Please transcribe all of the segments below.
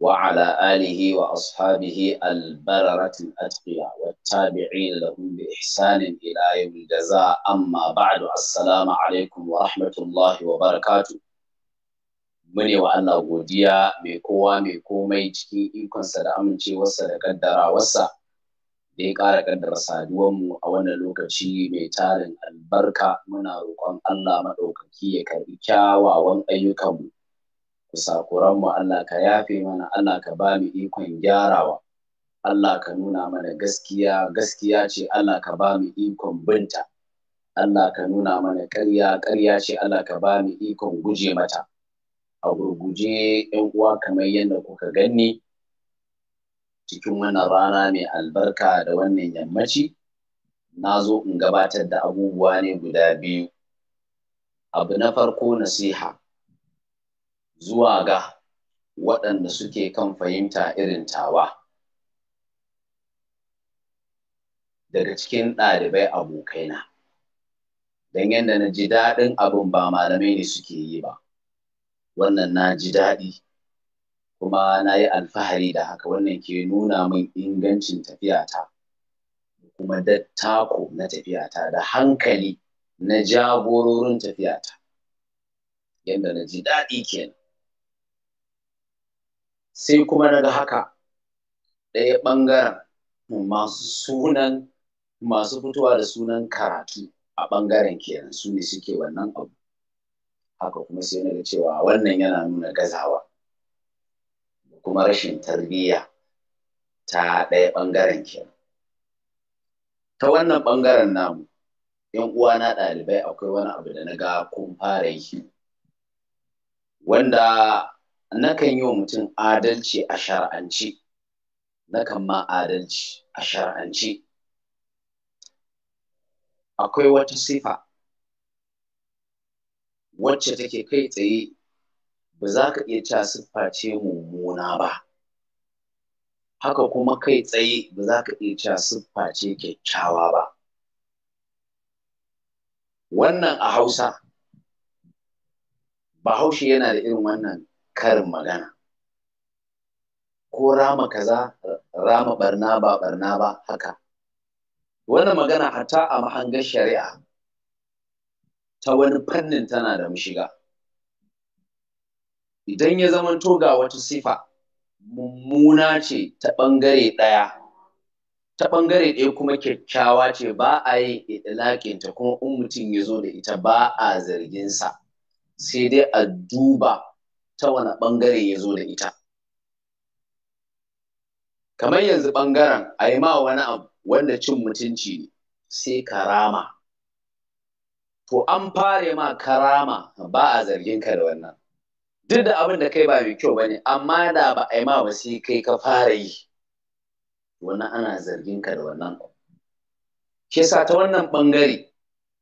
وعلى آله وأصحابه البررة الأتقياء والتابعين لهم بإحسان إلى يوم الجزاء أما بعد السلام عليكم ورحمة الله وبركاته mune wa Allah godiya mai kowa mai komai cikin ikonsa da amincewarsa da kaddarawarsa da ya ƙara kaddara saduwanmu a wannan lokaci mai tarin albarka muna roƙon Allah maɗaukaki ya karɓi kyawawan ayyukanmu Sakuranmu mu Allah ka yafe mana Allah ka ba mu ikon gyarawa Allah ka nuna mana gaskiya gaskiya ce Allah ka ba mu ikon binta Allah ka nuna mana ƙarya ƙarya ce Allah ka ba mu ikon guje mata a gurguje yan uwa kamar yadda kuka gani cikin wannan rana mai albarka da wannan yammaci na zo in gabatar da abubuwa ne guda biyu abu na farko nasiha zuwa ga waɗanda suke kan fahimta irin tawa daga cikin ɗalibai abokaina don yadda na ji daɗin abin ba malamai ne suke yi ba wannan na ji daɗi kuma na yi alfahari da haka wannan ke nuna min ingancin tafiyata kuma dattako na tafiyata da hankali na jagororin tafiyata yadda na ji daɗi kenan sai kuma na haka ɗaya ɓangaren masu sunan masu fitowa da sunan karatu a ɓangaren kenan su ne suke wannan abu haka kuma sai na ga cewa wannan yana nuna gazawa da kuma rashin tarbiyya ta ɗaya ɓangaren kenan ta wannan ɓangaren namu yan uwana ɗalibai akwai wani abu da na ga kun fara yi wanda nakan yi wa mutum adalci a shar'anci nakan ma adalci a shar'anci akwai wata sifa wacce take kai tsaye ba za ka iya cewa siffa ce mummuna ba haka kuma kai tsaye ba za ka iya cewa siffa ce kyakkyawa ba wannan a hausa bahaushe yana da irin wannan karin magana ko rama kaza rama ɓarna ba barna ba haka wannan magana hatta a mahangar shari'a ta wani fannin tana da mashiga idan ya zamanto ga wata sifa mummuna ce ta ɓangare ɗaya ta ɓangare ɗaya kuma kyakkyawa ce ba a yi ilaƙinta, kuma in mutum ya zo da ita ba a zarginsa sai dai a duba ta wani ɓangare ya zo da ita kamar yanzu ɓangaren a yi ma wani abu wanda cin mutunci ne sai karama to an fara ma karama ba a zargin ka da wannan duk da abin da kai ba mai kyau bane amma da ba a yi ma ba kai ka fara yi wannan ana zargin ka da wannan ke ta wannan ɓangare.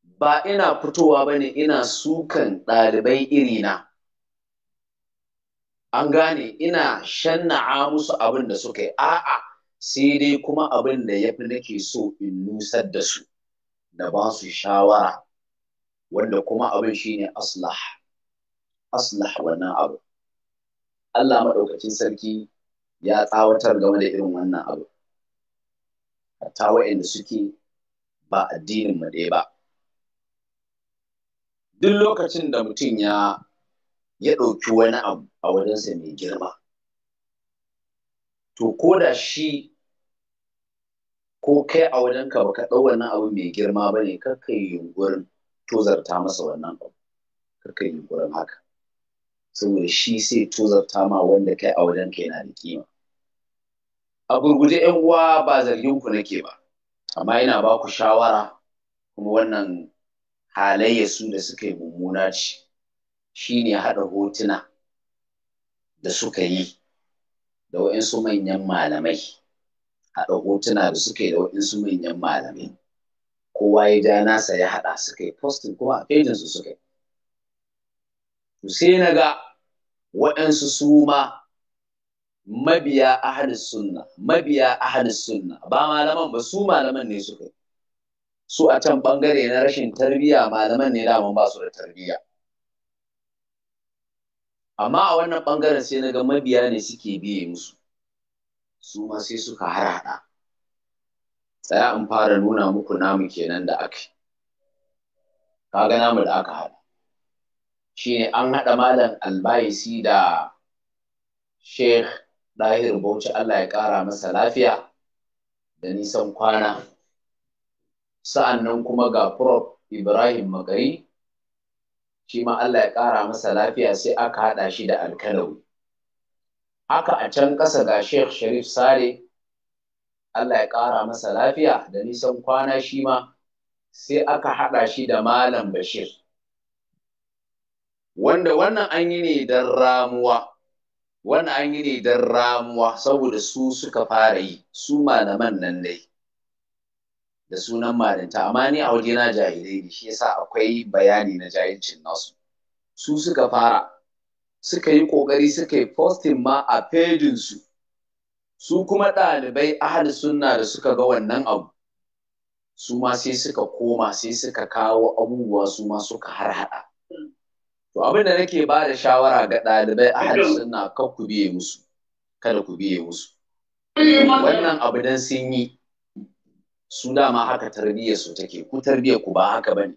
ba ina fitowa bane ina sukan ɗalibai iri na. an gane ina shanna'a musu abin da suka yi a'a sai dai kuma abin da ya fi nake so in nusar da su da ba su shawara wanda kuma abin shi ne aslah aslah wannan abu Allah maɗaukacin sarki ya tsawatar game da irin wannan abu hatta waɗanda suke ba addinin mu ɗaya ba duk lokacin da mutum ya ya ɗauki wani abu a wajensa mai girma to ko da shi ko kai a wajenka ba ka ɗau wannan abu mai girma ba ne ka yi yunƙurin tozarta masa wannan abu ka yi yunƙurin haka saboda shi sai tozarta ma wanda kai a wajenka yana da kima a gurguje yan uwa ba zargin ku nake ba amma ina ba shawara kuma wannan halayya su da suka yi mummuna ce shine haɗa hotuna da suka yi da waɗansu manyan malamai haɗa hotuna da suka yi da waɗansu manyan malamai kowa ya ja nasa ya haɗa suka yi postin kuma a pejin su suka yi to sai na ga waɗansu su ma mabiya ahlus sunna mabiya ahlus sunna ba malaman ba su malaman ne suka yi su a can ɓangare na rashin tarbiyya malaman ne daman ba su da tarbiyya amma a wannan ɓangaren sai na ga mabiya ne suke biye musu su ma sai suka harhaɗa tsaya in fara nuna muku namu kenan da aka kaga namu da aka haɗa ne an haɗa malam albayisi da sheikh ɗahir bauchi allah ya ƙara masa lafiya da nisan kwana sa'an nan kuma ga prof ibrahim magari shi ma Allah ya ƙara masa lafiya sai aka haɗa shi da alkalawi haka a can ƙasa ga Sheikh Sharif Sare Allah ya ƙara masa lafiya da nisan kwana shi ma sai aka haɗa shi da Malam Bashir wanda wannan an yi ne don ramuwa wannan an yi ne don ramuwa saboda su suka fara yi su malaman nan dai da sunan malinta amma ni a waje na jahilai ne shi yasa akwai bayani na jahilcin nasu su suka fara suka yi kokari suka yi posting ma a pejin su su kuma ɗalibai ahli sunna da suka ga wannan abu su ma sai suka koma sai suka kawo abubuwa su ma suka harhaɗa to abin da nake ba da shawara ga ɗalibai ahli sunna kar ku biye musu kada ku biye musu eh, wannan abu dan sun yi su dama haka tarbiyyar su take ku tarbiyyar ku ba haka bane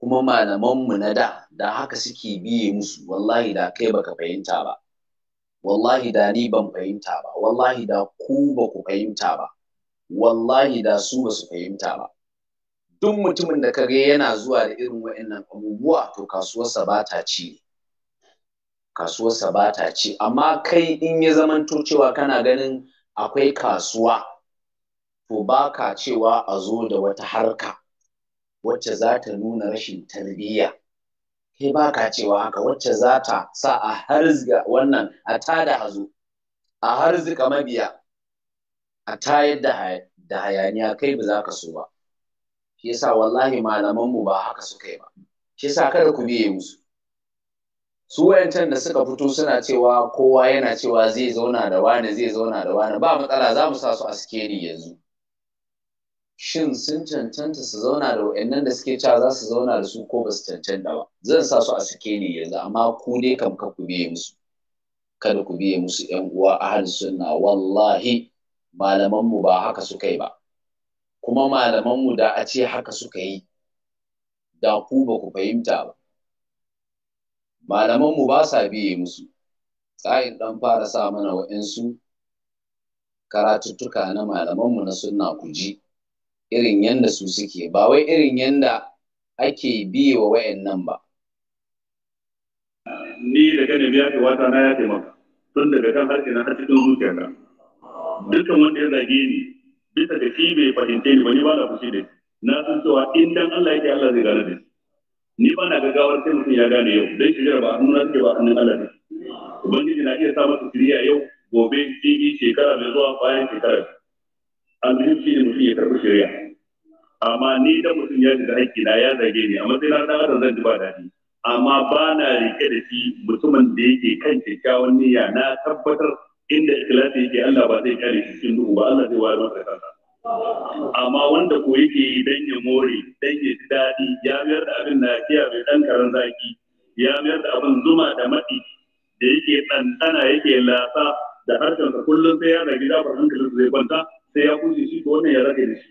kuma malaman mu na da da haka suke biye musu wallahi da kai baka fahimta ba wallahi da ni ban fahimta ba wallahi da ku ba ku fahimta ba wallahi da su ba su fahimta ba duk mutumin da kage yana zuwa da irin wa'annan abubuwa to kasuwarsa ba ta ci kasuwarsa ba ta ci amma kai in ya zamanto cewa kana ganin akwai kasuwa to baka ka cewa a zo da wata harka wacce za ta nuna rashin tarbiyya kai baka cewa haka wacce za ta sa a harzika wannan a tada hazo a harzika mabiya a tayar da hayaniya kai ba za ka so ba shi yasa wallahi malamanmu ba haka suka yi ba shi yasa kada ku biye musu su wayancan da suka fito suna cewa kowa yana cewa zai zauna da wani zai zauna da wani ba matsala za mu sa su a sikeri yanzu shin sun cancanta su zauna da wa'annan da suke cewa za su zauna da su ko ba su cancanta ba zan sa su a sike ne yanzu amma ku dai kam ka ku biye musu kada ku biye musu yan uwa ahal sunna wallahi malaman mu ba haka suka yi ba kuma malaman mu da a ce haka suka yi da ku ba ku fahimta ba malaman mu ba sa biye musu tsayin dan fara sa mana wa'yansu. karatuttuka na malaman mu na sunna ku ji irin yanda su suke ba wai irin yanda ake biye wa nan ba ni da ka biya ke wata na ya taimaka tun daga kan harshe na har zuciya ka. dukkan wanda ya zage ni bisa da shi bai fahimce ni ba ni ba na fushi da na san cewa in dan Allah yake Allah zai gane da ni ba na gaggawar sai mutum ya gane yau dan shi jira ba a nuna suke ba a hannun Allah ne ubangiji na iya sa masa shiriya yau gobe jibi shekara mai zuwa bayan shekara azumi shi ne mutum ya karɓi shari'a amma ni da mutum ya shiga haƙƙi na ya zage ni a matsayin na ɗan adam zan ji ba daɗi amma ba na rike da shi mutumin da yake kan kyakkyawan niyya na tabbatar inda ikhlasi yake Allah ba zai kare shi cikin duhu ba Allah zai wayar masa kansa amma wanda ko yake yi dan ya more dan ya ji daɗi ya mayar da abin na kiya mai ɗan karan zaki ya mayar da abin zuma da maɗi da yake ɗanɗana yake lasa da harshensa kullum sai ya zagi zafin hankalinsa zai kwanta sai ya kushe shi to wannan ya rage da shi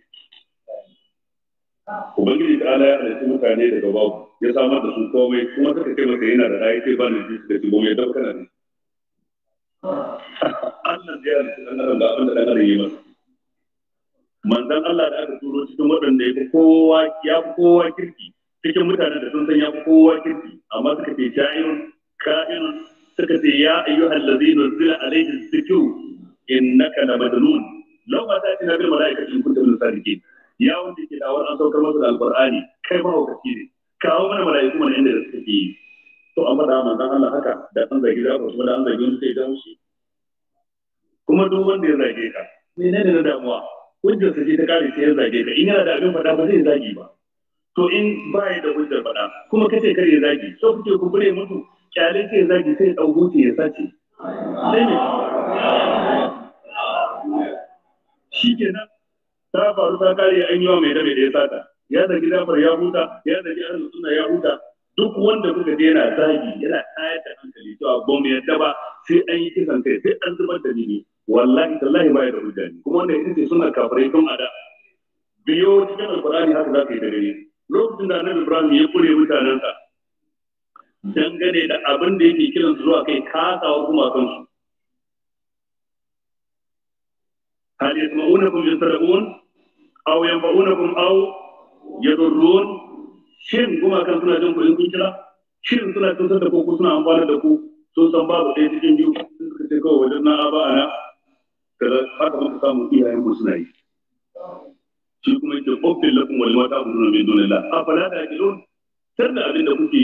ubangiji ta ala ya halarci mutane daga babu ya samar da su komai kuma suka ce masa yana da rayu sai ba ni jinsu da shi gome da kana ne Allah ya halarci dan adam da abin da adam yi masa Manzan Allah da aka turo cikin waɗanda ya fi kowa ya fi kowa kirki cikin mutanen da sun san ya fi kowa kirki amma suka ce jayin ka'in suka ce ya ayyuhal ladzina zila alaihi dhikru innaka la majnun lau ba ta tina bil mala'ikati kun ta min jiki. ya wanda ke dawar an saukar masu da alqur'ani kai ma hukaci ne kawo mana mala'iku mana inda da suke yi to amma da manzon Allah haka da an zagi da su da an zagi wani sai dan shi kuma duk wanda ya zage ka menene na damuwa hujjar sa ce ta kare sai ya zage ka in yana da abin faɗa ba zai zagi ba to in ba ya da hujjar faɗa kuma kace kare ya zagi so kuke kumbure mutu kyale sai ya zagi sai ya dau hutu ya sace sai ne shi nan. ta faru ta kare an yi wa mai da da ya sata ya zargi zafar ya huta ya zargi arziki suna ya huta duk wanda kuka daina zagi yana tayar da hankali to ba mu yadda ba sai an yi kisan kai sai an zubar da jini wallahi tallahi ba ya da hujja kuma wannan ita suna kafirai tun ada biyo cikin alqur'ani haka za ka yi da gare lokacin da annabi ibrahim ya kure mutanensa dangane da abin da yake kiran su zuwa kai kasawa kuma kansu هل يسمعونكم يسرقون أو ينفعونكم أو يضرون shin kuma kan suna jin kuɗin kun shin suna tuntar da ku ko suna amfana da ku sun san babu ɗaya cikin biyu sun ce kawai wajen na ba ana kaza haka muka samu iyayen suna yi shi kuma yake ofin lakum wal mata mun nuna min dunillah afala da ilun tar da abin da kuke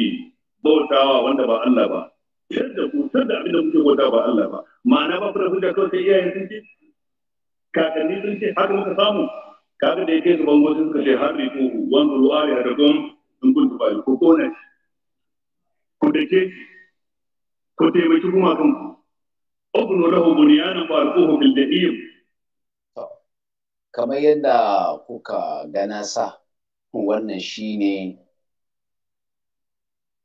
bautawa wanda ba Allah ba ku abin da kuke bautawa ba Allah ba ma'ana ba kakanni sun ce haka muka samu kaga da yake zuban wajen suka ce har riko wan ruwa ya rabon in kun tuba ko kona shi ku ko ku taimaki kuma kan ku ubnu lahu bunyanan fa alquhu bil jahim kamar yadda kuka gana sa wannan shine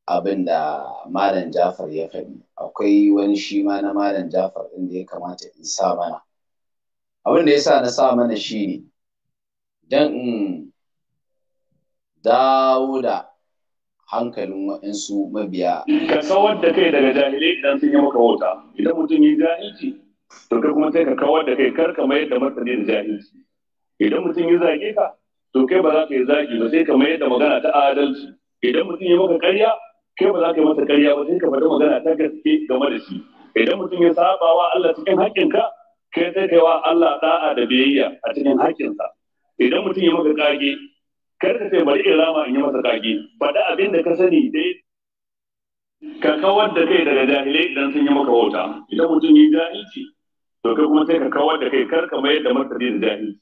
abin da malam jafar ya faɗi akwai wani shi ma na malam jafar inda ya kamata in sa mana abin da ya sa na sa mana shi ne don in dawo da hankalin waɗansu mabiya. Ka kawar da kai daga jahilai idan sun yi maka wauta. Idan mutum yi jahilci, to kai kuma sai ka kawar da kai kar ka mayar da martani da jahilci. Idan mutum yi zage ka, to kai ba za ka yi zage ba sai ka mayar da magana ta adalci. Idan mutum yi maka ƙarya, kai ba za ka yi masa ƙarya ba sai ka faɗi magana ta gaske game da shi. Idan mutum ya saba wa Allah cikin haƙƙinka, kai sai kai wa Allah da'a da biyayya a cikin haƙƙinsa idan mutum ya maka kage kar ka ce bari in rama in yi masa kage faɗi abin da ka sani dai ka kawar da kai daga jahilai idan sun yi maka wauta idan mutum yi jahilci to kai kuma sai ka kawar da kai kar ka mayar da martani da jahilci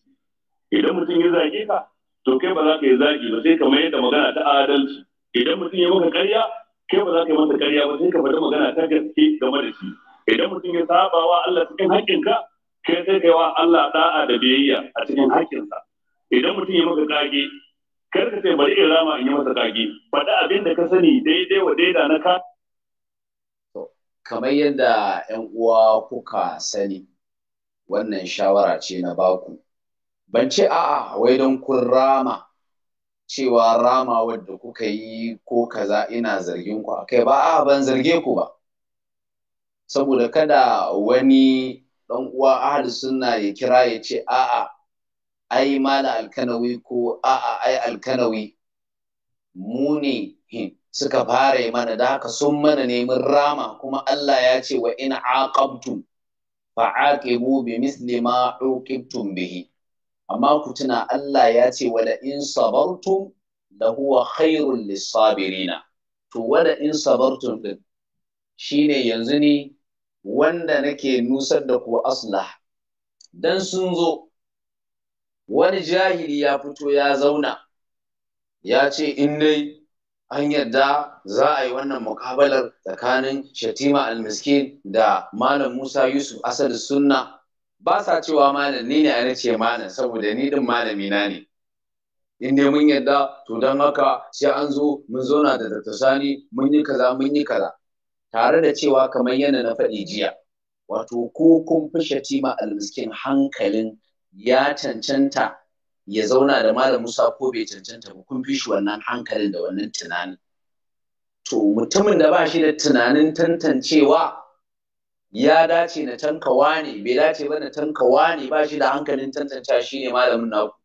idan mutum ya zage ka to kai ba za ka yi zagi ba sai ka mayar da magana ta adalci idan mutum ya maka ƙarya kai ba za ka yi masa ƙarya ba sai ka faɗi magana ta gaske game da shi idan mutum ya saba wa Allah cikin haƙƙinka kai sai kai wa Allah da'a da biyayya a cikin haƙƙinsa idan mutum ya maka kage kar ka ce bari in rama in yi masa kage faɗi abin da ka sani daidai wa daida na ka kamar yadda 'yan uwa kuka sani wannan shawara ce na baku ban ce a'a wai don kun rama cewa rama wadda kuka yi ko kaza ina zargin ku kai, ba a ban zarge ku ba saboda kada wani dan uwa ahli sunna ya kira ya ce a'a ai mala alkanawi ko a'a ai alkanawi mu ne suka fara yi mana da haka sun mana neman rama kuma Allah ya ce wa in aqabtum fa aqibu bi misli ma uqibtum bihi amma ku tuna Allah ya ce wala in sabartum da huwa khairul lisabirina to wala in sabartum din shine yanzu ne wanda nake nusar da ku aslah dan sun zo wani jahili ya fito ya zauna ya ce in dai an yadda za a yi wannan mukabalar tsakanin shatima almiskin da malam musa yusuf asad sunna ba sa cewa malam ni ne ana ce malam saboda ni din malami na ne in dai mun yadda to don haka sai an zo mun zauna da dr mun yi kaza mun yi kaza tare da cewa kamar yana na faɗi jiya wato ko kun fi shatima almiskin hankalin ya cancanta ya zauna da malam Musa ko bai cancanta ba kun fi wannan hankalin da wannan tunanin to mutumin da ba shi da tunanin tantancewa ya dace na tankawa ne bai dace ba na tankawa ne ba shi da hankalin tantancewa shi ne malamin naku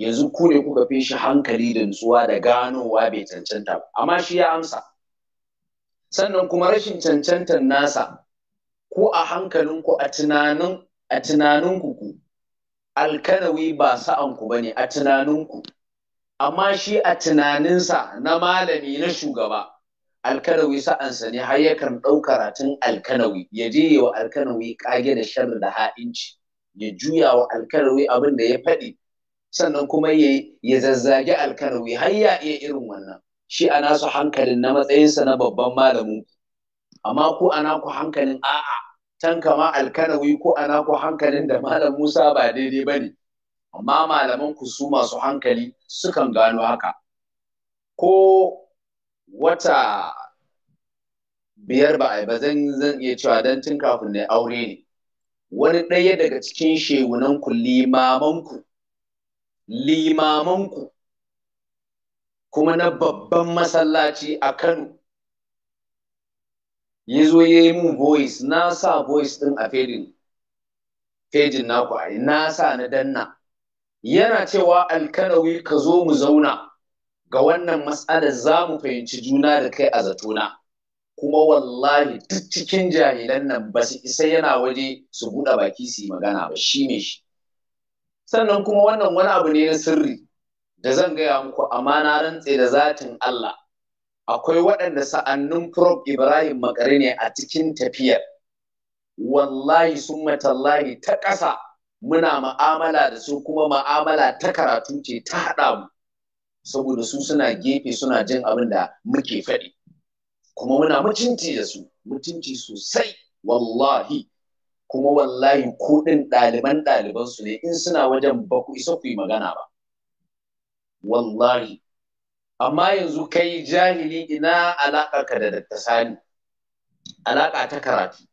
yanzu ku ne kuka fi shi hankali da nutsuwa da ganowa bai cancanta ba amma shi ya amsa sannan kuma rashin cancantar nasa ko a hankalinku a tunanin a tunaninku ku alkanawi ba sa'anku ba ne a tunaninku amma shi a tunaninsa na malami na shugaba alkanawi sa'ansa ne har yakan ɗau karatun alkanawi ya je wa alkanawi ƙage da shar da ha'inci ya juya wa alkanawi abin da ya faɗi sannan kuma ya zazzage alkanawi har ya iya irin wannan shi a nasu hankalin na matsayinsa na babban malamu amma ku a naku hankalin a'a can kama alkanawi ko a naku hankalin da malam Musa ba daidai ba ne amma malaman ku su masu hankali sukan gano haka ko wata biyar ba a ba zan zan iya cewa dan tun kafin na aure ne wani ɗaya daga cikin shegunan ku limamanku limamanku kuma na babban masallaci a Kano ya zo ya yi mun voice na sa voice ɗin a fejin fejin na na sa na danna yana cewa alkanawi ka zo mu zauna ga wannan matsalar za mu fahimci juna da kai a zatona kuma wallahi duk cikin jahilan nan ba su isa yana waje su buɗe baki su yi magana ba shi ne shi sannan kuma wannan wani abu ne na sirri da zan gaya muku amana rantse da zatin Allah akwai waɗanda sa'annin Prof Ibrahim Makare ne a cikin tafiyar wallahi sun matallahi ta ƙasa muna ma'amala da su kuma ma'amala ta karatu ce ta haɗa mu saboda su suna gefe suna jin abin da muke faɗi kuma muna mutunci da su mutunci sosai wallahi kuma wallahi kuɗin ɗaliban ɗaliban su ne in suna wajen ba ku isa ku yi magana ba wallahi amma yanzu kai jahili ina ka da Dr. Sani alaƙa ta karatu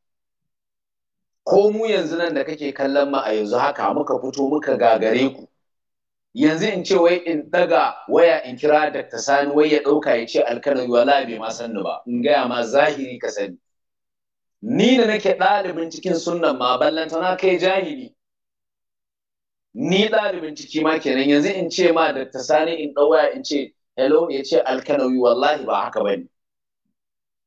ko mu yanzu nan da kake kallon mu a yanzu haka muka fito muka gagare ku yanzu in ce wai in daga waya in kira Dr. Sani wai ya ɗauka ya ce alkanar wallahi bai ma sanni ba in gaya ma zahiri ka sani ni da nake ɗalibin cikin sunnan ma ballantana kai jahili ni ɗalibin ciki ma kenan yanzu in ce ma da ta sani in ɗauwa in ce hello ya ce alkanawi wallahi ba haka bane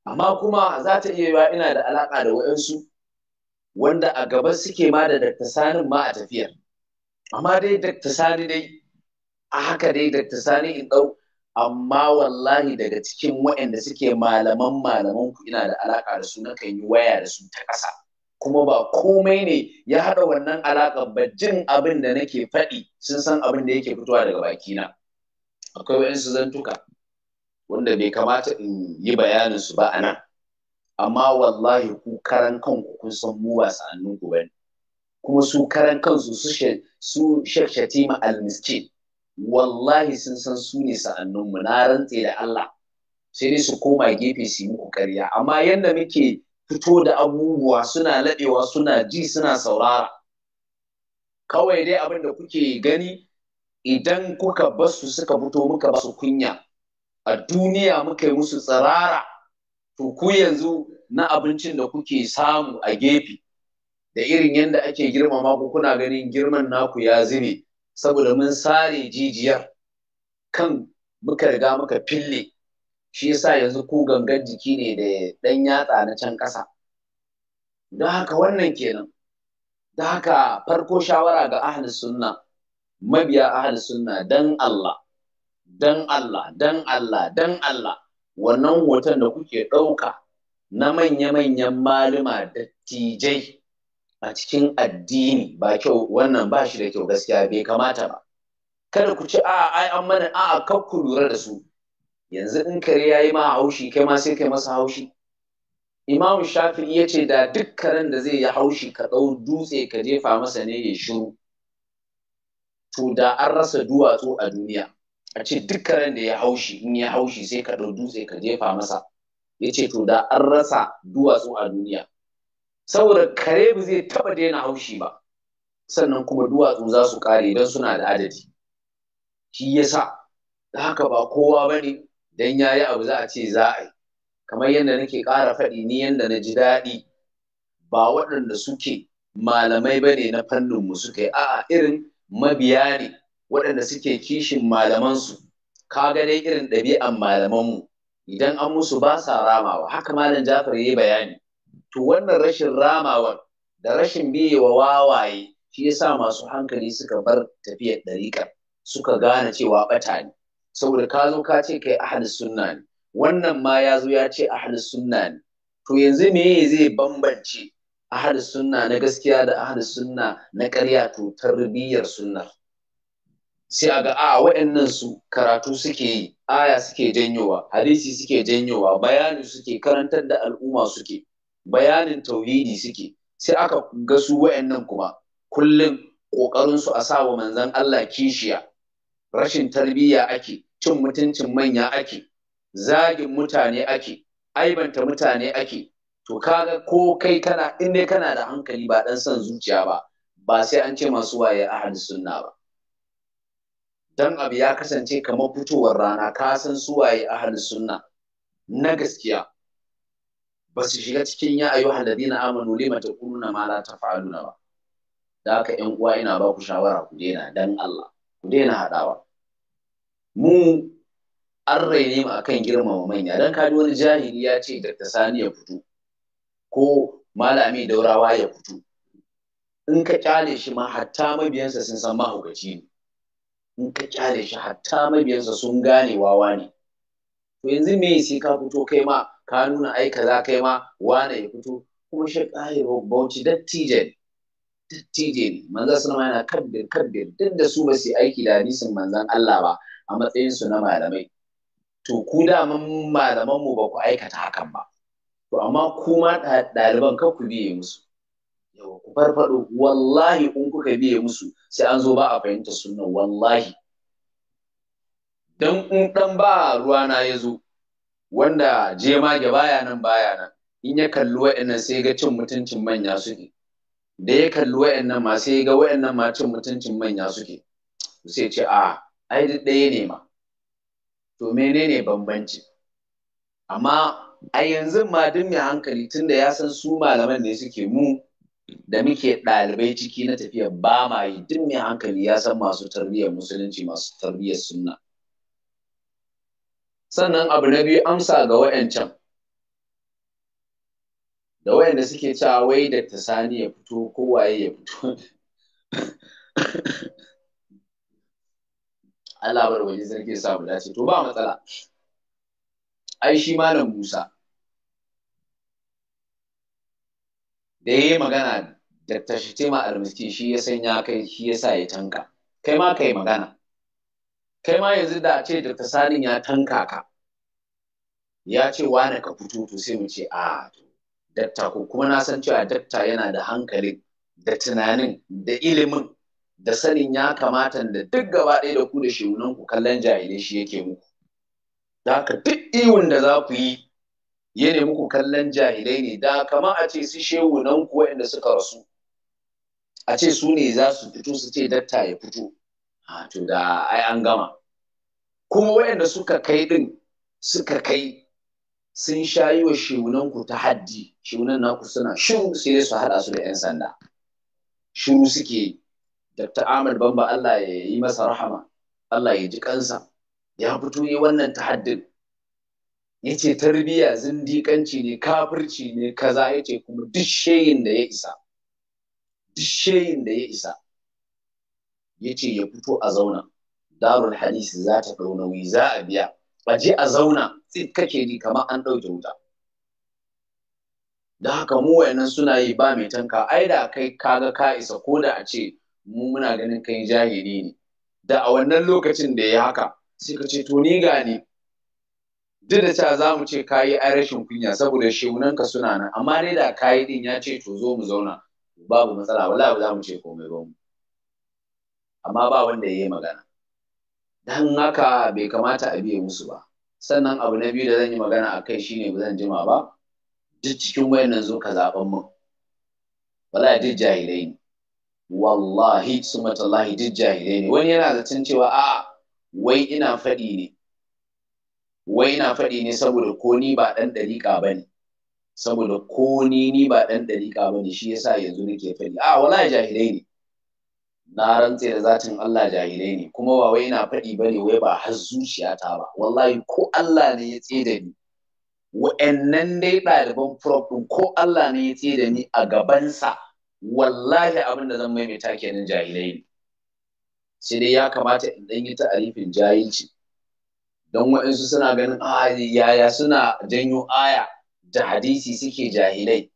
amma kuma za ta iya yiwa ina da alaƙa da waɗansu wanda a gaba suke ma da dakta sani ma a tafiyar amma dai dakta sani dai a haka dai dakta sani in ɗau amma wallahi daga cikin waɗanda suke malaman malaman ku ina da alaƙa da su nakan yi waya da su ta ƙasa kuma ba komai ne ya haɗa wannan alaƙa ba jin abin da nake faɗi sun san abin da yake fitowa daga bakina akwai wa'insu zantuka wanda bai kamata in yi bayanin su ba a nan amma wallahi ku karan kanku kun san mu ba sa'annin ku bane kuma su karan kansu su su ma almiskin wallahi sun san su ne sa'annin mu na rantse da Allah sai dai su koma gefe su yi muku ƙarya amma yanda muke fito da abubuwa suna laɗewa suna ji suna saurara kawai dai abin da kuke gani idan kuka basu suka fito muka basu kunya a duniya muka yi musu tsirara to ku yanzu na abincin da kuke samu a gefe da irin yadda ake girmama ku kuna ganin girman naku ya zube saboda mun sare jijiyar kan muka riga muka fille shi yasa yanzu ku gangan jiki ne da ɗan yatsa na can ƙasa don haka wannan kenan don haka farko shawara ga ahli sunna mabiya ahli sunna dan Allah dan Allah dan Allah dan Allah wannan hoton da kuke ɗauka na manya-manyan da dattijai a cikin addini ba kyau wannan ba shi da kyau gaskiya bai kamata ba kada ku ci a'a ai an mana a'a kar ku lura da su yanzu in kare ya yi ma haushi kai ma sai kai masa haushi Imam shafi'i ya ce da duk da zai yi haushi ka ɗau dutse ka jefa masa ne ya shiru to da an rasa duwatsu a duniya a ce duk da ya haushi in ya haushi sai ka ɗau dutse ka jefa masa ya ce to da an rasa duwatsu a duniya saboda kare ba zai taɓa daina haushi ba sannan kuma duwatsu za su ƙare idan suna da adadi shi da haka ba kowa ba ne dan yi abu za a ce za a yi kamar yadda nake ƙara faɗi ni yadda na ji daɗi ba waɗanda suke malamai ba ne na fanninmu suka yi a'a irin mabiya ne waɗanda suke kishin malamansu ka ga dai irin ɗabi'an malamanmu idan an musu ba sa ramawa haka malam jafar ya yi bayani to wannan rashin ramawa da rashin biyewa wawaye shi yasa masu hankali suka bar tafiyar ɗariƙar suka gane cewa ɓata ne saboda ka zo ka ce kai ahlus sunna ne wannan ma ya zo ya ce ahlus sunna ne to yanzu me zai bambance ahlus sunna na gaskiya da ahlus sunna na ƙarya to tarbiyyar sunna sai a ga a waɗannan su karatu suke yi aya suke janyowa hadisi suke janyowa bayani suke karantar da al'umma suke bayanin tauhidi suke sai aka ga su waɗannan kuma kullum ƙoƙarinsu a sa wa manzon Allah kishiya rashin tarbiyya ake cin mutuncin manya ake zagin mutane ake aibanta mutane ake to kaga ko kai kana in dai kana da hankali ba dan son zuciya ba ba sai an ce masu waye ahad sunna ba dan abu ya kasance kamar fitowar rana ka san su waye ahad sunna na gaskiya ba su shiga cikin ya ayu haladina amanu lima taquluna ma la taf'aluna ba da haka ƴan uwa ina ba ku shawara ku daina dan Allah ku daina haɗawa. mu an raine mu akan girmama manya dan kaji wani jahili ya ce Dr. Sani ya fito ko malami daurawa ya fito in ka kyale shi ma hatta mabiyansa sun san mahaukaci ne in ka kyale shi hatta mabiyansa sun gane wawa ne to yanzu me sai ka fito kai ma ka nuna ai kaza kai ma wane ya fito kuma shi kare bauchi dattijo ne dattijo ne manzon yana kabbir kabbir duk da su ba su aiki da hadisin manzon Allah ba a matsayinsu na malamai to ku daman malaman mu ba ku aikata hakan ba to amma ku ma ɗaliban kar ku biye musu yawa ku farfaɗo wallahi in kuka biye musu sai an zo ba a fahimta sunan wallahi dan in dan ba na ya zo wanda jemage baya nan baya nan in ya kalli wa'annan sai ga cin mutuncin manya suke da ya kalli wa'annan ma sai ga wa'annan ma cin mutuncin manya suke sai ce a ai duk ɗaya ne ma to menene bambanci amma a yanzu ma duk mai hankali tunda ya san su malaman ne suke mu da muke ɗalibai ciki na tafiya ba ma yi duk mai hankali ya san masu tarbiyyar musulunci masu tarbiyyar sunna sannan abu na biyu amsa ga wa'ancan da wayanda suke cewa wai da ta sani ya fito kowaye ya fito Allah bar waje sarki sa dace to ba matsala ai shi malam Musa da yayi magana da tashitima almiskin shi ya sanya kai shi ya sa ya tanka kai ma kai magana kai ma yanzu da ce da tasanin ya tanka ka ya ce wane ka fito to sai mu ce a datta ko kuma na san cewa dakta yana da hankali da tunanin da ilimin da sanin ya kamata da duk gaba ɗaya da ku da shehunan ku kallon jahilai shi yake muku da haka duk iwon da za ku yi ya ne muku kallon jahilai ne da kama a ce su shehunan ku waɗanda suka rasu a ce su ne za su fito su ce datta ya fito a to da ai an gama kuma waɗanda suka kai ɗin suka kai sun shayi wa shehunan ku ta haddi shehunan naku suna shiru sai su haɗa su da 'yan sanda shiru suke yi Dr. Ahmad Bamba Allah ya yi masa rahama Allah ya ji kansa ya fito yi wannan tahaddin ya ce tarbiyya zindikanci ne kafirci ne kaza ya ce kuma duk shayin da ya isa duk shayin da ya isa ya ce ya fito a zauna darul hadisi za ta ɗau nauyi za a biya a je a zauna tsit kake ji kamar an ɗauke wuta da haka mu wayannan suna yi ba mai tanka ai da kai kaga ka isa ko da a ce mu muna ganin kai jahili ne da a wannan lokacin da ya haka sai ka ce to ni ga ni duk da cewa za mu ce kayi ai rashin kunya saboda ka suna nan amma dai da ka yi din ya ce to zo mu zauna babu matsala wallahi ba za mu ce komai ba mu amma ba wanda ya yi magana dan haka bai kamata a biye musu ba sannan abu na biyu da zan yi magana a kai shine ba zan jima ba duk cikin wayannan zo ka zaɓan mun wallahi duk jahilai ne wallahi su matallahi duk jahilai ne wani yana zaton cewa a wai ina faɗi ne wai ina faɗi ne saboda ko ni ba ɗan ɗariƙa ba ne saboda ko ni ni ba ɗan ɗariƙa ba ne shi yasa yanzu nake faɗi a wala jahilai ne na rantse da zatin Allah jahilai ne kuma ba wai ina faɗi ba ne wai ba har zuciyata ba wallahi ko Allah ne ya da ni wa'annan dai ɗaliban prof ɗin ko Allah ne ya da ni a gabansa wallahi abin da zan maimaita kenan jahilai ne sai dai ya kamata in ɗan yi ta'arifin jahilci don waɗansu suna ganin ah, yaya suna janyo aya da hadisi suke jahilai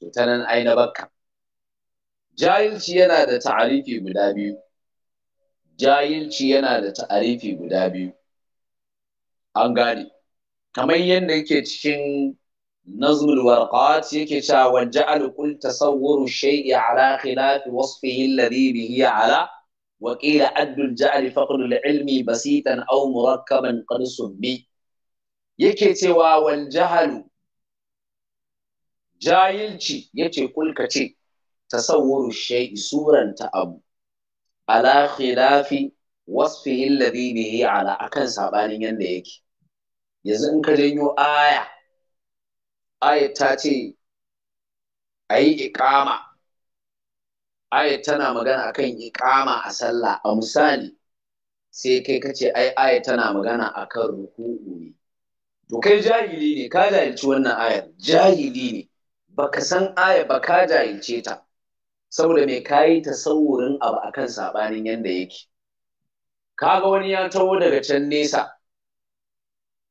to ta nan ai na bakka jahilci yana da ta'arifi guda biyu jahilci yana da ta'arifi guda biyu an gane kamar yadda yake cikin نظم الورقات يكتا وجعل كل تصور الشيء على خلاف وصفه الذي به على وقيل أد الجعل فقر العلم بسيطا أو مركبا قد سمي يكتا والجهل جايلشي يكتا كل كتي تصور الشيء سورا تأب على خلاف وصفه الذي به على أكن سابانين ينديك يزن كجنيو آية ayat ta ce a yi iƙama ayat tana magana akan iƙama a sallah a misali sai kai kace ai ayat tana magana akan ruku'u ne to kai jahili ne ka jahilci wannan ayar jahili ne baka san aya ba ka jahilce ta saboda mai kayi tasawurin abu akan sabanin yanda yake kaga wani ya taho daga can nesa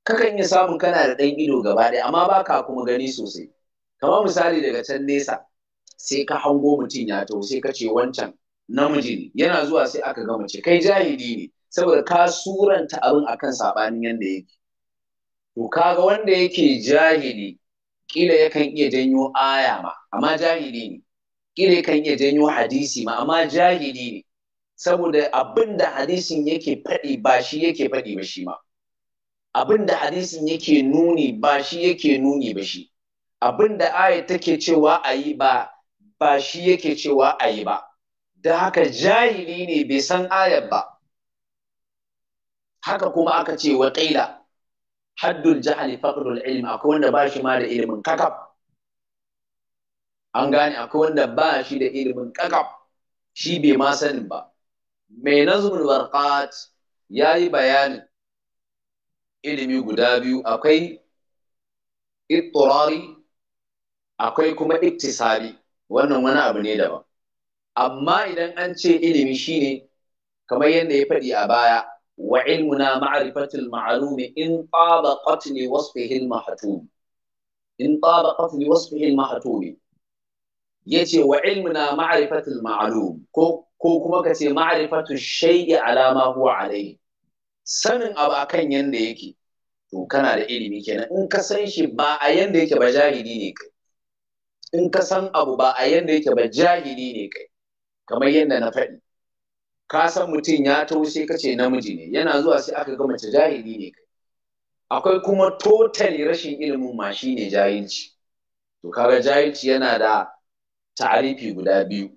kakan iya samun kana da ɗan ido gaba ɗaya amma ba ka kuma gani sosai kamar misali daga can nesa sai ka hango mutum ya taho sai ka ce wancan namiji ne yana zuwa sai aka ga mace kai jahili ne saboda ka suranta abin akan saɓanin yanda yake to kaga wanda yake jahili kila yakan iya janyo aya ma amma jahili ne kila yakan iya janyo hadisi ma amma jahili ne saboda abin da hadisin yake faɗi ba shi yake faɗi ba shi ma abin da hadisin yake nuni ba shi yake nuni ba shi abin da ayat take cewa a yi ba ba shi yake cewa a yi ba da haka jahili ne bai san ayat ba haka kuma aka ce wa ƙila haddul jahali faqrul ilm akwai wanda ba shi ma da ilimin kakaf an gane akwai wanda ba shi da ilimin kakaf shi bai ma sanin ba mai nazmul warqat yayi bayanin ilimi guda biyu akwai itturari akwai kuma iktisari wannan wani abu ne daban amma idan an ce ilimi shine kamar yadda ya faɗi a baya wa ilmuna ma'rifatul ma'lumi in tabaqat li wasfihi al-mahtum in tabaqat li wasfihi al-mahtum yace wa ilmuna ma'rifatul ma'lum ko ko kuma kace ce shay'i ala ma huwa alayhi sanin abu akan yanda yake to kana da ilimi kenan in ka san shi ba a yanda yake ba jahili ne kai in ka san abu ba a yanda yake ba jahili ne kai kamar yadda na faɗi ka san mutum ya taushe ka ce namiji ne yana zuwa sai aka ga mace jahili ne kai akwai kuma totally rashin ilimin ma shi ne jahilci to kaga jahilci yana da ta'arifi guda biyu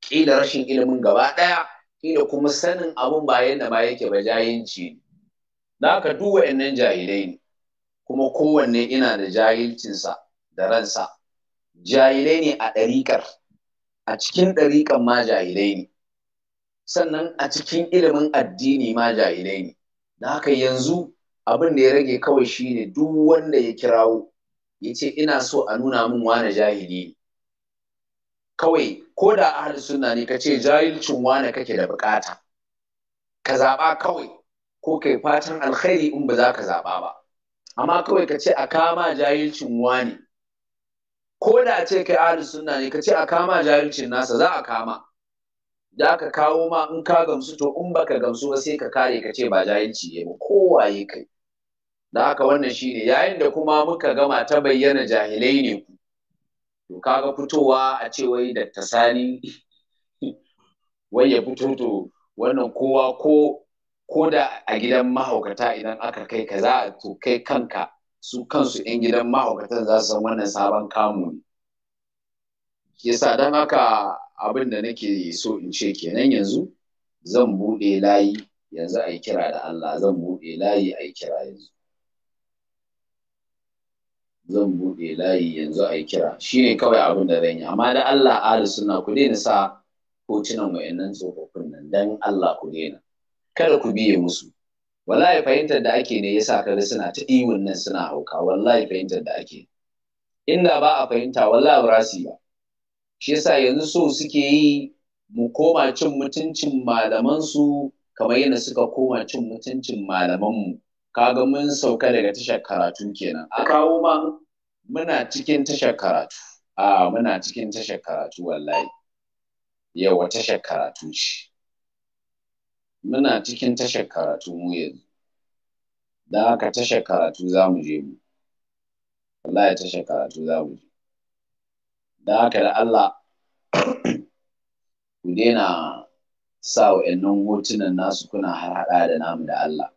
kila rashin ilimin gaba ɗaya kila kuma sanin abun ba yadda ma yake ba jahilci ne da aka duk wa'annan jahilai ne kuma kowanne ina da jahilcinsa da ransa jahilai ne a ɗariƙar a cikin ɗariƙar ma jahilai ne sannan a cikin ilimin addini ma jahilai ne da haka yanzu abin da ya rage kawai shi ne duk wanda ya kirawo ya ce ina so a nuna min wane jahili ne kawai ko da ahal Suna ne ka ce jahilcin wane kake da bukata ka zaɓa kawai ko kai fatan alkhairi in ba za ka zaɓa ba amma kawai ka ce a kama jahilcin wani ko da ce kai ahlus sunna ne ka ce a kama jahilcin nasa za a kama da ka kawo ma in ka gamsu to in baka gamsu ba sai ka kare ka ce ba jahilci ne ba kowaye kai da haka wannan shi ne. yayin da kuma muka gama ta bayyana jahilai ne ku to kaga fitowa a ce wai da tasani wai ya fito to wannan kowa ko ko da a gidan mahaukata idan aka kai ka za a to kai kanka su kansu 'yan gidan mahaukatan za su san wannan sabon kamun. ne yasa don haka abin da nake so in ce kenan yanzu zan buɗe layi yanzu a yi kira da Allah zan buɗe layi a yi kira yanzu zan buɗe layi yanzu a yi kira shi ne kawai abin da zan yi amma da Allah ahli suna ku daina sa hotunan wa'annan tsofaffin nan don Allah ku daina kada ku biye musu wallahi fahimtar da ake ne yasa kaga suna ta iwon nan suna hauka wallahi fahimtar da ake inda ba a fahimta wallahi ba rasi ba shi yasa yanzu so suke yi mu koma cin mutuncin malaman su kamar yadda suka koma cin mutuncin malaman mu kaga mun sauka daga tashar karatu kenan a kawo ma muna cikin tashar karatu a muna cikin tashar karatu wallahi yawa tashar karatu ce muna cikin tashar karatu mu yanzu Da aka tashar karatu za mu je mu wallahi tashar karatu za mu je Da aka da Allah ku daina sa wa'annan hotunan nasu kuna harhaɗa da namu da Allah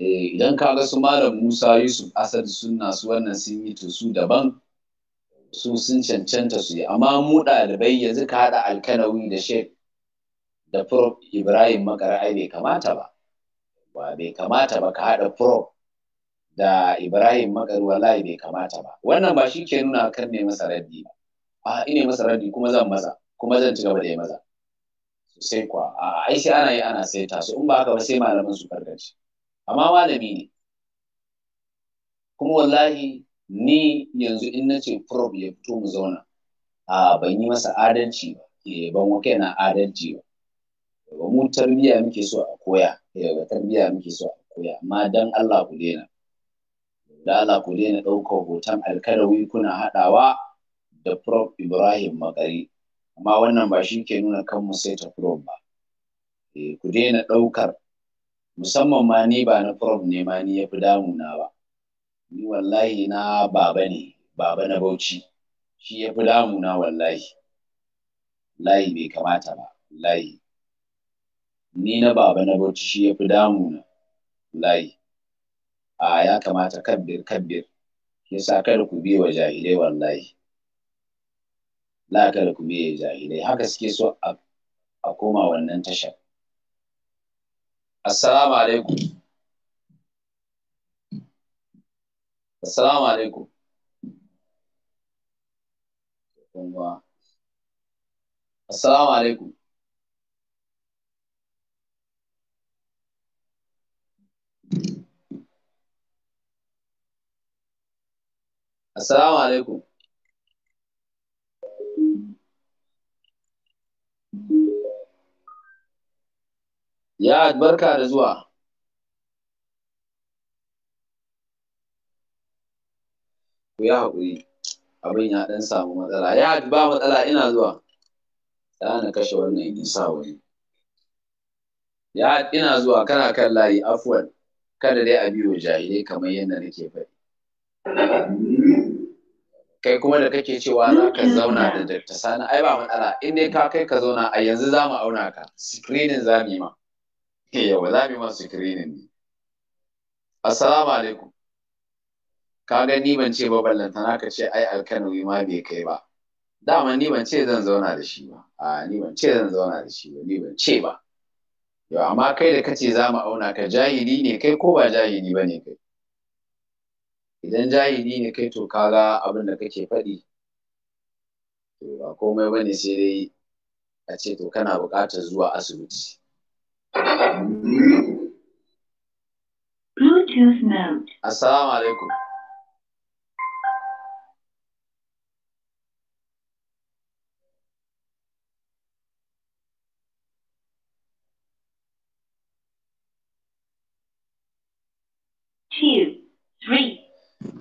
eh, idan ka ga su malam Musa Yusuf Asad sunna su wannan sun yi to su daban su sun cancanta su yi amma mu ɗalibai yanzu ka haɗa alkanawi da shek da prop ibrahim makara ai bai kamata ba ba bai kamata ba ka haɗa prop da ibrahim makar wallahi bai kamata ba wannan ba shi ke nuna kan ne masa raddi ba a ine masa raddi kuma zan maza kuma zan ci gaba da yi maza sosai kuwa a ai sai ana yi ana saita su in ba haka ba sai malamin su karkace amma malami ne kuma wallahi ni yanzu in na ce prof ya fito mu zauna a ban yi masa adalci ba eh, ban wa na adalci ba daga mu tarbiyya muke so a koya daga tarbiyya muke so a koya amma dan Allah ku daina da Allah ku daina ɗaukar hoton alkarawi kuna haɗawa da Prof Ibrahim Makari amma wannan ba shi ke nuna kanmu sai ta Prof ba eh, ku daina ɗaukar musamman ma ni ba na Prof ne ma ni yafi fi damuna ba ni wallahi na baba ne baba na bauchi shi yafi fi na wallahi layi bai kamata ba layi. ni na baba na bauchi shi ya fi na layi a ya kamata kabbir kabbir yasa kada ku biye wa jahilai wallahi la kada ku biye jahilai haka suke so a koma wannan tashar assalamu alaikum assalamu alaikum assalamu alaikum Assalamu alaikum. Ya barka da zuwa. Ku yi haƙuri, abin ya ɗan samu matsala. Ya ba matsala ina zuwa. Ya na kashe wannan in sa wani. Ya ina zuwa kana kan layi afuwan kada dai a biyo jahilai kamar yadda nake faɗi. kai kuma da kake cewa za ka zauna da Dr. Sani ai ba matsala in dai ka kai ka zauna a yanzu za mu auna ka screening za mu yi ma eh, yawa za mu yi ma screening ne assalamu alaikum ka ga ni ban ce ba tana ka ce ai alkanawi ma bai kai ba dama ni ban ce zan zauna da shi ba a ni ban ce zan zauna da shi ba ni ban ce ba yau amma kai da kace za mu auna ka jahili ne kai ko ba jahili ba ne kai idan jahili ne kai to kaga abin da kake faɗi to ba komai ba ne sai dai a ce to kana buƙatar zuwa asibiti Assalamu alaikum.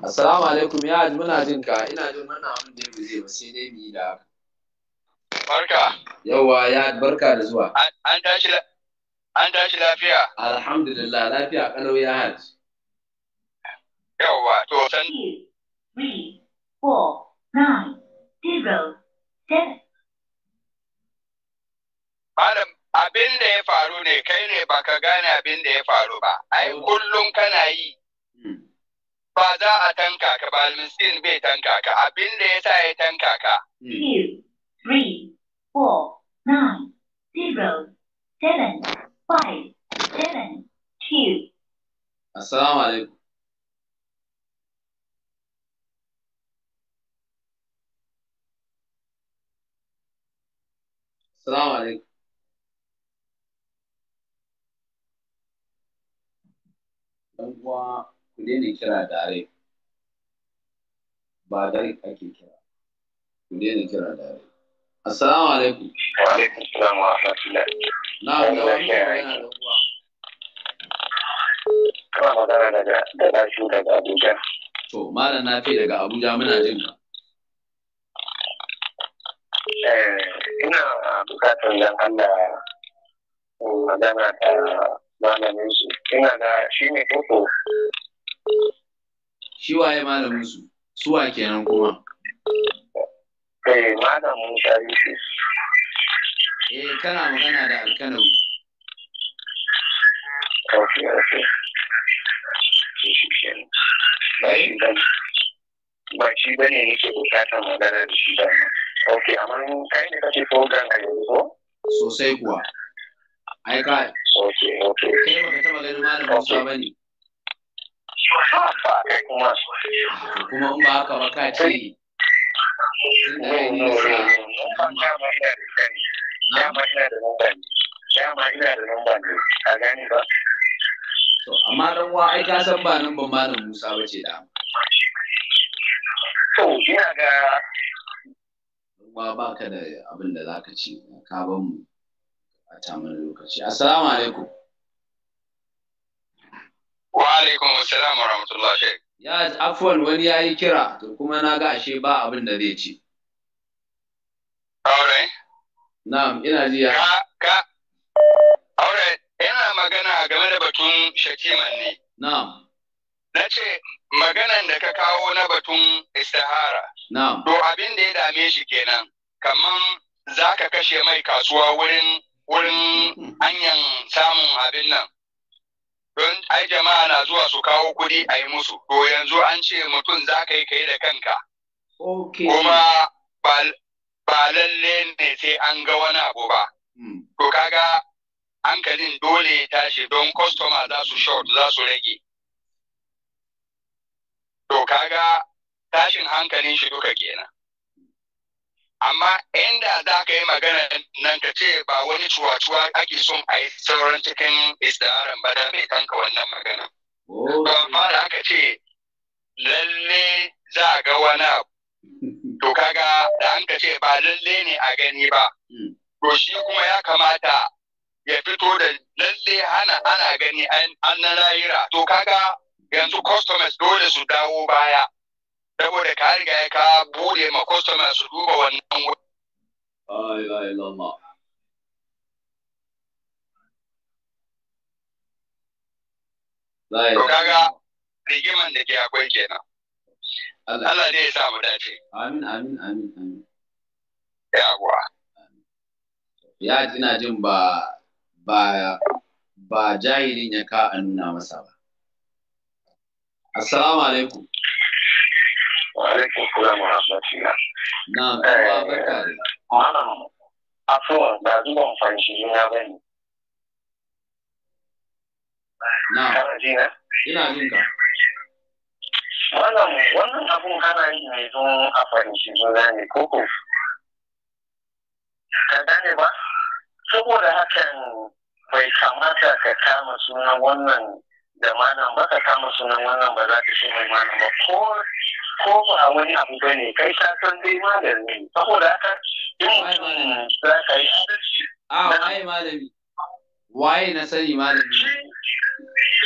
assalamu alaikum ya muna jin ka ina jin wannan abin da ba zai ba sai dai mu yi da barka yawa ya barka da zuwa an tashi an tashi lafiya alhamdulillah lafiya kalau ya haji yawa to san three four nine zero seven abin da ya faru ne kai ne baka gane abin da ya faru ba, ai kullum kana yi. Hmm. ba za a tanka ka ba miskin bai tanka ka abin da ya sa ya tanka ka. Assalamu alaikum. Assalamu alaikum. ku daina kira dare ba dare ake kira ku daina kira dare assalamu alaikum wa alaikum assalam wa rahmatullah na ga wani yana da uwa kana magana daga da lafiya daga Abuja to malam nafi daga Abuja muna jin ka eh, ina bukatar dan Allah magana da malamin su ina da shi ne koko shi waye malamin su suwa kenan kuma eh malamin tarihi eh kana magana da alkanawi ba shi ba ne nake bukatar magana da shi ba ok amma kai ne kake program a yanzu sosai kuwa ai kai ok ok kai baka taba ganin malamin sa bane kuma in ba haka ba ka ce amma dan wa ai ka san ba nan ban malam Musa bace da to ina ga wa baka da abin da zaka ce ka ban mu a tamin lokaci assalamu alaikum Wa alaikum assalam wa rahmatullah shek. Ya afwan wani ya yi kira to kuma na ga ashe ba abin da zai ci. Aure. Na'am ina ji ya. Ka ka Aure ina magana game da batun shakiman ne. Na'am. Na ce maganan da ka kawo na batun istihara. Na'am. To abin da ya dame shi kenan. Kaman za ka kashe mai kasuwa wurin wurin anyan samun abin nan. don ai jama'a na zuwa su kawo kuɗi a yi musu to yanzu an ce mutum za ka yi kai da kanka kuma ba lalle ne sai an ga wani abu ba hmm. to kaga hankalin dole ya tashi don kwastoma za su short za su rage to kaga tashin hankalin shi duka kenan amma inda za ka yi magana nan ka ce ba wani cuwa-cuwa ake son a yi sauran cikin istiharan ba da mai tanka wannan magana. Ba fara aka ce lalle za a ga wani abu. To kaga da an ka ce ba lalle ne a gani ba. To shi kuma ya kamata ya fito da lalle hana ana gani an na rayira. To kaga yanzu customers dole su dawo baya. saboda ka riga ya ka bude ma customer su duba wannan wuri To kaga rigiman da ke akwai kenan. Allah ne ya sa mu dace. Amin amin amin amin. Yawwa. Ya tuna jin ba ba ba jahilin ya ka a nuna masa ba. Assalamu alaikum. Alaikum salam wa rahmatullah. Na'am, eh, ba barka. Malam, Na'am. Kana ji na? Ina jin ka. Malam, wannan abun kana yi ne don juna ne koko. ba? Saboda hakan bai kamata ka kama sunan wannan da malam ba ka kama sunan wannan ba za ka ce mai malam ba ko ko wani abu ba ne kai ta san dai malami saboda haka in mutum za ka yi adalci a waye malami waye na sani malami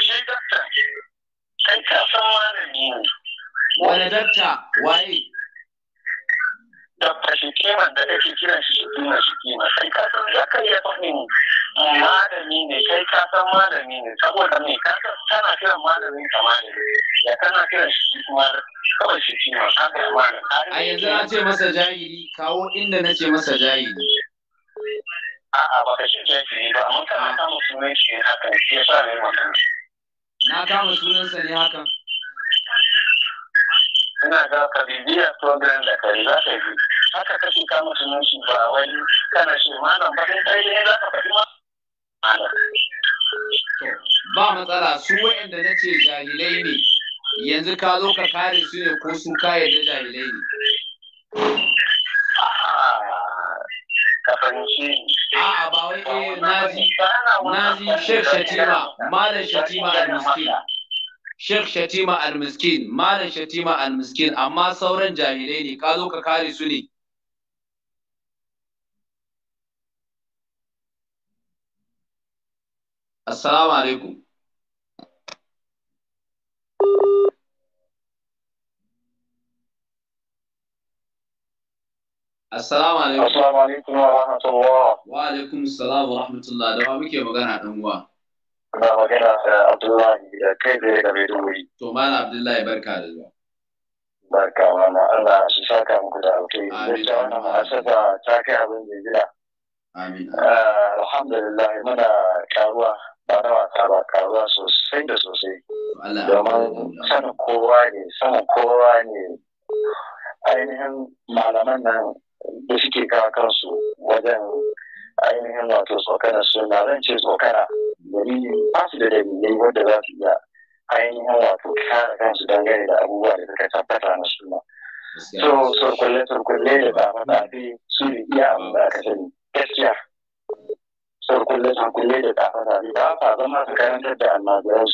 shi dakta kai ka san malami ne wani dakta waye dokta shi kimar da kake kiran shi shi kimar shi kima, sai ka san ya kai ya faɗin eh, malami ne kai ka san malami ne saboda me ka san kana kiran malami ka malami ya kana kiran shi kimar kawai shi kima, ka ga malami a yanzu na ce masa jahili kawo inda na ce masa jahili a'a ba ka shi jahili ba amma kana kama sunan shi hakan shi yasa ne magana na kama sunansa ne hakan ina ga ka bibiya program da kai za ka yi haka ka shiga shi ba wani kana shi malam ba sai kai ne za ka faɗi ba matsala su wa'anda na ce jahilai ne yanzu ka zo ka kare su ne ko su ka yarda jahilai ne ka fahimci a'a ba wai eh naji naji shek shatima malam shatima al-miskin Sheikh Shatima al-Miskin, Malam Shatima al-Miskin, amma sauran jahilai ne, ka zo ka kare su ne. Assalamu alaikum. Assalamu alaikum. Assalamu alaikum wa rahmatullah. Wa alaikum assalam wa rahmatullah. Da wa muke magana dan uwa? Ina magana da Abdullahi da kai zai da Maiduguri. To Malam Abdullahi barka da zuwa. Barka mana Allah su saka muku da alkhairi. Amin. Da wannan ma'asasa ta kai abin da gida. Amin. Ah, Alhamdulillah muna karuwa ba da wasa ba karuwa sosai da sosai. Domin sanin kowa ne sanin kowa ne ainihin malaman nan da suke kawo kansu wajen ainihin wato tsokana suna zan ce tsokana dalili ba su da wadda za ainihin wato kansu da abubuwa da suka na suna so surkulle surkulle da ba matsafi su ne aka sani gaskiya surkulle surkulle da karantar da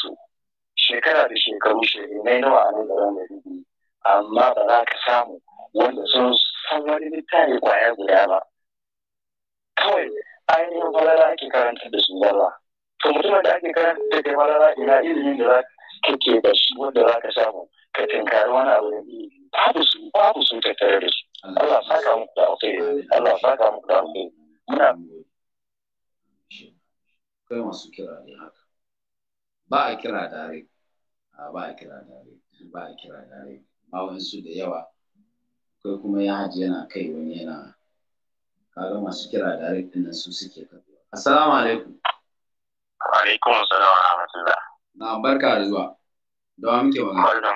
shekara shekaru na a nan da ran amma ba za ka samu wanda sun kwaya guda ba kawai ainihin balala ake karanta da su zalla to mutumin da ake karanta da kai ina ilimin da za ke da shi wanda za ka samu ka tinkari wani abu da ilimi babu su babu su tattare da su Allah saka muku da alkhairi Allah saka muku da alkhairi muna kai masu kira ne haka ba a kira dare ba a kira dare ba a kira dare ba da yawa kai kuma ya haji yana kai wani yana kaga masu kira da din nan su suke kafa assalamu alaikum wa alaikum assalam wa rahmatullah na barka da zuwa da wa muke magana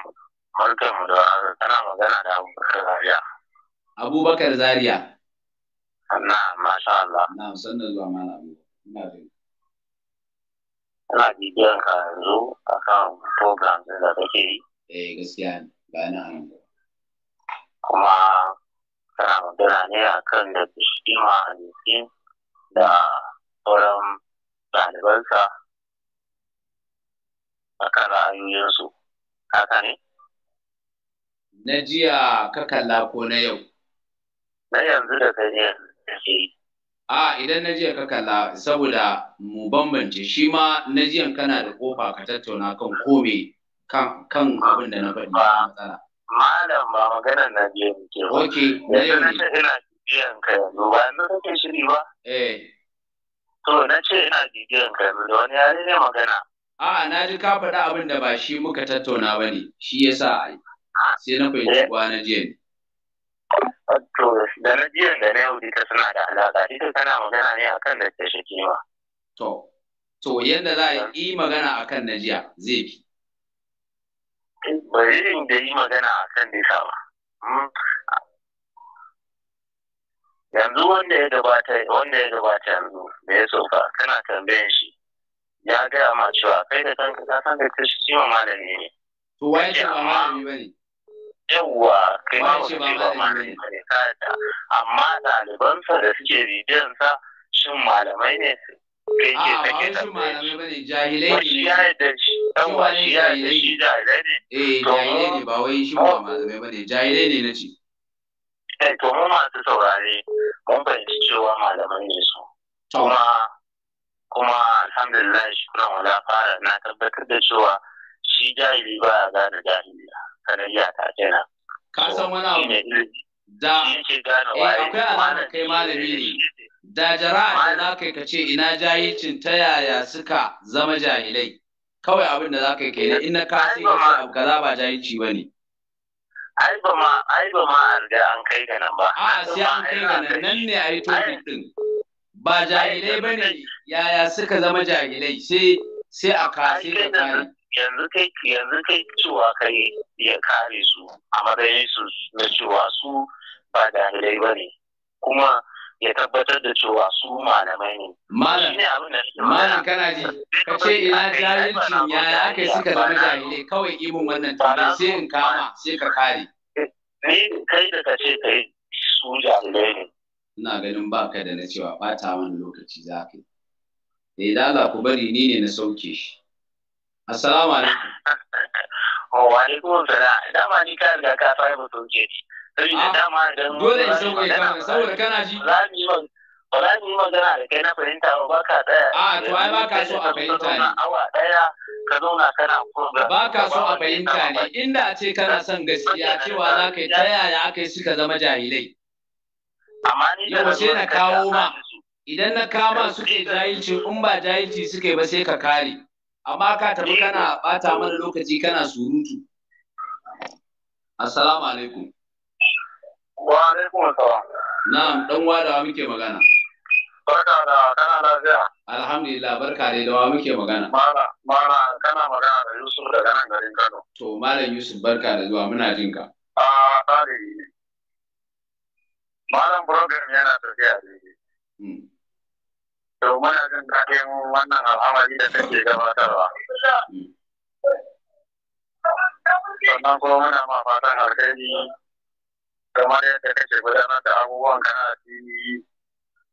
barkan mu da kana magana da Abubakar Zaria Abubakar Zaria na masha Allah na san zuwa malam ina da ina bibiyar ka yanzu a kan program da kake yi eh gaskiya ba na kuma tana magana ne a kan da bishima hanifi da sauran ɗalibansa a kan ra'ayoyinsu haka ne? Na jiya ka kalla ko na yau? Na yanzu da ka jiya ke A idan na jiya ka kalla saboda mu bambance shi ma na jiyan kana da kofa ka tattauna kan kome kan abin da na faɗi matsala. malam ba maganar na biya muke ba. Ok, na yau ne. ina bibiyan ka yanzu ba yanzu kake shiri ba. Eh. To na ce ina bibiyan ka yanzu da wani yare ne magana. A'a na ji ka faɗa abin da ba shi muka tattauna ba ne shi ya sa sai na fahimci eh. kuwa na jiya ne. To da na jiya da na yau duka suna da alaƙa ita tana magana ne akan da ta shi kima. To, to yadda za a yi magana akan na jiya zai fi. bari irin da yi magana a kan nisa ba hmm? yanzu wanda ya gabata wanda ya gabata yanzu da ya soka kana tambayan shi ya gaya ma cewa kai da kanka ka san da kashi shi ma malami ne to wai shi ba malami ne. yawwa kai ma ba shi ba malami ne ka amma ɗalibansa da suke bibiyansa shin malamai ne a ba wasu malamai bane jahilai ne eh jahilai ne eh, ba malamai jahilai ne eh to mu masu saurare mun fahimci cewa malamai ne su kuma na tabbatar da cewa shi jahili ba ya gane jahili sanayya ta ka san wani abu da eh, akwai alamar kai malami ne da jara'a da za ka ce ina jahilcin ta yaya suka zama jahilai kawai abin da za ka kai na ina ka sai ka abu kaza ba jahilci ba ne. Ai ba ma ai ba ma an ga an kai ga nan ba. A sai an kai ga nan nan ne a yi topic din. Ba jahilai ba ne yaya suka zama jahilai sai sai a ka sai ka kai Yanzu kai yanzu kai cewa kai ya kare su a matsayin su na cewa su ba jahilai ba ne. Kuma ya tabbatar da cewa su malamai ne. Malam, malam kana ji, ka ce ina ya yi aka suka zama jahilai kawai ibin wannan tare sai in kama sai ka kare. Ni kai da ka ce kai su jahilai ne. Ina ganin ba ka da na cewa ɓata wani lokaci za ka yi. Eh, da idala ku bari ni ne na sauke shi. Assalamu alaikum. Wa alaikum salam. Dama ni ka riga ka fara mutunce ni. Saboda ah, dama don dole in sauƙaƙe kana saboda kana ji. Za mu yi ba za mu yi magana da kai na fahimta ba ba ka tsaya. A ah, to ai ba ka so a fahimta ne. Awa ɗaya ka zauna kana program. Ba ka so a fahimta ne inda a ce kana son gaskiya cewa za ka yi ta yaya aka yi suka zama jahilai. Amma ni da sai na kawo ma. Idan na kama suke jahilci in ba jahilci suke ba sai ka kare. Amma ka tafi kana bata mana lokaci kana surutu. Assalamu alaikum. Wa alaikum assalam. Na'am, dan wadawa muke magana. Barka da kana lafiya. Alhamdulillah, barka dai da wa muke magana. Mala, mala kana magana da Yusuf daga nan garin Kano. To, Malam Yusuf barka da zuwa muna jin ka. Ah, tsari. Malam program yana tafiya daidai. Hmm. To, muna jin daɗin wannan al'amari da take gabatarwa. Hmm. Sannan kuma muna ma fatan alkhairi kamar yadda kake gudanar da abubuwan ka addini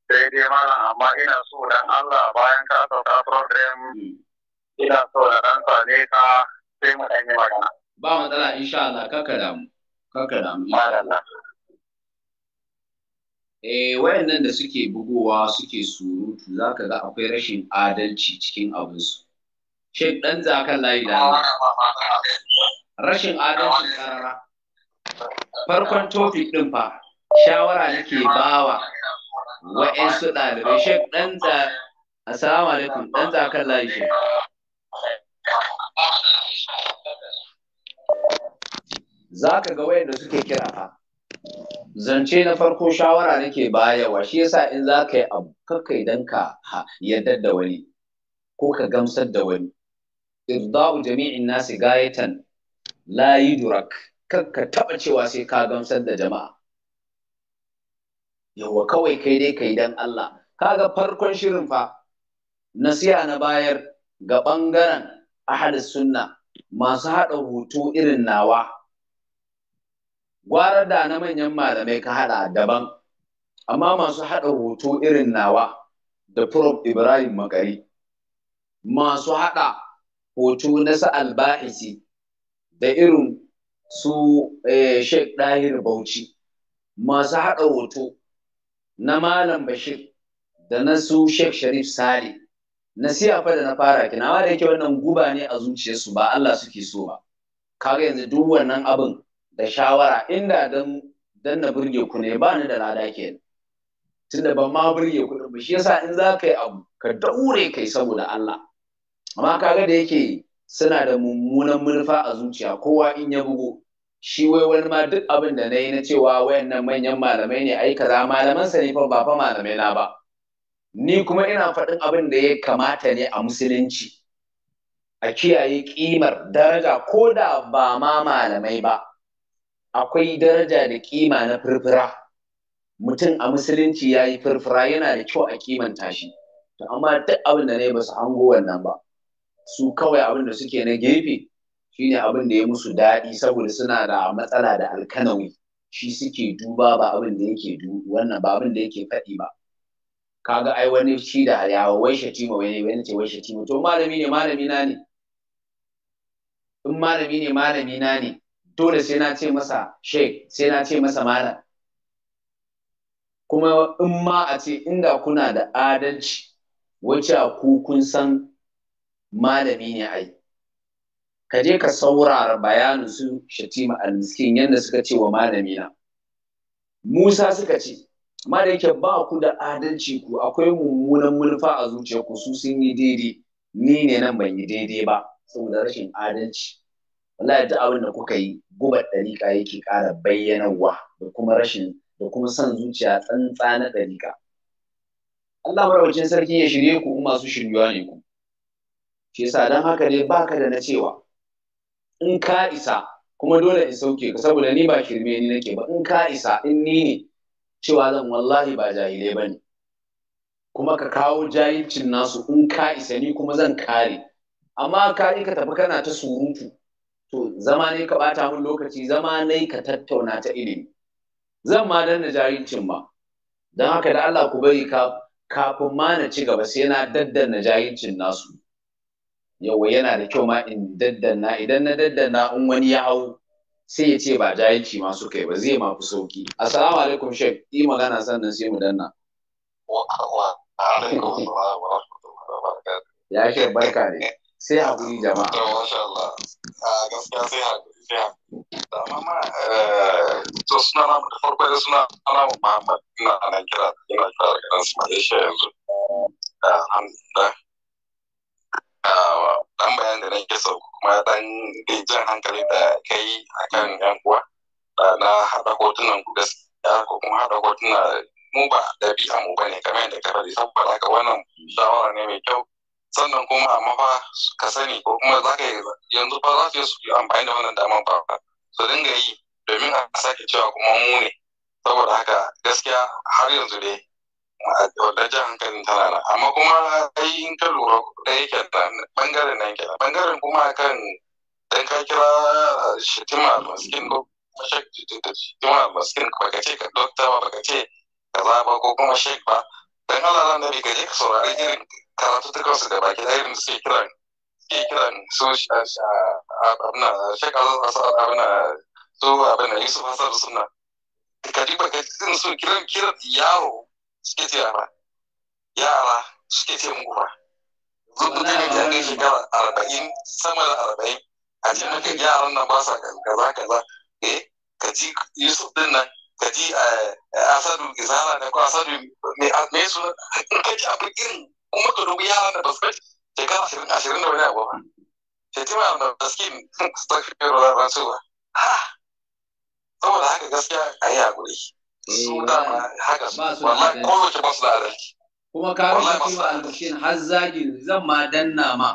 dai mana amma ina so dan Allah bayan ka sauka program ina so da dan sane ka sai mu dan yi magana ba matsala insha Allah kaka damu kaka damu Eh wayannan da suke bugowa suke surutu zaka ga akwai rashin adalci cikin abinsu. Shek ɗan zakan layi da Rashin adalci karara. farkon topic ɗin fa shawara nake bawa wa'ansu ɗalibai shek ɗan za assalamu alaikum ɗan za kan layi za ka ga wayanda suke kira fa zance na farko shawara nake bayarwa shi yasa in za ka yi abu kakka idan ka yadda da wani ko ka gamsar da wani irda'u jami'in nasi gayatan la yudrak kar ka taɓa cewa sai ka gamsar da jama'a Yawwa kawai kai dai kai dan Allah Ka ga farkon shirin fa siya na bayar ga ɓangaren ahalis sunna masu haɗa hoto irin nawa gwarar da na manyan malamai ka haɗa daban amma masu haɗa hoto irin nawa da prof ibrahim makari masu haɗa hoto na sa'al ba'isi da irin su eh, Sheikh Dahir Bauchi masu haɗa hoto na Malam Bashir da na su Sheikh Sharif Sale na fa da na fara Kina kinawa da yake wannan guba ne a zuciyarsu ba Allah suke so ba kaga yanzu duk wannan abin da shawara inda dan dan na burge ku ne ba ni da lada kenan tunda ban ma burge ku ba shi yasa in za ka yi abu ka daure kai saboda Allah amma kaga da yake suna da mummunan murfa a zuciya kowa in ya bugo shi wai wani ma duk abin da na yi na cewa wayannan manyan malamai ne ai kaza malaman sa ne fa ba fa malamai na ba ni kuma ina faɗin abin da ya kamata ne a musulunci a kiyaye kimar daraja ko da ba ma malamai ba akwai daraja da kima na furfura mutum a musulunci ya yi furfura yana da kyau a kimanta shi to amma duk abin da na yi ba su hango wannan ba su kawai abin da suke na gefe shi ne abin da ya musu daɗi saboda suna da matsala da alkanawi shi suke duba ba abin da yake du wannan ba abin da yake faɗi ba kaga ai wani shi da yawa wai shatima wai wani ce wai shatima to malami ne malami na ne in malami ne malami na ne dole sai na ce masa sheik sai na ce masa malam kuma in ma a ce inda kuna da adalci wacce ku kun san malami ne ai ka je ka saurara bayanin su shatima al yadda suka ce wa malami na Musa suka ce ma da ba ku da adalci ku akwai mummunan manufa a zuciyarku su sun yi daidai ni ne nan ban yi daidai ba saboda rashin adalci wallahi da abin da kuka yi gubar ɗariƙa yake ƙara bayyanarwa da kuma rashin da kuma son zuciya tsantsa na ɗariƙa Allah sarki ya shirye ku masu shiryuwa ne ku shi yasa don haka ne baka da na cewa in ka isa kuma dole in sauke ka saboda ni ba shirme ni nake ba in ka isa in ni ne cewa zan wallahi ba jahilai bane kuma ka kawo jahilcin nasu in ka isa ni kuma zan kare amma ka ka tafi kana ta surutu to zama ne ka bata mun lokaci zama ne ka tattauna ta ilimi zan ma danna jahilcin ba. don haka da Allah ku bari kafin ma na ci gaba sai na daddanna jahilcin nasu yawa yana da kyau ma in daddana idan na daddana in wani ya hau sai ya ce ba jahilci ma suka yi ba zai ma fi sauki assalamu alaikum shek yi magana sannan sai mu danna ya shek barka ne sai haƙuri jama'a Allah? Ah, gaskiya sai haƙuri sai haƙuri amma ma eh, to suna na da farko da suna ana muhammad ina nan kira ina kira da garin su malaysia yanzu ah, alhamdulillah Ɗan bayan da nake so kuma dan jan hankali da kai akan yan uwa na haɗa hotunan ku gaskiya ko kuma haɗa hotuna mu ba ɗabi'a mu bane kamar yadda ka faɗi saboda haka wannan shawara ne mai kyau sannan kuma amma fa ka sani ko kuma za ka yanzu fa za su yi amfani da wannan damar fa su dinga yi domin a sake cewa kuma mu ne saboda haka gaskiya har yanzu dai da ah, jan hankalin tana nan amma kuma ai in ka lura da yake nan bangaren nan kenan bangaren kuma kan dan ka kira shitima almaskin ko shitima almaskin baka ce ka dokta ba baka ce kaza ba ko kuma shek ba dan Allah nan da bi ka je ka saurari irin karatu tukan su da baki da irin suke kiran suke kiran su ah, ah, abin shek azaz abin su abin Yusuf Hassan Sunna ka ji baka sun kiran kiran yaro suke tira yara suke tira muku ba zuwa da ne shekara arba'in sama da arba'in a ce maka yaran nan ba sa kaza kaza eh ka ji yusuf din nan ka ji eh, asadu izara da ko asadu me su ka ji abu irin kuma ka dubi yaran da ba su shekara ashirin ashirin da wani abu ba shetima da baskin stafiyar da ba su ba saboda haka gaskiya a yi haƙuri su da haka da adalci kuma ka rufe cewa albashin har zagin zan ma danna ma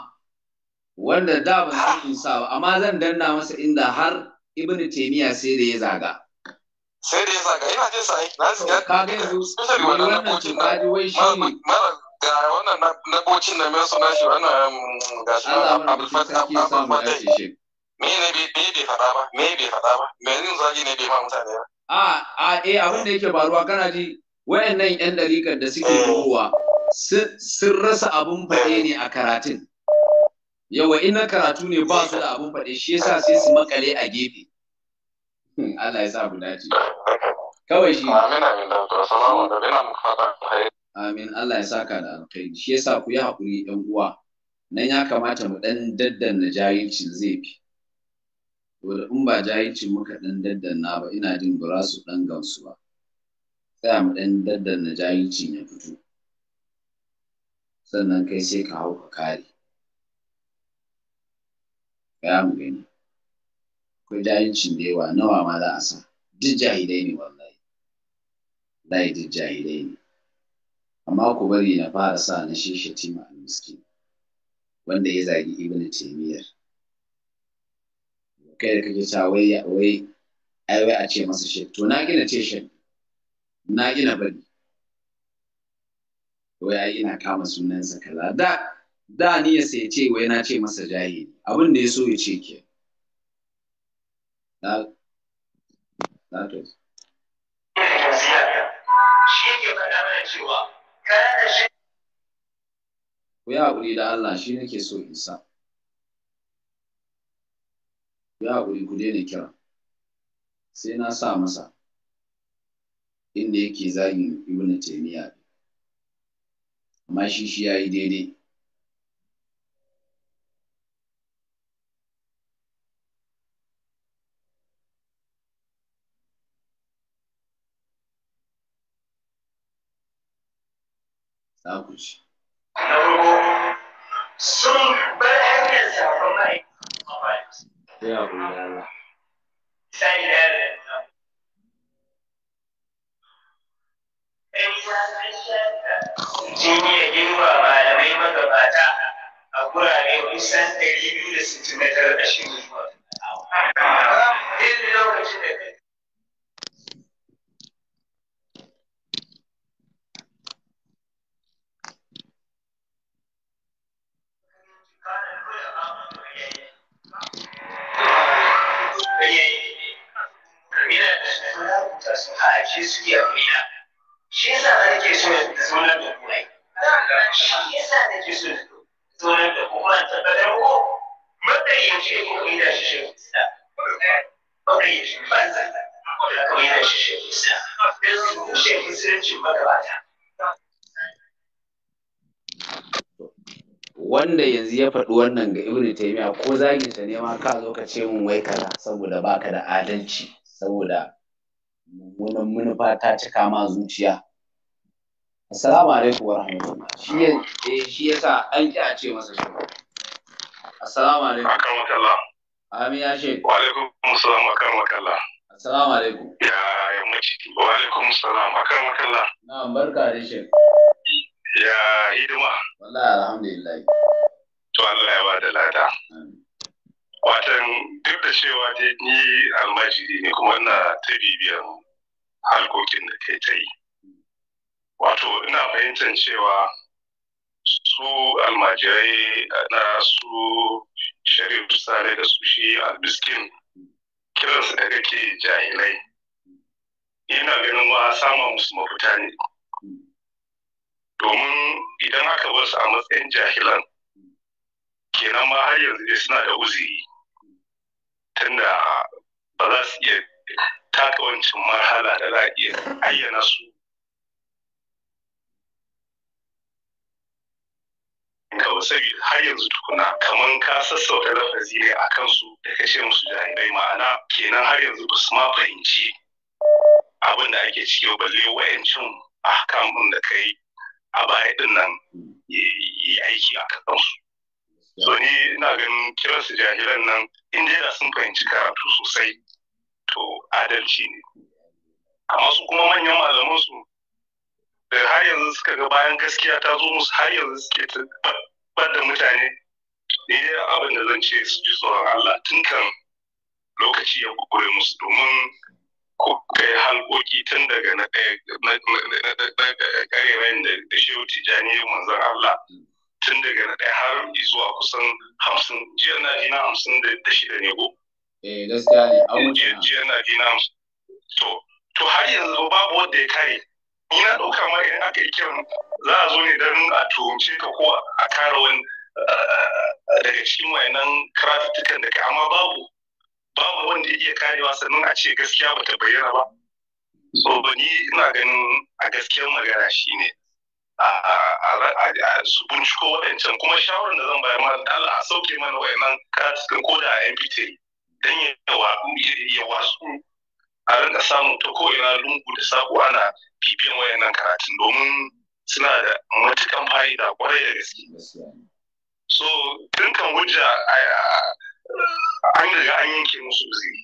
wanda da ban san sa ba amma zan danna masa inda har ibn taymiya sai da ya zaga sai da ya zaga ina jin sa na ga ka ga yanzu wannan ce ka ji wai shi ga wannan na bocin da mai suna shi wannan um, ga shi abul fatah abul fatah me ne bai fada ba me bai fada ba me yin zagi ne bai ma mutane ba a a eh abin da yake faruwa kana ji wayannan yan dalikan da suke kowa mm. sun rasa abin faɗe ne a karatun yawa ina karatu ne ba su da abin faɗe shi yasa sai su makale a gefe hmm, Allah ya sa mu dace kawai shi amin amin da assalamu alaikum ina muku fatan amin Allah ya saka da alkhairi shi yasa ku yi hakuri ɗan uwa nan ya kamata mu ɗan na jahilcin zai fi da in ba jahilci muka ɗan daddanna ba ina jin ba su ɗan gamsu ba sai mu ɗan daddanna jahilcin ya fito sannan kai sai ka hau ka kare ya mu gani akwai jahilcin da yawa nawa ma za a sa duk jahilai ne wallahi wallahi duk jahilai ne amma ku bari na fara sa na shishe tima al-miskin wanda ya zagi ibnu taymiyyah kai da kake sa wai wai ai wai a ce masa shi to na gina ce shek na gina bari wai ai ina kama sunansa kaza da da ni ya sai ce wai na ce masa jahili abin da ya so ya ce ke that that is ku yi hakuri da Allah shi nake so in sa Ya yi haƙuri ku daina kira sai na sa masa inda yake zagin ibn taymiya amma shi shi ya yi daidai za ku ci sun bar hanyar sabon Sai a da girma malamai magabata a gurare kusan ɗari biyu da sittin na tara shi suke a wurina shi yasa da ke so na zaunar da kuma ai shi yasa nake so na zaunar da ku kuma tabbatar ko matsayyace ko kai da shi shi isa matsayyace banza ko kai da shi shi isa don shi musulunci magabata wanda yanzu ya faɗi wannan ga ibnu taymiya ko zagin sa ne ma ka zo ka ce mun wai kaza saboda baka da adalci saboda Wannan manufa ta cika ma zuciya assalamu alaikum warahmatullahi shi ya eh, shi yasa an ƙi a ce masa shi assalamu alaikum akan makalla amin ya ce. wa alaikum assalam akan makalla assalamu alaikum ya mace wa alaikum assalam akan makalla na'am barka da shi ya hidima wallahi alhamdulillah to Allah ya bada lada watan duk da cewa dai ni almajiri ne kuma na ta bibiyar mu harkokin da kai ta yi wato ina fahimtar cewa su almajirai na su sharif sare da su shi albiskin kiransu da kake jahilai ina ganin ma samun musu mafita ne domin idan aka bar su a matsayin jahilan kenan ma har yanzu dai suna da uziri tunda ba za su iya ta wancan marhala da za a iya ayyana su kawai sabida har yanzu tukuna kamar ka sassauta lafazi ne a kansu da kashe musu jahilai ma'ana kenan har yanzu ba su ma fahimci abin da ake ciki balle wayancin a kamun da kai a baya din nan yi aiki a kansu so ni ina ganin kiransu su jahilan nan in dai da sun fahimci karatu sosai to adalci ne amma su kuma manyan malaman su da har yanzu suka ga bayan gaskiya ta zo musu har yanzu suke tabbar da mutane ne dai abin da zan ce su ji tsoron Allah tun kan lokaci ya kure musu domin ko kai halkoki tun daga na ƙarerayen da shehu tijjani manzan Allah tun daga na ɗaya har zuwa kusan hamsin jiya na jina hamsin da shida ne ko eh gaskiya ne an wuce na dina to to har yanzu babu wanda ya kare ina ɗauka ma idan aka yi kiran za a zo ne don a tuhumce ka ko a kare wani eh, daga cikin wayannan karatuttukan da kai amma babu babu wanda ya iya karewa sannan a ce gaskiya ba ta bayyana ba so ni ina ganin a gaskiyar magana shine a su binciko waɗancan kuma shawarar da zan bayar ma Allah a sauke mana wayannan karatuttukan ko da a MPT don ya wasu a rinka samu ta ko'ina lungu da sako ana wayan wayannan karatun domin suna da matukan fa'ida kwarai da gaske so dinkan hujja an riga an yanke musu uziri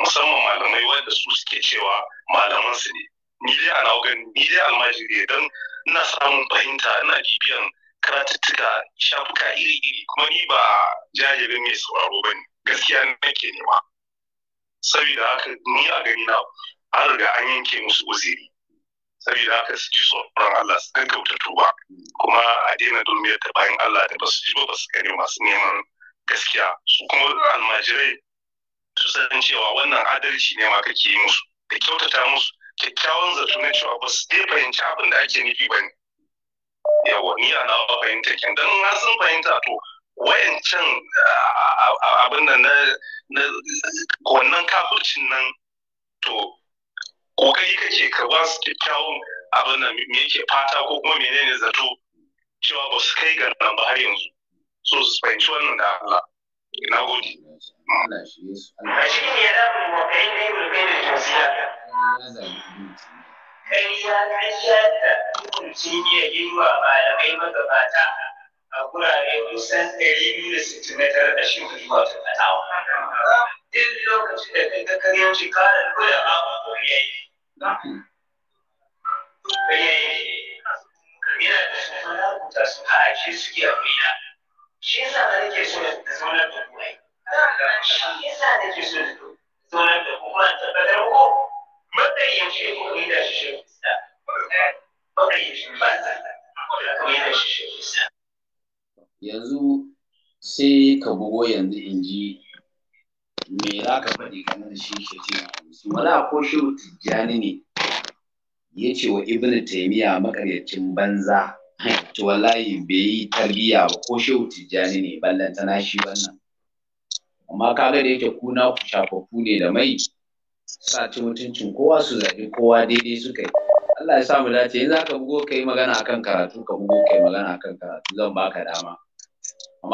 musamman malamai wanda su suke cewa malaman su ne ni dai ana gani ni dai almajiri don ina samun fahimta ina bibiyan karatuttuka shafuka iri-iri kuma ni ba jajirin mai sauraro ba ne gaskiya ne ke nema saboda haka ni a gani na an riga an yanke musu uziri saboda haka su ji tsoron Allah su wuta tuba kuma a daina dulmiyar da bayan Allah da ba su ji ba ba su gani masu neman gaskiya su kuma almajirai su san cewa wannan adalci ne ma kake yi musu da kyautata musu kyakkyawan zato na cewa ba su dai fahimci abin da ake nufi ba ne yawa ni a nawa fahimta kyan don na sun fahimta to wayancan ah, ah, ah, abin da na wannan kafircin nan to kokari kake ka ba su kyakkyawan abin da me yake fata ko kuma menene zato cewa ba su kai ga nan ba har yanzu so su fahimci wannan da Allah na gode A shi ne ya rabu wa kai ne mu kai da tosiya eh, kai ya kai ya ta hukunci ne yi wa malamai magabata a gurare kusan ɗari biyu da sittin da shi wata fatawa. Duk lokacin da kai ga karyanci karar gula ba ba ko yi Yayi. Yana da su kuma rubuta su a ake suke a wina. Shi yasa da nake so da zaunar da kuma Shi yasa nake so da zaunar da kuma tabbatar ko matsayin shi ko ni da shi shi. Matsayin shi ba da shi yanzu sai ka bugo yanzu in ji me za ka faɗi kamar shi shi ce su mala ko shiru tijjani ne ya ce wa ibn taimiya makaryacin banza to wallahi bai yi tarbiyya ba ko shehu tijjani ne tana shi wannan amma ka ga da yake kuna ku shafaffu ne da mai sa ci mutuncin kowa su zaɓi kowa daidai suka yi Allah ya sa mu dace yanzu aka bugo yi magana akan karatu ka bugo yi magana akan karatu zan baka dama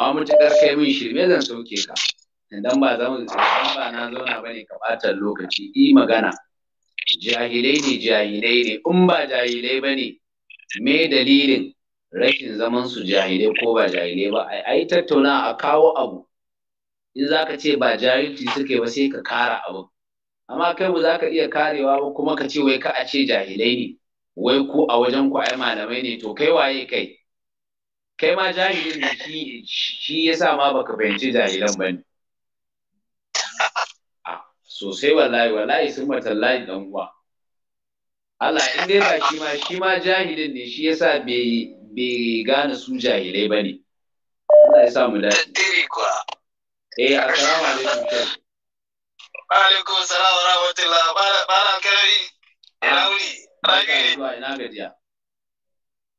amma mutukar kai min shirme zan sauke ka idan ba za mu ba na zauna bane ka ɓata lokaci i magana jahilai ne jahilai ne in ba jahilai bane me dalilin rashin zaman su jahilai ko ba jahilai ba ai ai, tattauna a kawo abu in za ka ce ba jahilci suke ba sai ka kara abu amma kai ba za ka iya karewa ba kuma ka ce wai ka a ce jahilai ne wai ku a wajen ku ai malamai ne to kai waye kai kai ma jahilin ne shi shi yasa ma baka fahimci jahilan ba ne ah, sosai wallahi wallahi sun matallahi dan uwa Allah in dai ba shi ma shi ma jahilin ne shi yasa bai bai gane su jahilai ba ne Allah ya sa mu dace eh assalamu alaikum alaikum salam wa rahmatullah bala kai eh, ina wuri ina gajiya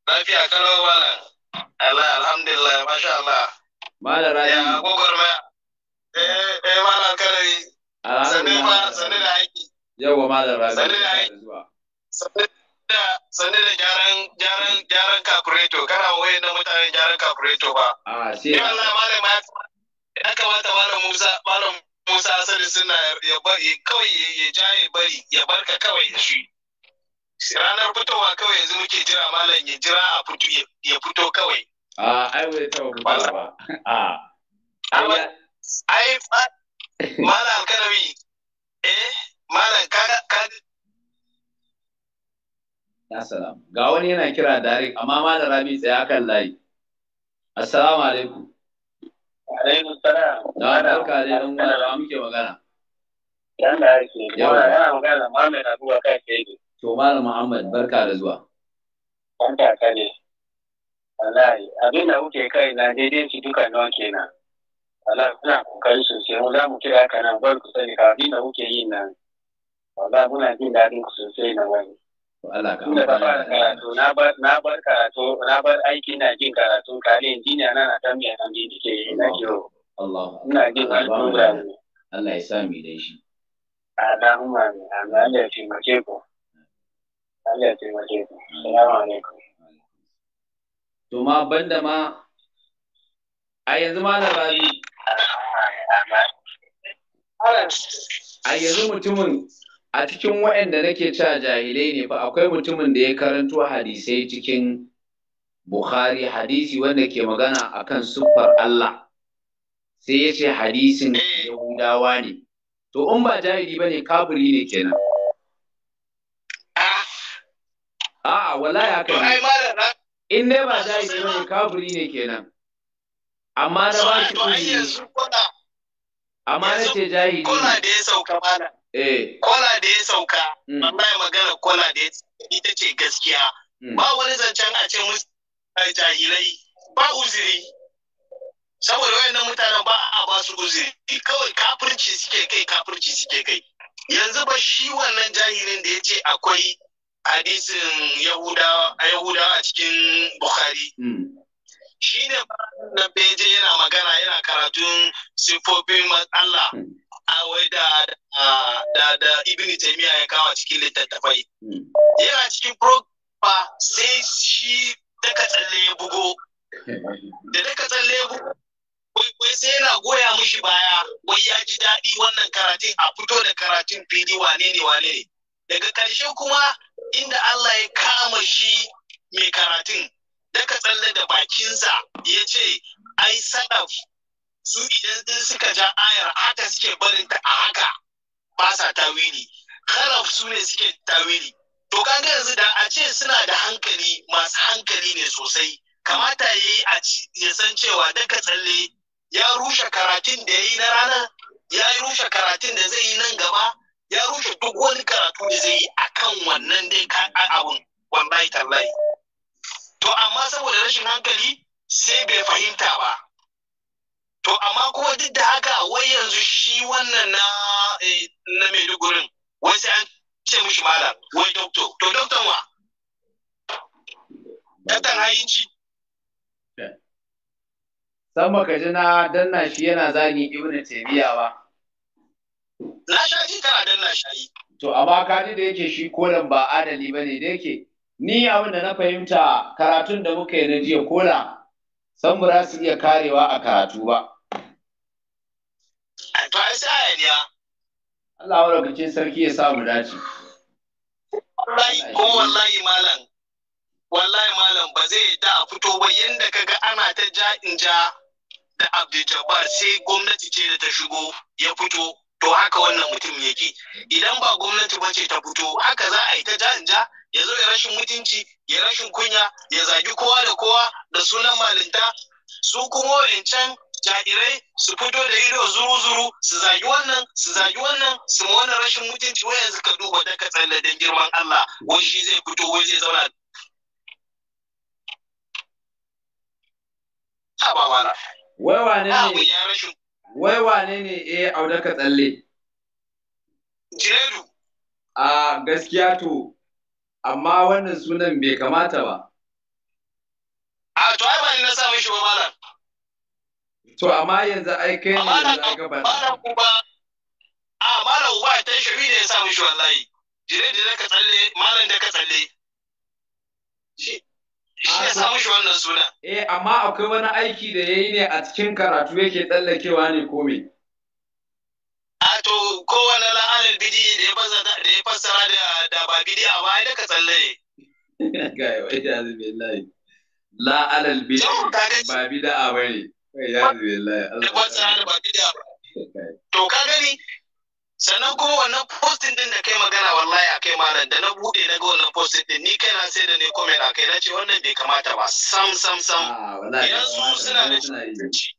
lafiya kalau malam Allah alhamdulillah masha Allah. Mala Ya gogor ma. Eh eh mala kanari. Sanne ma sanne da aiki. Yawwa mala Rabi. Sanne da aiki. Sanne da gyaran gyaran gyaran calculator kana waye na mutanen gyaran calculator ba. Ah shi. Ya Allah mala ma ya kamata mala Musa mala Musa sani suna ya bari kawai ya jaye bari ya barka kawai shi. ranar fitowa kawai yanzu muke jira malam ya jira a fito ya fito kawai a ai wai ta fitowa ba a ai malam alkalami eh malam ka ka Assalam. Ga wani yana kira dare amma malam Rabi tsaya kan layi. Assalamu alaikum. Alaikum salam. Da barka dai dan uwa da muke magana. Dan da yake. Yawa yana magana kai ke yi. To Malam Muhammad barka da zuwa. Barka ka ne. Wallahi abin da kuke kai na daidai shi duka nawa kenan. Wallahi kuna kokari sosai mu za mu kira ka nan bar ku sani ka abin da kuke yi nan. Wallahi muna jin daɗin ku sosai na wani. Allah ka amfana na bar karatu na bar aiki na jin karatu kare injiniya na na tambaya nan da ke yi na kiro. Allah. Ina jin karatu da Allah ya sa mu da shi. Allahumma amin. Allah ya taimake ku. To ma banda ma a yanzu ma na rabi. A yanzu mutumin a cikin waɗanda nake cewa jahilai ne fa akwai mutumin da ya karanto hadisai cikin Bukhari hadisi wanda ke magana akan siffar Allah sai ya ce hadisin Yahudawa ne to in ba jahili ba ne, kabiri ne kenan A'a wallahi haka ne. In dai ba jahili ne kafiri ne kenan. Amma na ba shi uzuri. Amma na ce jahili. Kola da ya sauka mana. Eh. Kola da ya sauka. ya hmm. magana kola da ya sauka ita ce gaskiya. Hmm. Ba wani zancen a ce musu jahilai ba uzuri. Saboda wayannan mutanen ba a ba su uzuri. Kawai kafirci suke kai kafirci suke kai. Yanzu ba shi wannan jahilin da ya ce akwai hadisin Yahudawa a cikin Bukhari. Hmm. Shi ne na beje yana magana yana karatun sifofin Allah hmm. a wai da da Ibn Taymiyyah ya kawo cikin littattafai. Hmm. Yana cikin ba sai shi daga tsalle ya bugo. Da daga tsalle ya bugo kwaikwai sai yana goya mushi baya wai ya ji daɗi wannan karatun a fito da karatun fili wane ne wane ne. Daga ƙarshe kuma inda Allah ya kama shi mai karatun daga tsalle da bakinsa ya ce ai salaf su idan din suka ja ayar haka suke barin ta a haka ba sa tawili khalaf su ne suke tawili to kaga yanzu da a ce suna da hankali masu hankali ne sosai kamata ya yi ya san cewa daga tsalle ya rushe karatun da ya yi na rana ya rushe karatun da zai yi nan gaba ya rushe duk wani karatu da zai yi a kan wannan dai kan abun wallahi tallahi to amma saboda rashin hankali sai bai fahimta ba to amma kuma duk da haka wai yanzu shi wannan na eh, na Maiduguri wai sai an ce mishi malam wai doctor to doctor wa daktan hayinci sama ka ji na danna shi yana zagi ibnu taymiya ba Na sha kana danna shayi. To amma kaji da yake shi kolan ba adali ba ne da yake ni abin da na fahimta karatun da muka yi na jiya kola san ba su iya karewa a karatu ba. To ai sai ya Allah wa lokacin sarki ya samu dace. Wallahi ko wallahi malam wallahi malam ba zai yadda a fito ba yanda kaga ana ta ja in ja da Abdul Jabbar sai gwamnati ce da ta shigo ya fito to haka wannan mutum yake idan ba gwamnati ba ce ta fito haka za a yi ta ja ya zo ya rashin mutunci ya rashin kunya ya zagi kowa da kowa da sunan malinta su kuma wancan jairai su fito da ido zuru-zuru su zagi wannan su zagi wannan su ma wannan rashin mutunci wayan suka duba da tsalle da girman Allah wai shi zai fito wai zai zauna ha ba mana wai wane ne Wai wane ne eh auda ka tsalle? Jiredu! A gaskiya to, amma wannan sunan bai kamata ba. A to ai bani na sa mishi ba malam. To amma yanzu ai kai ne da za ka bada. Malam uba. A malam uba tan shiri ne ya sa mishi wallahi. Jiredu da ka tsalle, malam da ka tsalle. Shi ya samu shi wannan suna. Eh, amma akwai wani aiki da ya yi ne a cikin karatu yake tsallakewa ne ko me? A to, kowane la'anar bidi da ya fassara da ba bidi a baya daga tsallaye. yi wai ya zube layi. La'anar bidi ba bidi a bane. Kai, ya zube layi. Da fassara da ba bidi a baya. To, ka gani, sannan kuma wannan postin din da kai magana wallahi a kai malam da na bude na ga wannan postin din ni kai na sai da ne comment a kai na ce wannan bai kamata ba sam sam sam ah, idan su suna da mutunci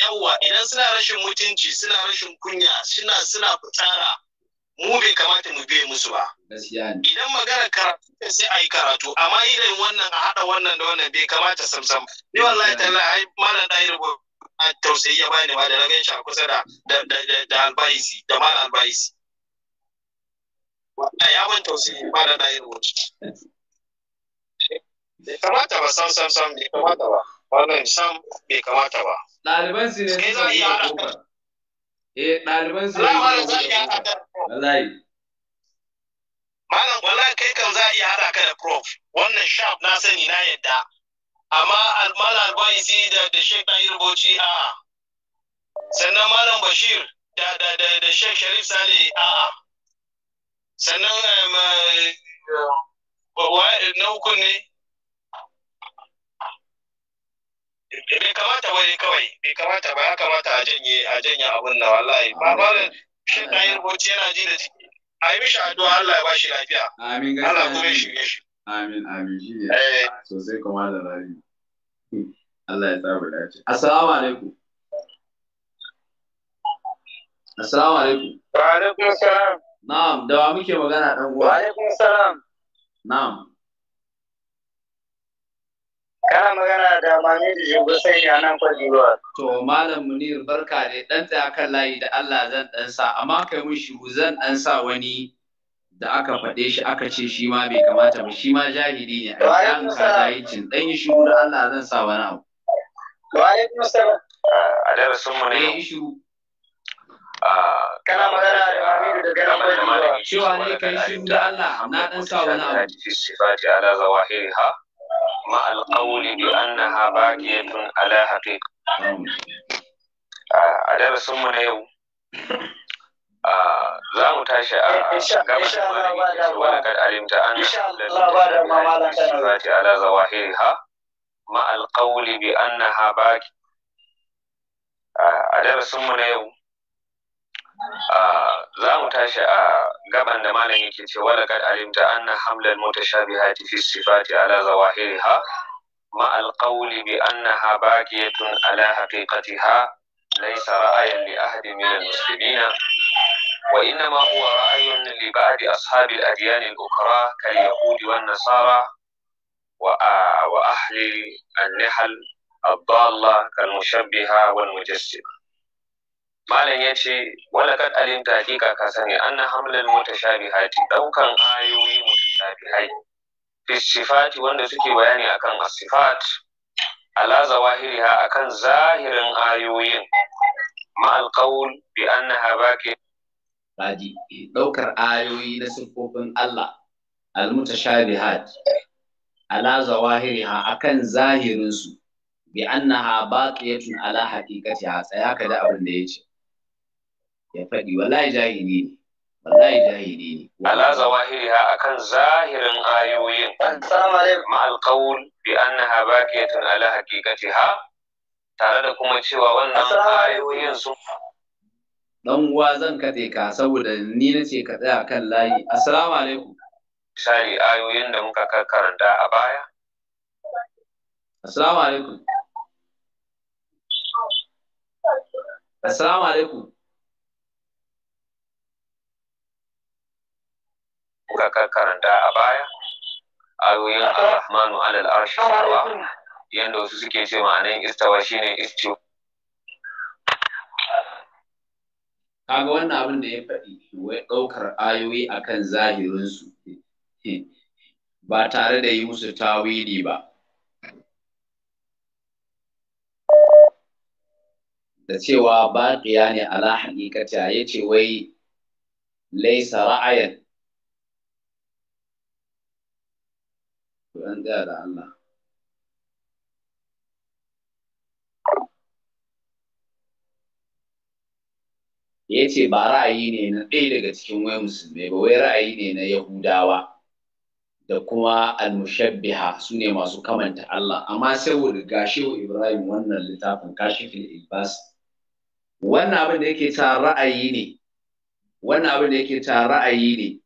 yawa idan suna rashin mutunci suna rashin kunya suna suna fitsara mu bai kamata mu biye musu ba idan magana karatu sai a yi karatu amma idan wannan a haɗa wannan da wannan bai kamata sam sam ni wallahi tallahi ai malam da rubutu tausayi ya bani ba da na ganshi a kusa da da da da da albaisi da mal albaisi wannan ya ban tausayi ba da na irin wancan bai kamata ba sam sam sam bai kamata ba wannan sam bai kamata ba ɗaliban su ne za a yi eh ɗaliban su ne za a yi wallahi malam wallahi kai kan za a iya haɗa ka da prof wannan sharp na sani na yadda amma almal albaisi da da shek yi rubuci a sannan malam bashir da da da da shek sharif sale a sannan eh, na hukun ne bai kamata ba ne kawai bai kamata ba ya kamata a janye a janye abun nan wallahi ba malam shek yi rubuci yana ji da ciki a yi mishi addu'a Allah ya ba shi lafiya Allah ya ya shirye shi Amin, amin, shi ne. Eh. Sosai kuma da rari. Allah ya tsara dace. Assalamu alaikum. Assalamu alaikum. Wa alaikum salam. Na'am, da wa muke magana dan uwa? Wa alaikum salam. Na'am. Kana magana da Mami da Jibu sai ya nan kwaji ruwa. To Malam Munir barka ne dan tsaya kan layi da Allah zan dan sa amma kai mun shi zan dan sa wani da aka faɗe shi aka ce shi ma bai kamata ba shi ma jahili ne a yan kadayicin ɗan yi shuru da Allah zan sa wani abu. A darasin mu ne. shiru. Ah, Kana magana da Aminu da Cewa ne da Allah na ɗan sa wani abu. Fi sifati ala mu na ah, yau. Ah, za mu tashi a gaban malami da wani kad alimta an da malam tana zati ala zawahiriha ma alqawli bi ba ki ah, a darasin mu na yau ah, za mu tashi a gaban da malam yake ce wala kad alimta anna hamlal mutashabihati fi sifati ala ha ma alqawli bi ya tun ala ha laisa ra'ayin li ahadi min al-muslimina وإنما هو رأي لبعض أصحاب الأديان الأخرى كاليهود والنصارى وأهل النحل الضالة كالمشبهة والمجسمة malam ya ce walakad alimta hakika ka sani anna hamlal mutashabihati daukan ayoyi mutashabihai fi sifati wanda suke bayani akan asifat ala zawahiriha akan zahirin ayoyin ma alqaul bi annaha baqi baji eh, ɗaukar ayoyi na siffofin Allah al-mutashabihat ala zawahiriha akan zahirin su bi annaha baqiyatun ala haqiqatiha tsaya ka da abin da yace ya faɗi wallahi jahili ne wallahi jahili ne ala zawahiriha akan zahirin ayoyin assalamu alaikum ma alqaul bi annaha baqiyatun ala haqiqatiha tare da kuma cewa wannan ayoyin sun dan uwa zan katse ka saboda ni na ce ka tsaya kan layi assalamu alaikum shari ayoyin da muka karanta a baya assalamu alaikum assalamu alaikum muka karanta a baya ayoyin ar alal arshi yanda wasu suke ce ma'anin istawa shine istiwa kaga wannan abin da ya faɗi wai ɗaukar ayoyi akan zahirinsu ba tare da yi musu tawili ba da cewa baƙiya ne ala haƙiƙata ya ce wai laisa ra'ayan. Ku ɗan da Allah. ya ce ba ra'ayi ne na ɗaya daga cikin wai musulmai ba wai ra'ayi ne na yahudawa da kuma almushabbiha su ne masu kamanta Allah amma saboda Shehu Ibrahim wannan littafin kashifin ilbas wannan abin da yake ta ra'ayi ne wannan abin da yake ta ra'ayi ne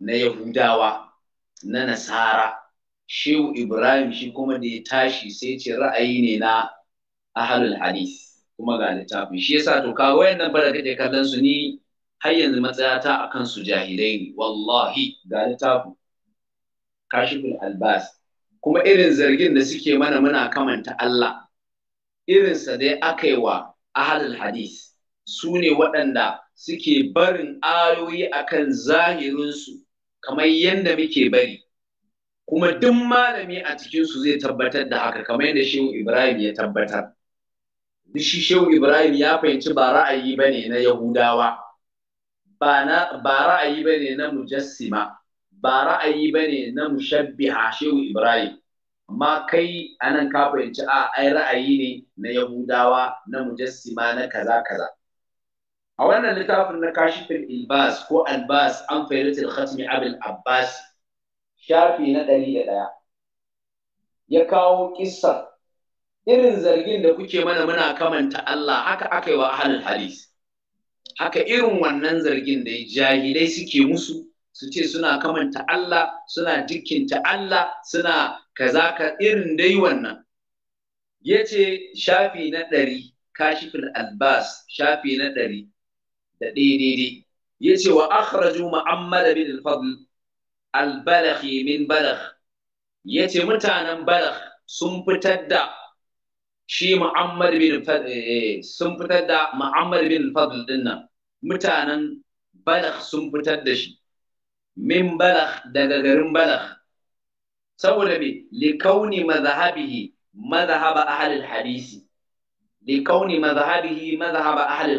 na Yahudawa na Nasara shehu Ibrahim shi kuma da ya tashi sai ce ra'ayi ne na ahlul hadith kuma ga littafi shi yasa to kaga wayannan ba da kake kallon su ni har yanzu matsayata akan su jahilai ne wallahi ga littafi kashiful albas kuma irin zargin da suke mana muna kamanta Allah irinsa dai aka yi wa ahalul hadis su ne waɗanda suke barin ayoyi akan zahirinsu kamar yadda muke bari kuma duk malami a cikinsu zai tabbatar da haka kamar yadda shehu ibrahim ya tabbatar shi shehu ibrahim ya fahimci ba ra'ayi ba ne na yahudawa ba ra'ayi ba ne na mujassima ba ra'ayi ba ne na mushabbiha shehu ibrahim amma kai anan ka fahimci a ai ra'ayi ne na yahudawa na mujassima na kaza kaza a wannan littafin na kashifin ilbas ko albas an fahimci khatmi abul abbas shafi na ɗari da ɗaya ya kawo ƙisar irin zargin da kuke mana muna kamanta Allah haka aka yi wa ahlul hadis haka irin wannan zargin da jahilai suke musu su ce suna kamanta Allah suna jikinta Allah suna kaza ka irin dai wannan yace shafi na ɗari kashifin albas shafi na ɗari da daidai yace wa akhraju muhammad bin al-fadl al-balaghi min balagh yace mutanen balagh sun fitar da shi Mu'ammar bin eh, sun fitar da Mu'ammar bin Fadl din nan mutanen Balagh sun fitar da shi min Balagh daga garin Balagh saboda me li kauni mazhabihi mazhaba hadisi li kauni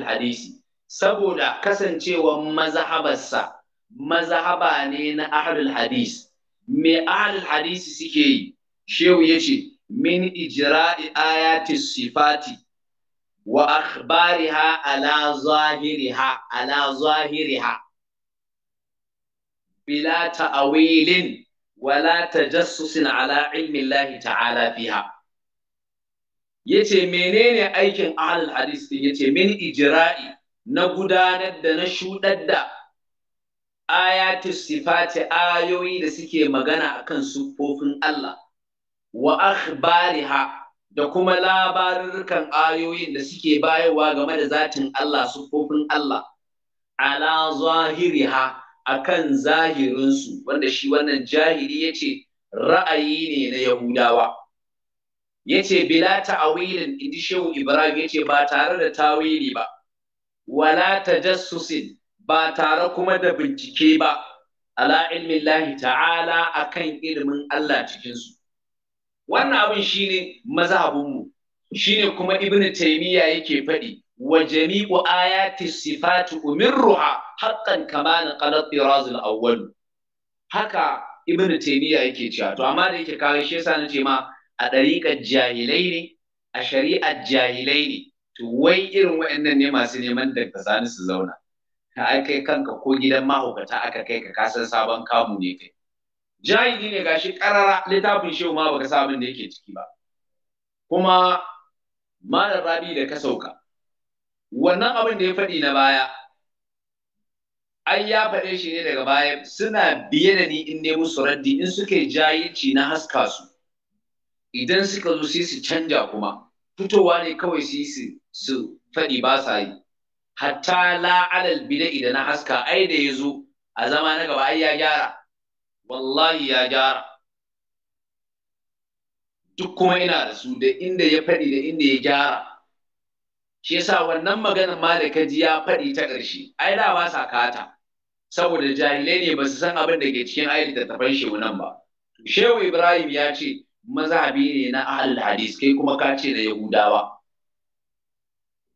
hadisi saboda kasancewa mazhabarsa mazhaba ne na ahlul hadis me ahlul hadisi suke yi shehu yace min ijra'i ayati sifati wa akhbariha ala zahiriha ala zahiriha bila ta'awilin wala tajassusin ala ilmi Allah ta'ala fiha yace menene aikin ahlul hadis din yace min ijra'i na gudanar da na shudar da ayatu sifati ayoyi da suke magana akan siffofin Allah wa akhbariha da kuma labarurrukan ayoyin da suke bayarwa game da zatin Allah sufofin Allah ala zahiriha akan zahirinsu wanda shi wannan jahili yace ra'ayi ne na Yahudawa yace bila ta'awilin inji Shehu Ibrahim yace ba tare da tawili ba wala tajassusin ba tare kuma da bincike ba ala ilmin ta'ala akan ilimin Allah cikinsu wannan abin shine mazhabinmu ne kuma ibn taymiya yake faɗi wa jami'u ayati sifati umirruha haqqan kama na qalat tiraz al haka ibn taymiya yake cewa to amma da yake kawo shi yasa nace ma a ɗariƙar jahilai ne a shari'ar jahilai ne to wai irin waɗannan ne masu neman da ka su zauna ka kai kanka ko gidan mahaukata aka kai ka kasan sabon kamu ne kai jahili ne gashi karara littafin shehu ma baka sa abin da yake ciki ba kuma malam rabi da ka sauka wannan abin da ya faɗi na baya ai ya faɗe shi ne daga baya suna biye da ni in ne musu raddi in suke jahilci na haska su idan suka zo sai su canja kuma fitowa ne kawai su su faɗi ba sa yi hatta la'alal bida idan na haska ai da ya zo a zama na gaba ai ya gyara wallahi ya gyara duk kuma ina da su da inda ya faɗi da inda ya gyara shi yasa wannan maganar ma da kaji ya faɗi ta ƙarshe ai da ba sa kata saboda jahilai ne ba su san abin da ke cikin da tafan shehu nan ba shehu ibrahim ya ce mazhabi ne na ahlul hadis kai kuma ka ce na yahudawa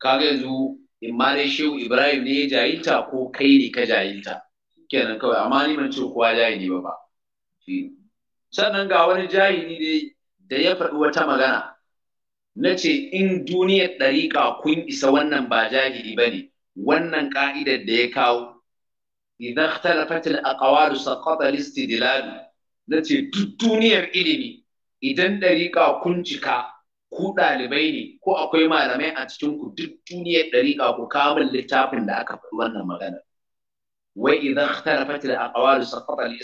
kaga yanzu in ma dai shehu ibrahim ne ya jahilta ko kai ne ka jahilta kenan kawai amma ni ban ce kowa jahili ba ba sannan ga wani jahili dai da ya faɗi wata magana na ce in duniyar ɗariƙa kun isa wannan ba jahili ba ne wannan ƙa'idar da ya kawo idan ikhtalafat al-aqwalu saqata al na ce duk duniyar ilimi idan ɗariƙa kun cika ku ɗalibai ne ko akwai malamai a cikin ku duk duniyar ɗariƙa ku kamun littafin da aka faɗi wannan magana wai idan ikhtalafat a aqwalu saqata al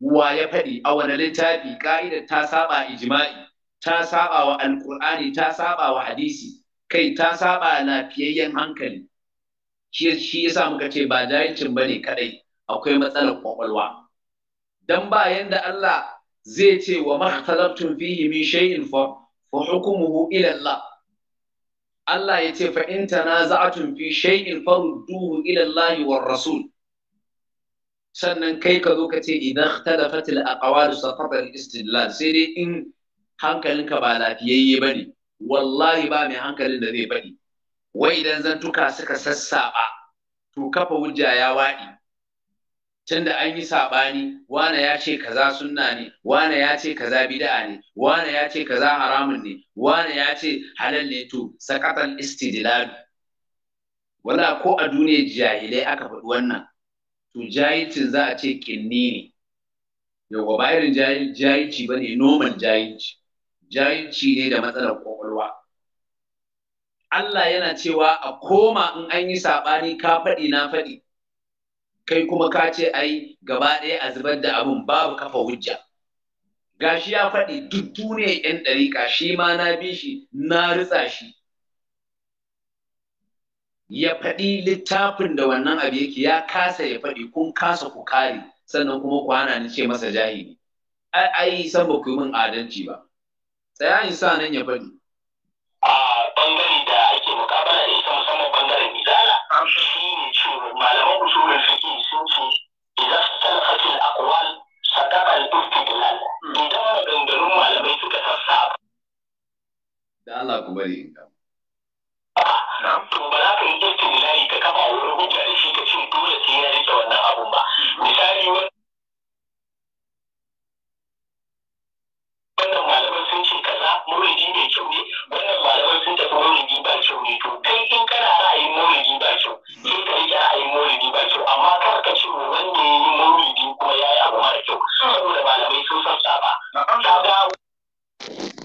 wa ya faɗi a wani littafi ƙa'idar ta saba ijma'i ta saba wa Alƙur'ani ta saba wa hadisi kai ta saba lafiyayyen hankali shi yasa muka ce ba jahilcin ne kadai akwai matsalar kwakwalwa dan ba yanda Allah zai ce wa makhtalaftum fihi min shay'in fa fa hukmuhu ila Allah Allah ya ce fa in tanaza'tum fi shay'in farudduhu ila Allah war rasul sannan kai ka zo ka ce idan ikhtalafat a aqwal saqata al-istidlal sai dai in hankalinka ba lafiyayye ne. wallahi ba mai hankalin da zai faɗi wai idan zantuka suka sassaɓa to kafa hujja ya waɗi Tunda an yi saɓani wane ya ce kaza sunna ne wane ya ce kaza bida'a ne wane ya ce kaza haramun ne wane ya ce halal ne to sakatan istidilal wala ko a duniyar jahilai aka faɗi wannan to jahilcin za a ce kinniri yawa ba irin jahilci ba ne noman jahilci jahilci ne da matsalar kwakwalwa Allah yana cewa a koma in an yi saɓani ka faɗi na faɗi kai kuma ka ce ai gaba ɗaya a zubar da abin babu kafa hujja gashi ya faɗi duk duniyar 'yan ɗariƙa shi ma na bi shi na ritsa shi ya faɗi littafin da wannan abu yake ya kasa ya faɗi kun kasa ku kare sannan kuma ku hana ni ce masa jahili ai san ba ku yi min adalci ba tsaya in sa nan ya faɗi a bangare da ake mukabala da ita musamman bangaren fi shi ne cewa malaman usulun fiƙi sun ce idan salafatul aqwal sadaqa da lalata idan maganganun malamai suka sassa da Allah ku bari in kama to ba za ka yi istimilari ka kafa wani hujja da shi ka ce dole sai ya rike wannan abun ba misali wannan malaman sun ce kaza mauridi mai kyau ne wannan malaman sun tafi mauridi ba kyau ne to kai in kana ra'ayin mauridi ba kyau sai ka rike ra'ayin mauridi ba kyau amma kar ka ce wanda ya yi mauridi kuma ya yi abu mara kyau saboda malamai sun sassa ba.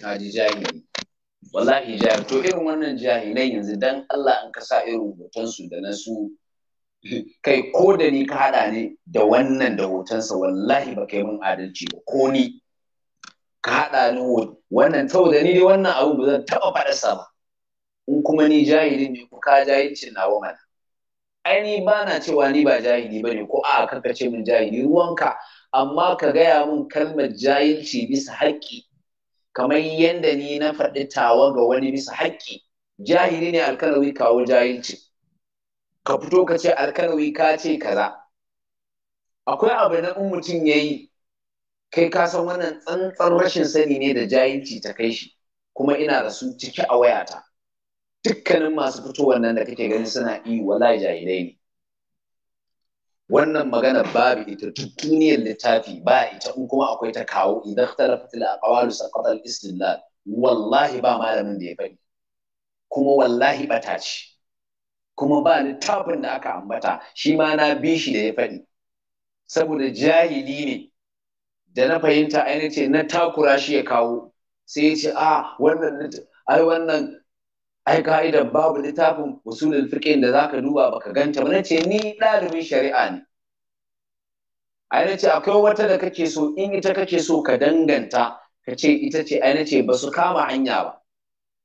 Kaji jami'i. wallahi jahil to irin wannan jahilai yanzu dan Allah an kasa irin hoton su da na su kai ko da ni ka hada ne da wannan da hotonsa wallahi ba kai mun adalci ba ko ni ka hada ni wannan tau da ni dai wannan abu ba zan taba faɗarsa ba in kuma ni jahili ne ko ka jahilcin nawa mana ai ni ba na cewa ni ba jahili bane ko a kanka ce min jahili ruwanka amma ka gaya min kalmar jahilci bisa haƙƙi kamar yadda ni na faɗi tawa ga wani bisa haƙƙi jahili ne alƙalawi kawo jahilci ka fito ka ce alƙalawi ka ce kaza akwai abu na in mutum ya yi kai ka san wannan tsantsan rashin sani ne da jahilci ta kai shi kuma ina da su ciki a wayata dukkanin masu fitowar nan da kake gani suna iya wala jahilai ne wannan magana babu ita duk duniyar littafi ba ita in kuma akwai ta kawo idan ikhtalafat al a saqata al-istidlal wallahi ba malamin da ya faɗi kuma wallahi bata ce kuma ba littafin da aka ambata shi ma na bi shi da ya faɗi saboda jahili ne da na fahimta ainihin ce na takura shi ya kawo sai ya ce a ah, wannan ai wannan ai ka'idar babu littafin usulul fiqh da zaka duba baka ganta ba nace ni ɗalibin shari'a ne ai nace akwai wata da kake so in ita kake so ka danganta ka ce ita ce ai nace ba su kama hanya ba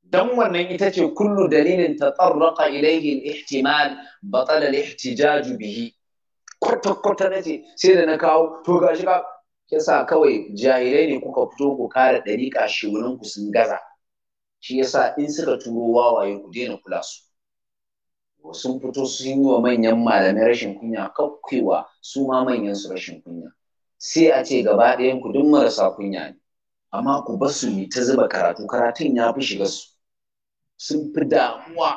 dan wannan ita ce kullu dalilin tatarraqa ilayhi al-ihtimal batala al-ihtijaj bihi kwata kwata nace sai da na kawo to gashi ka yasa kawai jahilai ne kuka fito ku kare dariƙa shi ku sun gaza shi yasa in suka turo wawaye ku daina kula su sun fito su yi wa manyan malamai rashin kunya kakkewa su ma manyan su rashin kunya sai a ce gaba ɗayan ku duk marasa kunya ne amma ku bar su ta zuba karatu karatun ya fi shiga su sun fi damuwa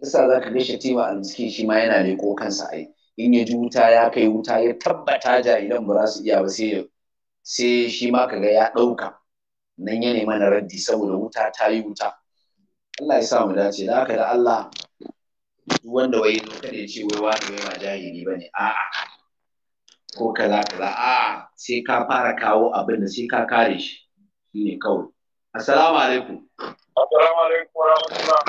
yasa za ka ga shatima almiski shi ma yana leko kansa ai in ya ji wuta ya kai wuta ya tabbata jahilan ba za su iya ba sai sai shi ma kaga ya ɗauka nan ya nema na raddi saboda wuta ta yi wuta Allah ya sa mu dace da haka da Allah wanda wai zo kada ya ce wai wani wai ma jahili ba a a'a ko kaza kaza a'a sai ka fara kawo abin da sai ka kare shi ne kawai assalamu alaikum assalamu alaikum wa rahmatullah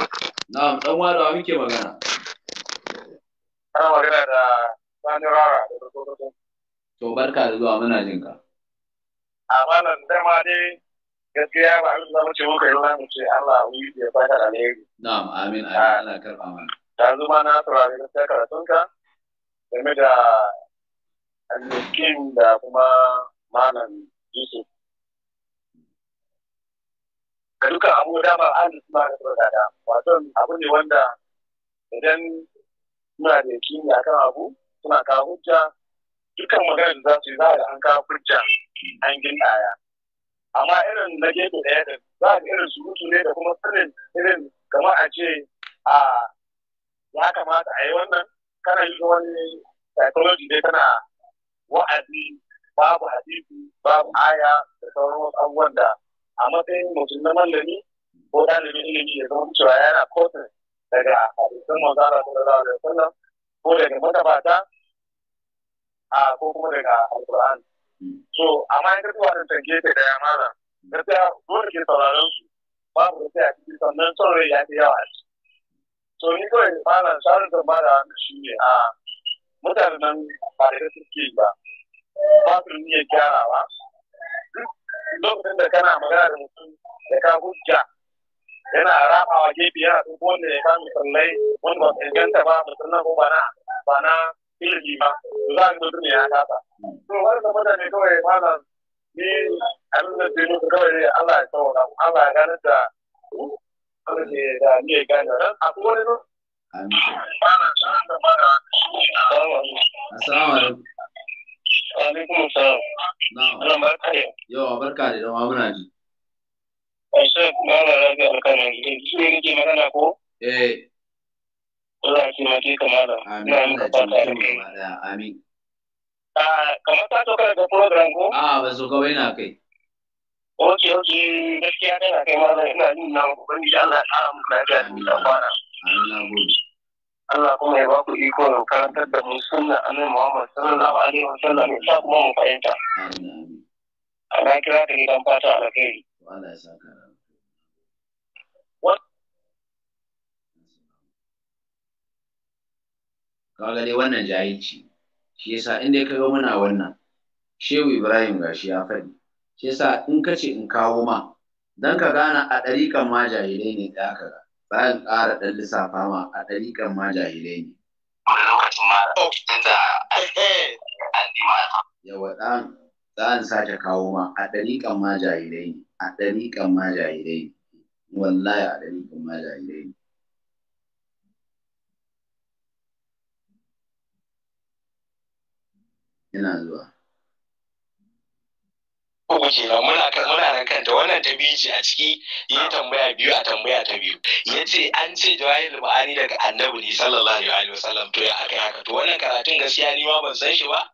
na'am dan wadawa muke magana ana magana da Sani Rara da To barka da zuwa muna jinka. Amanan dama dai gaskiya ba su zama ce muka yi ba mu ce Allah wuyi ya fata da alheri. Na'am amin amin ah. Allah karɓa mana. Ta zuma na saurari gaskiya karatunka game da almiskin da kuma malam Yusuf. Ka duka abu dama an ma da saboda da wato abu ne wanda idan muna da kimiyya kan abu suna kawo hujja dukkan magana da za su yi za a an kawo hujja an gina ɗaya. amma irin na gefe ɗaya da za a irin surutu ne da kuma sanin irin kamar a ce a ya kamata a yi wannan kana yi wani psychology ne kana wa'azi babu hadisi babu aya da sauran wasu abubuwan da a matsayin mutum na mallami ko ɗalibin ilimi ya zama cewa yana kotun daga hadisan manzara sallallahu alaihi wasallam ko daga matabata a ko kuma daga alqur'ani so amma in ke su a ya fi yawa a so ni kawai mara shawarar da ba da shi ne a mutanen nan ba ba ba da kana magana da mutum ka hujja yana gefe yana wanda ya ba ba na ko ba ilimi ba za a mutum ya kasa to da mutane kawai malam ni abin da zai kawai ne Allah ya kawo Allah ya gane da Allah ya da ni ya gane ran Assalamu alaikum. Alaikum da. Yawa barka ji. Allah ya taimake ka malam. Amin. Allah ah, ka malam. Amin. kamar ta so program ko? A ah, ba so kawai na kai. Oke oke gaskiya kana kai malam ina jin na ku bani Allah ya tsara muku lafiya da mutan fara. Allah kuma ya ba ku iko na karantar da mu sunna annabi Muhammad sallallahu alaihi wasallam ya sa kuma mu fahimta. Amin. ya kira ka gidan fata alkhairi. Allah ya kaga dai wannan jahilci shi yasa in dai kaga muna wannan shehu ibrahim gashi ya faɗi shi yasa in ka ce in kawo ma dan ka gana a ɗarikan ma jahilai ne da aka ga bayan ƙara ɗan lissafa ma a ɗarikan ma jahilai ne da lokacin ma yawa ɗan ɗan sake kawo ma a ɗarikan ma jahilai ne a ɗarikan ma jahilai ne wallahi a ɗarikan ma jahilai ne Yana zuwa. uku kenan muna muna nan kanta wannan ta biyu a ciki ya tambaya biyu a tambaya ta biyu ya ce an ce jawahir ba'ani daga annabi ne sallallahu alaihi wasallam to ya aka haka to wannan karatun gaskiya ni ma ban san shi ba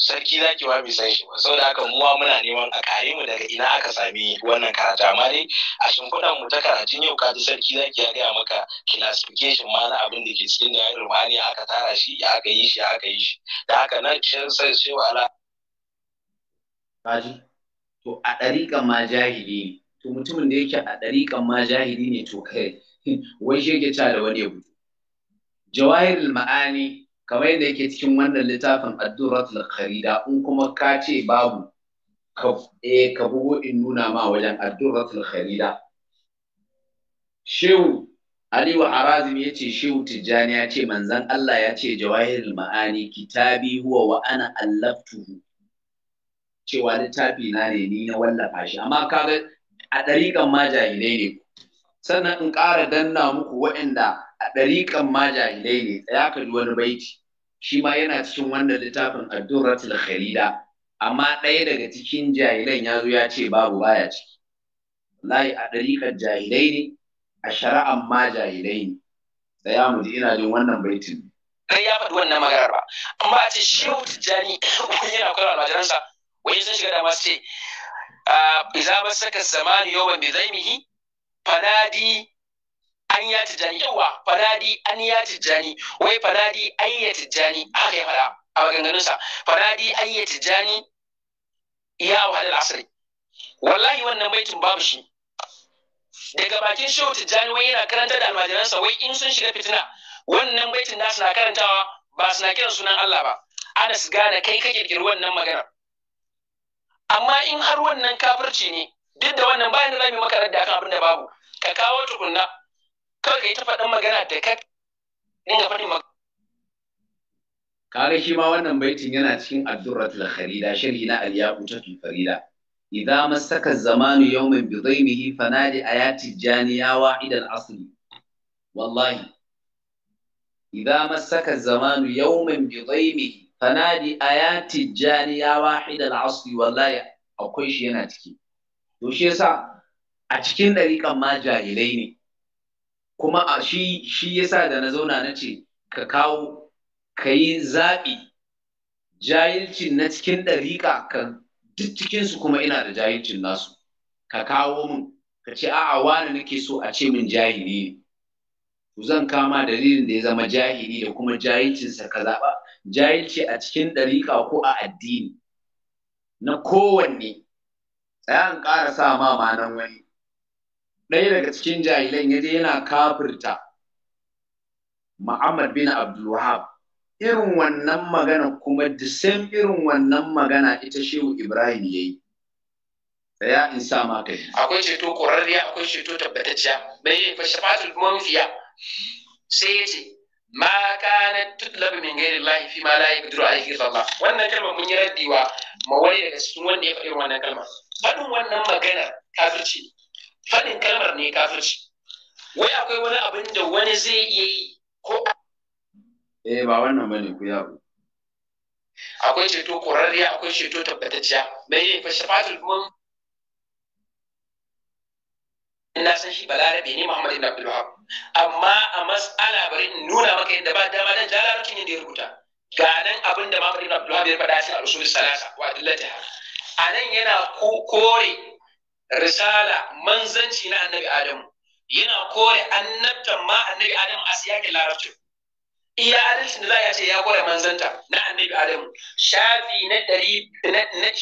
sarki za ki bai san shi ba saboda haka muwa muna neman a kare mu daga ina aka sami wannan karatu amma dai a shimfiɗan mu ta karatun yau kaji sarki za ki gaya maka classification ma na abin da ke cikin da rumani aka tara shi ya aka yi shi ya aka yi shi da haka nan shan sai sai wala kaji to a dariƙan ma jahili ne to mutumin da yake a dariƙan ma jahili ne to kai wai shi yake ta da wani ya buɗe? jawahirul ma'ani kamar yadda yake cikin wannan littafin addurratul kharida in kuma ka ce babu ka eh ka bugo in nuna ma wajen addurratul kharida shehu Aliyu Harazim ya ce Shehu Tijjani ya ce manzan Allah ya ce jawahirul ma'ani kitabi huwa wa ana allaftuhu cewa littafi na ne ni na wallafa shi amma kaga a ɗariƙan ma jahilai ne sannan in ƙara danna muku waɗanda a ɗariƙan ma jahilai ne tsaya ka ji wani baiti shi ma yana cikin wannan littafin addurratul khalida amma ɗaya daga cikin jahilan ya zo ya ce babu baya ciki wallahi a ɗariƙar jahilai ne a shari'an ma jahilai ne tsaya mu ji ina jin wannan baitin kai ya faɗi wannan maganar ba amma a ce shi shehu tijjani wani yana kula almajiransa wani sun shiga damuwa su ce ah, iza saka zamani yawan bi Fana fanadi an ya tijjani yawa Faradi an ya tijjani wai Faradi an ya tijjani haka ya fara a maganganunsa Faradi an ya tijjani ya wahalar asiri. wallahi wannan baitin babu shi daga bakin shehu tijjani wai yana karanta da almajiransa wai in sun shiga fitina wannan baitin nasu na karantawa ba su na kiran sunan Allah ba Anas gane kai ka kirkiri wannan maganar amma in har wannan kafirci ne duk da wannan bayan da yi maka radda kan abin da babu ka kawo tukunna kawai kai ta faɗin magana da ka dinga faɗin magana kaga shi ma wannan baitin yana cikin addurratul kharida sharhi na al-yaqutatul farida idza masaka zamanu yawman bi dhaymihi fanadi ayati janiya wahidal asli wallahi idza masaka zamanu yawman bi dhaymihi fanadi ayati janiya wahidal asli wallahi akwai shi yana ciki to shi yasa a cikin dariƙan ma jahilai ne kuma a shi shi yasa da na zauna na ce ka kawo ka yi zaɓi jahilci na cikin ɗariƙa ka duk cikinsu kuma ina da jahilcin nasu ka kawo min ka ce a'a wani nake so a ce min jahili ne ku zan kama dalilin da ya zama jahili da kuma jahilcinsa ka zaɓa jahilci a cikin ɗariƙa ko a addini na kowanne tsayan ƙara sa ma manan wani ɗaya daga cikin jahilan ya je yana kafirta Muhammad bin Abdulwahab irin wannan magana kuma the same irin wannan magana ita Shehu Ibrahim ya yi. ya in sa ma kai akwai ceto ƙorarriya akwai ceto tabbatacciya bai fa shafa'atul mawziya sai ya ce ma kana tutlab min ghairi Allah fi ma la yaqdiru alayhi Allah wannan kalma mun yi raddiwa mawai daga cikin wanda ya faɗi wannan kalma faɗin wannan magana kafirci ne faɗin kalmar ne kafirci wai akwai wani abin da wani zai iya yi ko eh ba wannan bane ku yabo akwai ceto ƙorarriya akwai ceto tabbatacciya mai yi fashe fatul kuma na san shi balarabe ne muhammad ibn abdul wahab amma a mas'ala bari in nuna maka yadda ba dama dan jalarabcin yadda ya rubuta ga nan abin da muhammad ibn abdul wahab ya faɗa shi a rusul salasa wa adillatiha a nan yana kore risala manzanci na annabi adamu yana kore annabtan ma annabi adamu a siyakin larabcin iya adalcin da za a ce ya kore manzanta na annabi adamu shafi na ɗari na na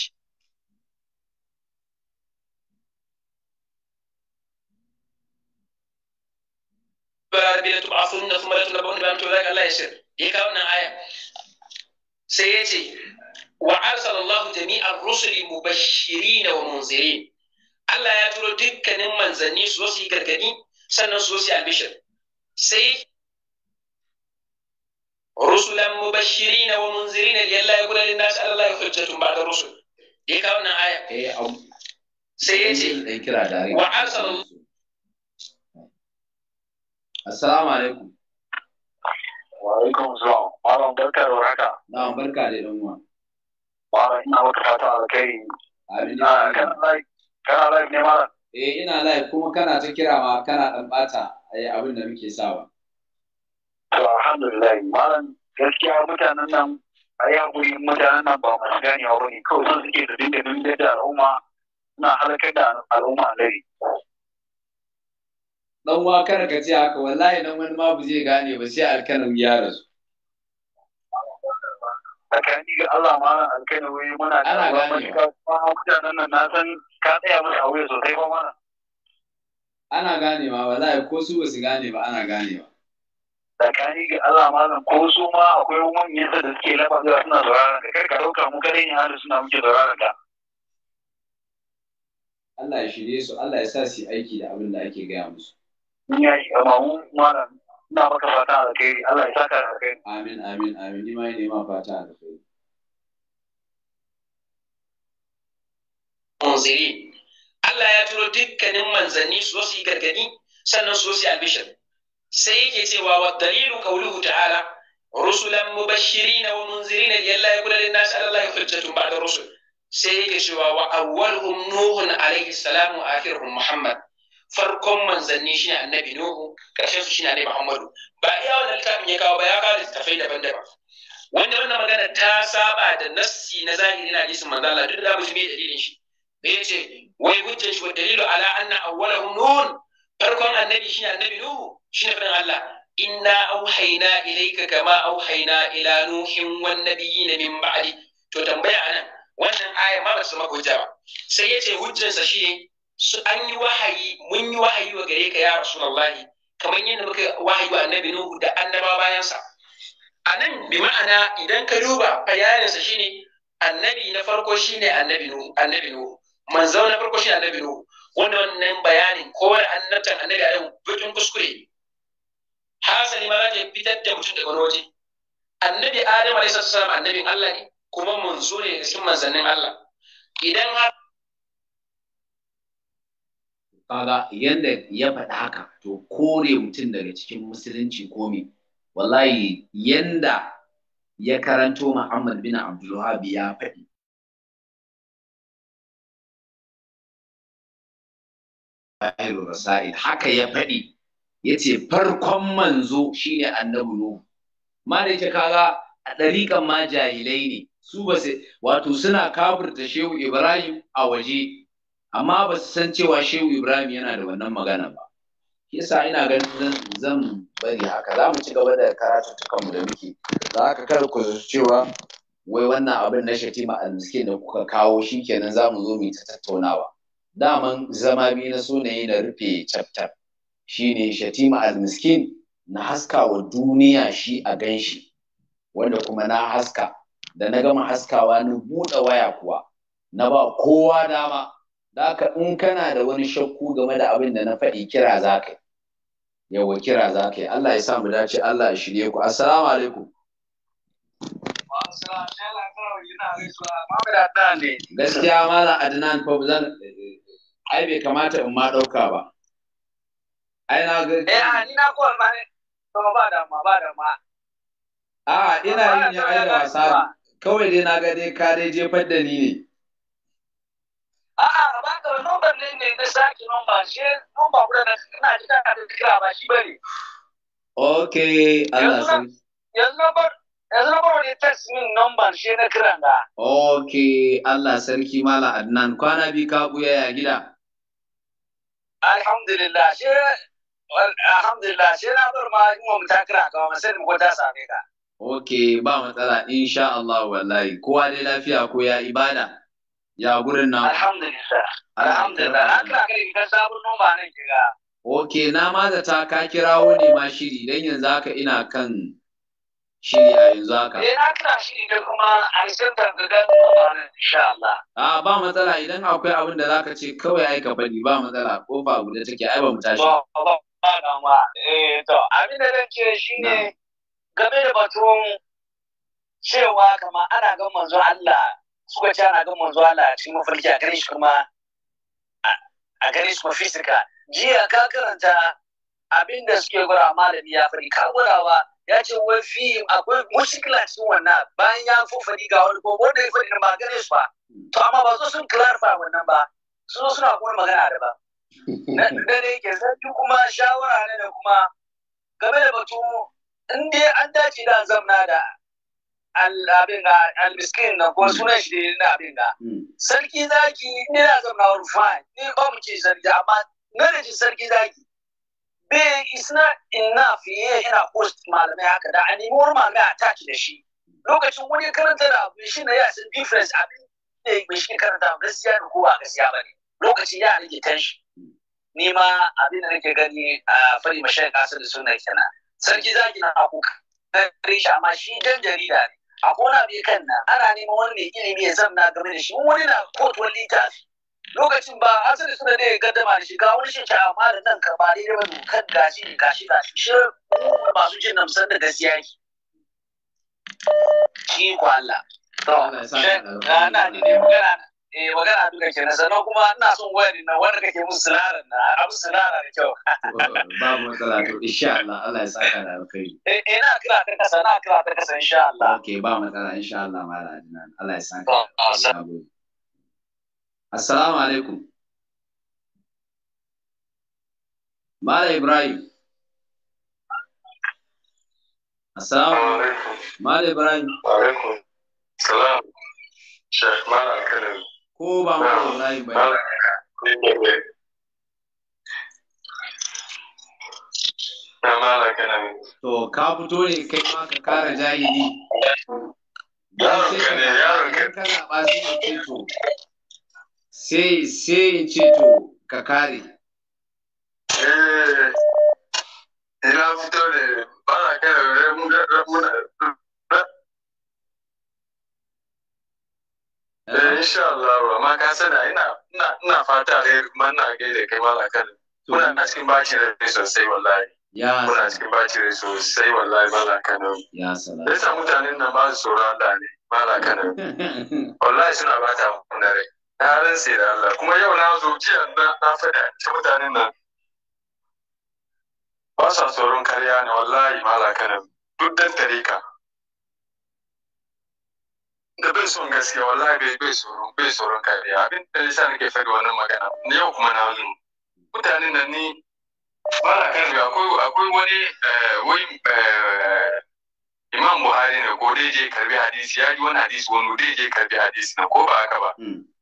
tub'athunna ya kawo aya sai yace wa arsala Allah jami'ar rusuli mubashirina wa munzirin Allah ya turo dukkanin manzanni su zo su yi gargadi sannan su zo su yi albishir sai rusulan na wa munzirina na Allah ya kula lin su Allah ya ba da rusul ya kawo nan aya eh, sai ya ce wa arsal Assalamu alaikum Wa alaikum salam malam barka da warhaka na'am barka da dan uwa malam ina maka fata alkhairi amin ah, kana live ne malam eh ina live kuma kana ta kira ma kana dan bata eh, abin da muke sawa to alhamdulillah malam gaskiya mutanen nan a yi haƙuri mutanen nan ba masu ganewa ba ne kawai sun suke da dinga dinga da al'umma na halakar da al'umma lari. Dan wa kar ka ce haka wallahi nan wani ma zai gane ba sai alkanin ya rasu. Tsakani ga Allah ma alkanin wani muna da matuƙa mutanen nan na san ka tsaya musu a wuya sosai ba mana ana ganewa wallahi ko su su gane ba ana ganewa tsakani ga Allah malam ko su ma akwai wani manyan da suke lafa zuwa suna sauraron ka kar ka ɗauka mu kadai ne hannu suna muke sauraron ka Allah ya shirye su Allah ya sa su aiki da abin da ake gaya musu ya yi amma mu malam ina maka fata alkhairi Allah ya saka alkhairi amin amin amin ni ma ne ma fata alkhairi munzirin Allah ya turo dukkanin manzanni su su yi gargadi sannan su su albishir sai yake cewa wa dalilu qawluhu ta'ala rusulan mubashirina wa munzirina li alla yakuna lin nas ala allahi hujjatun ba'da rusul sai yake cewa wa awwaluhum nuhun alayhi salam wa akhiruhum muhammad farkon manzanni shine annabi nuhu karshen su shine annabi muhammadu ba iya wannan littafin ya kawo ba ya kawo littafai daban-daban wanda wannan magana ta saba da nassi na zahiri na hadisin manzo Allah duk da mu ji dalilin shi da ya ce wai hujjar shi wa dalilu ala anna awwalahum nun farkon annabi shi annabi nuhu shi ne Allah inna auhaina ilayka kama auhaina ila nuhin wan nabiyina min ba'di to tambaya anan wannan aya ma ba maka hujja ba sai ya ce hujjarsa shi ne su an yi wahayi mun yi wahayi wa gare ka ya rasulullahi kamar yadda muka wahayi wa annabi nuhu da annaba bayansa a nan bi ma'ana idan ka duba bayaninsa shine annabi na farko shine annabi nuhu annabi nuhu manzon na farko shi annabi nuhu wanda wannan bayanin kowa annabtan annabi a bikin kuskure ne hasali ma za ta fitar da mutum daga wani waje annabi adam alaihi salam annabin Allah ne kuma manzo ne cikin manzannin Allah idan har kaga yanda ya faɗi haka to kore mutum daga cikin musulunci ko me wallahi yanda ya karanto Muhammad bin Abdul ya faɗi ahir rasail haka ya faɗi yace farkon manzo shine annabi nuhu ma da yake kaga a ɗariƙan ma jahilai ne su ba su wato suna kafirta shehu ibrahim a waje amma ba su san cewa shehu ibrahim yana da wannan magana ba yasa ina ganin zan bari haka za mu ci gaba da karatuttukan mu da muke Za ka kar ku cewa wai wannan abin na shatima al-miskin da kuka kawo shikenan za mu zo mu ta tattaunawa daman zama biyu na so na rufe chapter shine shatima al-miskin na haska wa duniya shi a ganshi wanda kuma na haska da na gama haskawa na buɗe waya kuwa na ba kowa dama da in kana da wani shakku game da abin da na faɗi kira za ka yi yawa kira za ka yi Allah ya sa mu dace Allah ya shirye ku assalamu alaikum gaskiya mala adnan fa zan ai bai kamata in ma ɗauka ba. Ai na ga. Eh, ni na kowa ma ne. ba da ma, ba da ma. A ina yin ya ai da wasa. Kawai dai na ga dai ka dai jefar da ni ne. A'a, ba ka nomba ne ne na sake nomba, shi nomba guda na ina ji kana da kira ba shi bane. Okay, Allah san. Yanzu na bar yanzu na bar ne text min nomba shi na kiran da. Okay, Allah sarki Malam Adnan, kwana bi ka buya ya gida. Alhamdulillah she alhamdulillah she na bar ma in mu ta kira ka ma sai mu ta same ka. Ok ba matsala insha Allah wallahi kowa dai lafiya ko ya ibada ya gurin nan. Alhamdulillah. Alhamdulillah an kira ka ka sabon noma nan kiga. Ok na ma ta ka kirawo ne ma shiri dan yanzu haka ina kan shi ne a yanzu haka. Eh na kira shi da kuma a san tangaga labarin insha Allah. A ba matsala idan akwai abin da zaka ce kawai ai ka faɗi ba matsala kofa guda take ai ba mu tashi. Ba ba ba damuwa. Eh to abin da zan ce shi ne game da batun cewa kamar ana ga manzo Allah suka ce ana ga manzo Allah cikin mafarki a gare shi kuma a gare shi kuma fisika. Jiya ka karanta abin da suke gura malami ya fari, ka gurawa ya ce wai fi akwai mushkila cikin wannan bayan ya fufari ga wani ko wanda ya fadi ba gane su ba to amma ba su sun clarify wannan ba su suna kuma magana da ba na dare ke sai kuma shawara ne da kuma game da batu in dai an dace da zamna da abin ga almiskin na ko sunan shi ne na abin ga hmm. sarki zaki ne na zamna wani fine ne ba mu ce sarki amma na da sarki zaki bai eh, it's not enough ya ina post malamai haka da a nemi wani malamai a da shi lokacin wani karanta da abu shi na ya san difference abin da mai shi karanta gaskiya da kowa gaskiya ne. lokacin ya nake tanshi ni ma abin da nake gani a fari mashayin kasar da suna kenan sarki zaki na kokarin shi amma shi jan jarida ne a kona bai kan nan ana neman wani ilimi ya zamna game da shi wani na kotuwar littafi lokacin ba asali suna ne gaddama da shiga wani shi ce amma da nan karba ne da kan gashi ne gashi gashi shi masu jin namsan da gaskiya ne shi ko Allah to na ne ne magana eh magana duka kenan sannan kuma ina son wayar na wanda kake musu sinara na abu sinara da kyau babu matsala to insha Allah Allah ya saka da alkhairi eh, eh ina kira ta kasa na kira ta kasa insha Allah okay ba matsala insha Allah mallam Allah ya saka Assalamu alaikum. Mala Ibrahim. Assalamu alaikum. Mala Ibrahim. Alaikum. Salam. Sheikh Mala Alkanin. Ko ba Mala Ibrahim ba. Na Mala Alkanin. To, ka fito ne kai ma ka kara jahili. Yaron ka ne, yaron ka. Kana ba sai to. sai sai in ce to ka kare eh ina fito da ba na kare muna insha Allah ba ma ka sana ina fata dai kuma ina gaida kai mala kan muna na cikin bashi rai sosai wallahi ya muna cikin bashi rai sosai wallahi mala kan ya salam sai mutanen nan ba su tsoron Allah ne mala kan wallahi suna bata mun rai na rantse da Allah kuma yau na zo jiya na na faɗa ta mutanen nan ba sa tsoron karya ne wallahi malaka nan duk dan tarika da bai son gaskiya wallahi bai bai tsoron bai tsoron karya abin da yasa nake faɗi wannan magana ni yau kuma na zo mutanen nan ni malaka nan akwai akwai wani eh, wai eh, Imam Buhari ne ko dai je karbi hadisi ya yi wani hadisi wani dai je karbi hadisi na ko ba haka ba hmm.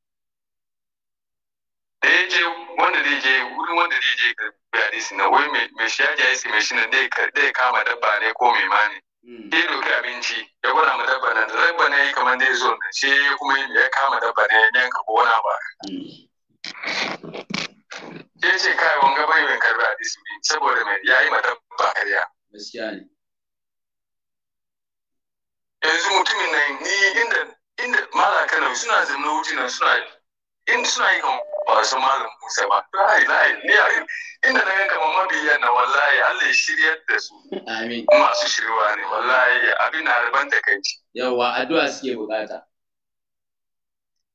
da ya je wanda zai je wurin wanda zai je karbi hadisi na wai mai shi yaji hadisi mai shi na dai kama dabba ne ko mai ma ne hmm. ya doki abinci ya gwada ma dabba na da dabba ne kamar dai zo na shi kuma ya kama dabba ne ya yanka ko wani abu hmm. ya ce kai wanga bai mai karbi hadisi ne saboda mai ya yi ma dabba karya yanzu mutumin nan ni inda inda malaka nan suna zama wuce nan suna in suna yi kan ba su malam Musa ba lai lai ni a inda na yanka ma mabiya na wallahi Allah ya shiryar da su amin masu shirwa ne wallahi abin na rabon da kai yawa addu'a suke bukata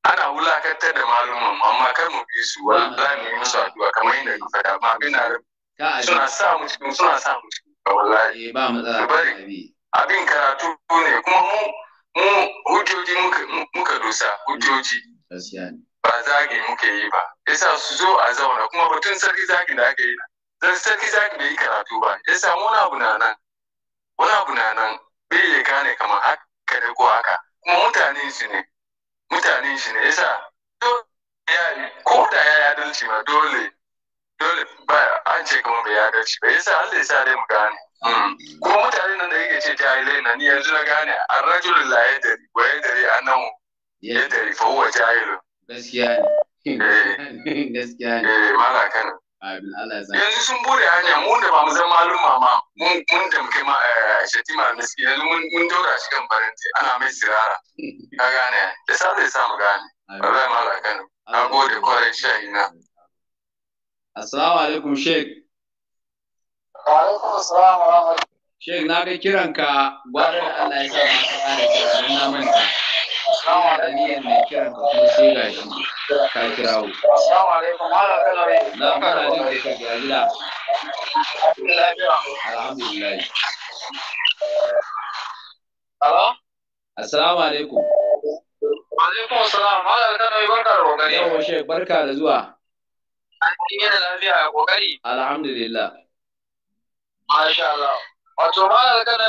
ana wulakantar da malumin amma kar mu bi su wallahi mu yi musu addu'a kamar yadda ka faɗa amma abin na suna sa mu cikin suna sa mu cikin wallahi eh, ba matsala abin karatu ne kuma mu mu hujjoji muka dosa hujjoji gaskiya ne ba zagi muke yi ba yasa su zo a zauna kuma batun sarki zagi da aka yi dan sarki zagi bai yi karatu ba yasa wani abu na nan wani abu na nan bai ya gane kamar haka da ko haka kuma mutanen shi ne mutane shi ne yasa ko da ya adalci ma dole dole ba an ce kuma bai adalci ba yasa Allah ya sa dai mu gane hmm. ko mutane nan da yake ce ta yi na ni yanzu na gane an rajulun la ya dari wa ya dari annahu ya dari fa huwa jahilun Gaskiya eh, Yanzu sun bude hanya mu da ba mu zama malum ma mun mun tamke ma eh, miski yanzu mun dora shi faranti ana mai sirara. Ka gane da sa zai sa mu gane. mala Na gode na. Assalamu alaikum Sheikh. Wa alaikum assalam wa rahmatullahi. Sheikh na ga ka gwada Allah ya sa ka fara kiran na manta. ka na fara jin da Assalamu alaikum. Alaikum Salam. Malam Kano barka da kokari. Yau Sheikh barka da zuwa. An yana lafiya a kokari. Alhamdulillah. Masha Allah. Wato Malam Kano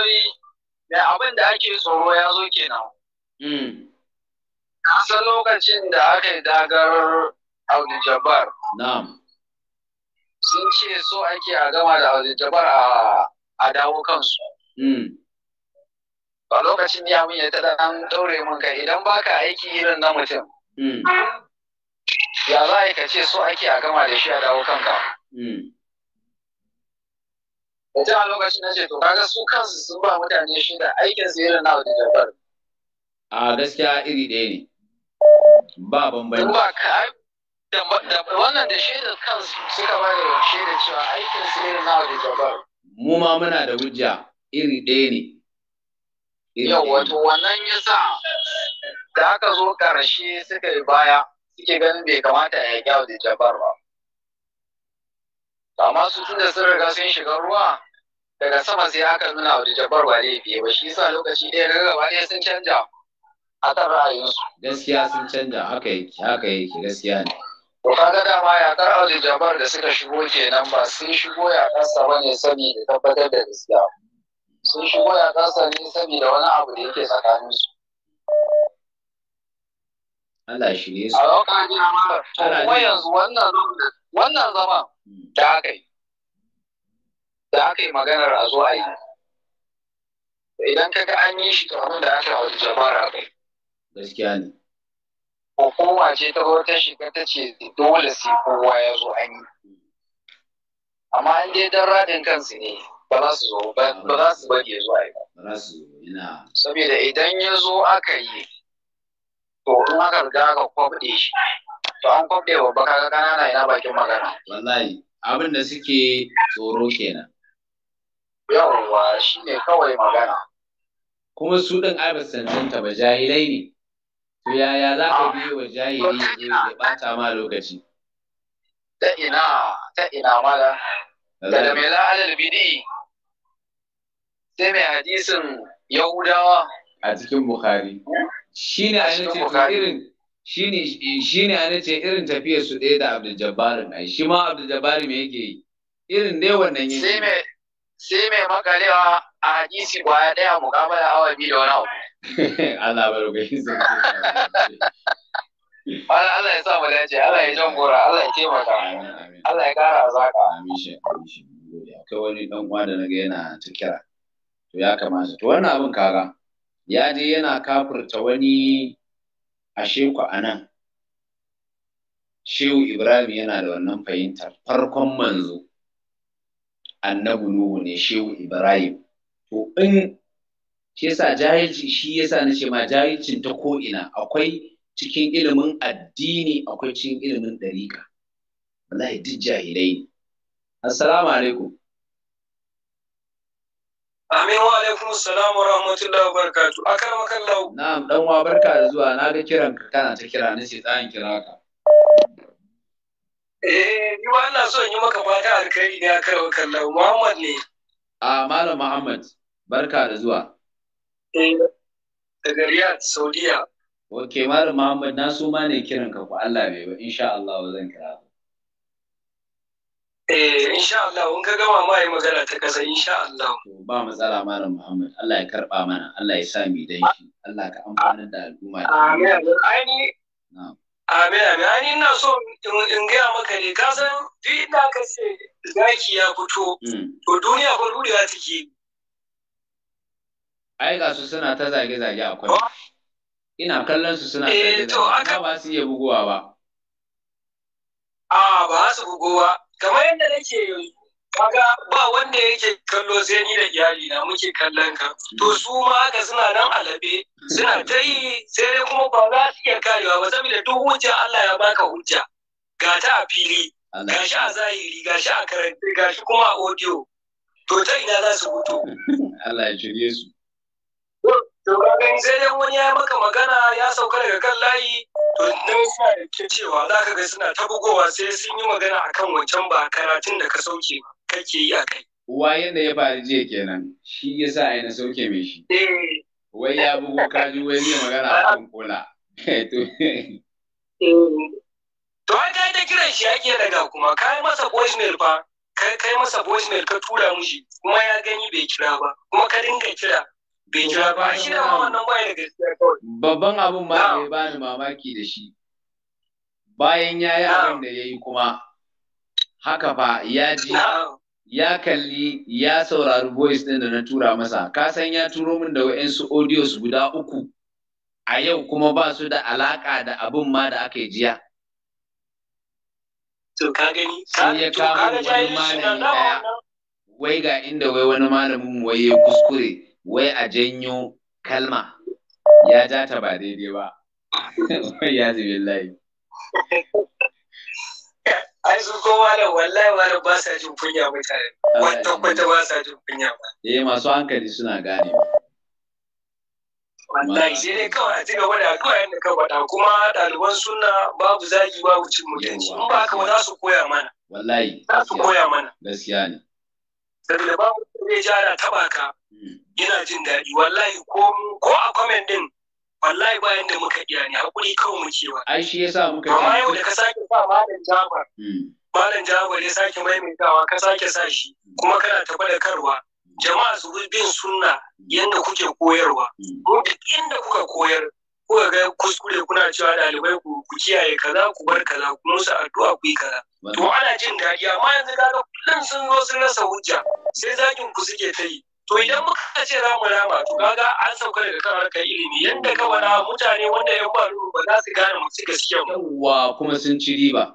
mai abin da ake tsoro ya zo kenan. Hmm. Na san lokacin da aka yi dagar Abdul Jabbar. Na'am. Sun ce so ake a gama da Abdul Jabbar a dawo kansu. Ba hmm. lokacin ya mun ya ta dan daure mun kai idan baka aiki irin na mutum. Hmm. Ya za ka ce so ake a gama da shi a dawo kanka. Hmm. Da ta lokacin na ce to kaga su kansu sun ba mutane shi da aikin su irin na Abdul Jabbar. A gaskiya iri ɗaya ne. ba bambanci ba ka da wannan da shi da kansu suka ba da shi da cewa aikin su ne na da jabar mu ma muna da hujja iri ɗaya ne yau wato wannan ya sa da aka zo ƙarshe suka yi baya suke ganin bai kamata ya yi da jabar ba amma su da sun riga sun shiga ruwa daga sama sai aka nuna wa jabar ba laifi ba shi yasa lokaci ɗaya na gaba ɗaya sun canja a kan ra'ayinsu. Gaskiya sun canja haka yake haka yake gaskiya ne. To kaga dama yakar Audi Jabbar da suka shigo kenan ba sun shigo yakarsa ba ne saboda tabbatar da gaskiya. Sun shigo yakarsa ne saboda wani abu da yake tsakaninsu. Allah shi ne su. A lokacin ma kuma yanzu wannan wannan zama da aka yi. Da aka yi maganar a zuwa yi. Idan kaga an yi shi kamar da aka Audi Jabbar a kai. gaskiya ne kowa ce ta zo ta shiga ta ce dole sai kowa ya zo an yi amma an dai dan radin kansu ne ba za su zo ba za su bari ya zo a yi ina saboda idan ya zo aka yi to in aka riga aka kwabde shi to an kwabde wa baka kanana ina bakin magana wallahi abin da suke tsoro kenan yawwa shi ne kawai magana kuma su ɗin ai ba ba jahilai ne to yaya za ka ah. bi wa jahili ya ta ma lokaci ta ina ta ina mala daga mai la'alal bidi sai mai hadisin yahudawa a cikin bukhari Shi a cikin irin ce irin tafiyar su ɗaya da Abdul Jabbarin ai shi ma Abdul Jabbarin me yake yi irin dai wannan yake sai mai makarewa a hadisi kwaya ɗaya mukamala awa biyu da wani abu Allah barbayin sun Malam Allah ya sa mu dace, Allah ya jan gora, Allah ya taimaka, Allah ya kara zaka. Amin shi, amin shi. Akwai wani dan uwa da naga yana ta kira. To ya kamata. To wannan abin kaga ya je yana kafurta wani ashe ku anan. Shehu Ibrahim yana da wannan fahimtar farkon manzo. Annabi Nuhu ne Shehu Ibrahim. To in shi yasa jahilci shi yasa na ce ma jahilcin ta ko'ina, akwai cikin ilimin addini akwai cikin ilimin ɗariƙa wallahi duk jahilai ne assalamu alaikum Amin wa alaikum salam wa rahmatullahi wa barakatuh. Akar lau. Na'am dan wa barka da zuwa na ga kiran ka kana ta kira ne sai tsayin kira ka. Eh ni ba ina so in yi maka fata alkhairi ne akar makallahu. Muhammad ne. Ah Malam Muhammad barka da zuwa. daga Riyadh Saudiya Ok, Malam Muhammad na su ma ne kiran ka ku Allah bai ba insha Allah zan kira ku. Eh insha Allah in ka gama ma yi magana ta kasa insha Allah. Ba matsala Malam Muhammad Allah ya karba mana Allah ya sa mi dan shi Allah ka amfana da al'umma. Amin amin. Amin amin amin ina so in gaya maka ne ka san duk inda ka ce zaki ya fito hmm. to duniya fa ruriya take. ai ga su suna ta zage-zage a akwai ina kallon su suna eh, zage-zage ba su iya bugowa ba a ah, ba su bugowa kamar yadda nake yanzu kaga ba wanda yake kallo sai ni da iyali na muke kallon ka to hmm. su ma haka suna nan alabe suna ta yi sai dai kuma ba za su iya karewa ba saboda duk hujja Allah ya baka hujja ga ta a fili ga shi a zahiri ga shi a karanta ga shi kuma a audio to ta ina za su fito Allah ya shirye su to kaga sai dai wani ya maka magana ya sauka daga kan layi to nan suna da cewa za ka ga suna ta bugowa sai sun yi magana akan wancan ba karatun da ka sauke kake yi a kai waye da ya faru jiya kenan shi yasa ai na sauke mai shi eh. wai ya bugo kaji wai zai magana akan kola eh, eh. to ai kai ta kiran shi ake daga kuma kai masa voicemail fa kai masa voicemail ka tura mushi kuma ya gani bai kira ba kuma ka dinga kira ba shi da wannan babban abun ma ne ya ni mamaki da shi bayan ya yi abin da ya yi kuma haka fa ya ji ya kalli ya saurari voice din da na tura masa kasan ya turo min da wa'insu audios guda uku a yau kuma ba su da alaƙa da abin ma da aka yi jiya sai ya kama wani malami ɗaya wai ga inda wai wani malamin wai ya kuskure wai a janyo kalma ya ja ta ba daidai ba wai ya zube layi ai su kowa da wallahi wani ba sa jin kunya mutane wata kwata ba sa jin kunya ba eh masu hankali suna gane wallahi sai dai kawai a ci gaba da yadda ka faɗa kuma ɗaliban suna babu zagi babu cin mutunci in ba ka za su koya mana wallahi za su koya mana gaskiya ne saboda babu zai ja da taba ka ina jin daɗi wallahi ko ko a comment din wallahi bayan da muka iya ne hakuri kawai muke wa ai shi yasa muka amma yau da ka sake sa malam Jabar hmm. malam Jabar ya sake maimaitawa ka sake sa shi hmm. kuma kana karwa jama'a su bin sunna yanda kuke koyarwa hmm. mu duk inda kuka koyar kuka ga kuskure kuna cewa ɗalibai ku ku kiyaye kaza ku bar kaza ku musu addu'a ku yi kaza to ana jin daɗi amma yanzu ga kullum sun zo sun rasa hujja sai zakin ku suke ta yi to idan muka ce za mu rama to kaga an sauka daga kan harkar ilimi yanda ka bara mutane wanda ya ba ba za su gane ci gaskiya ba yawwa kuma sun ci riba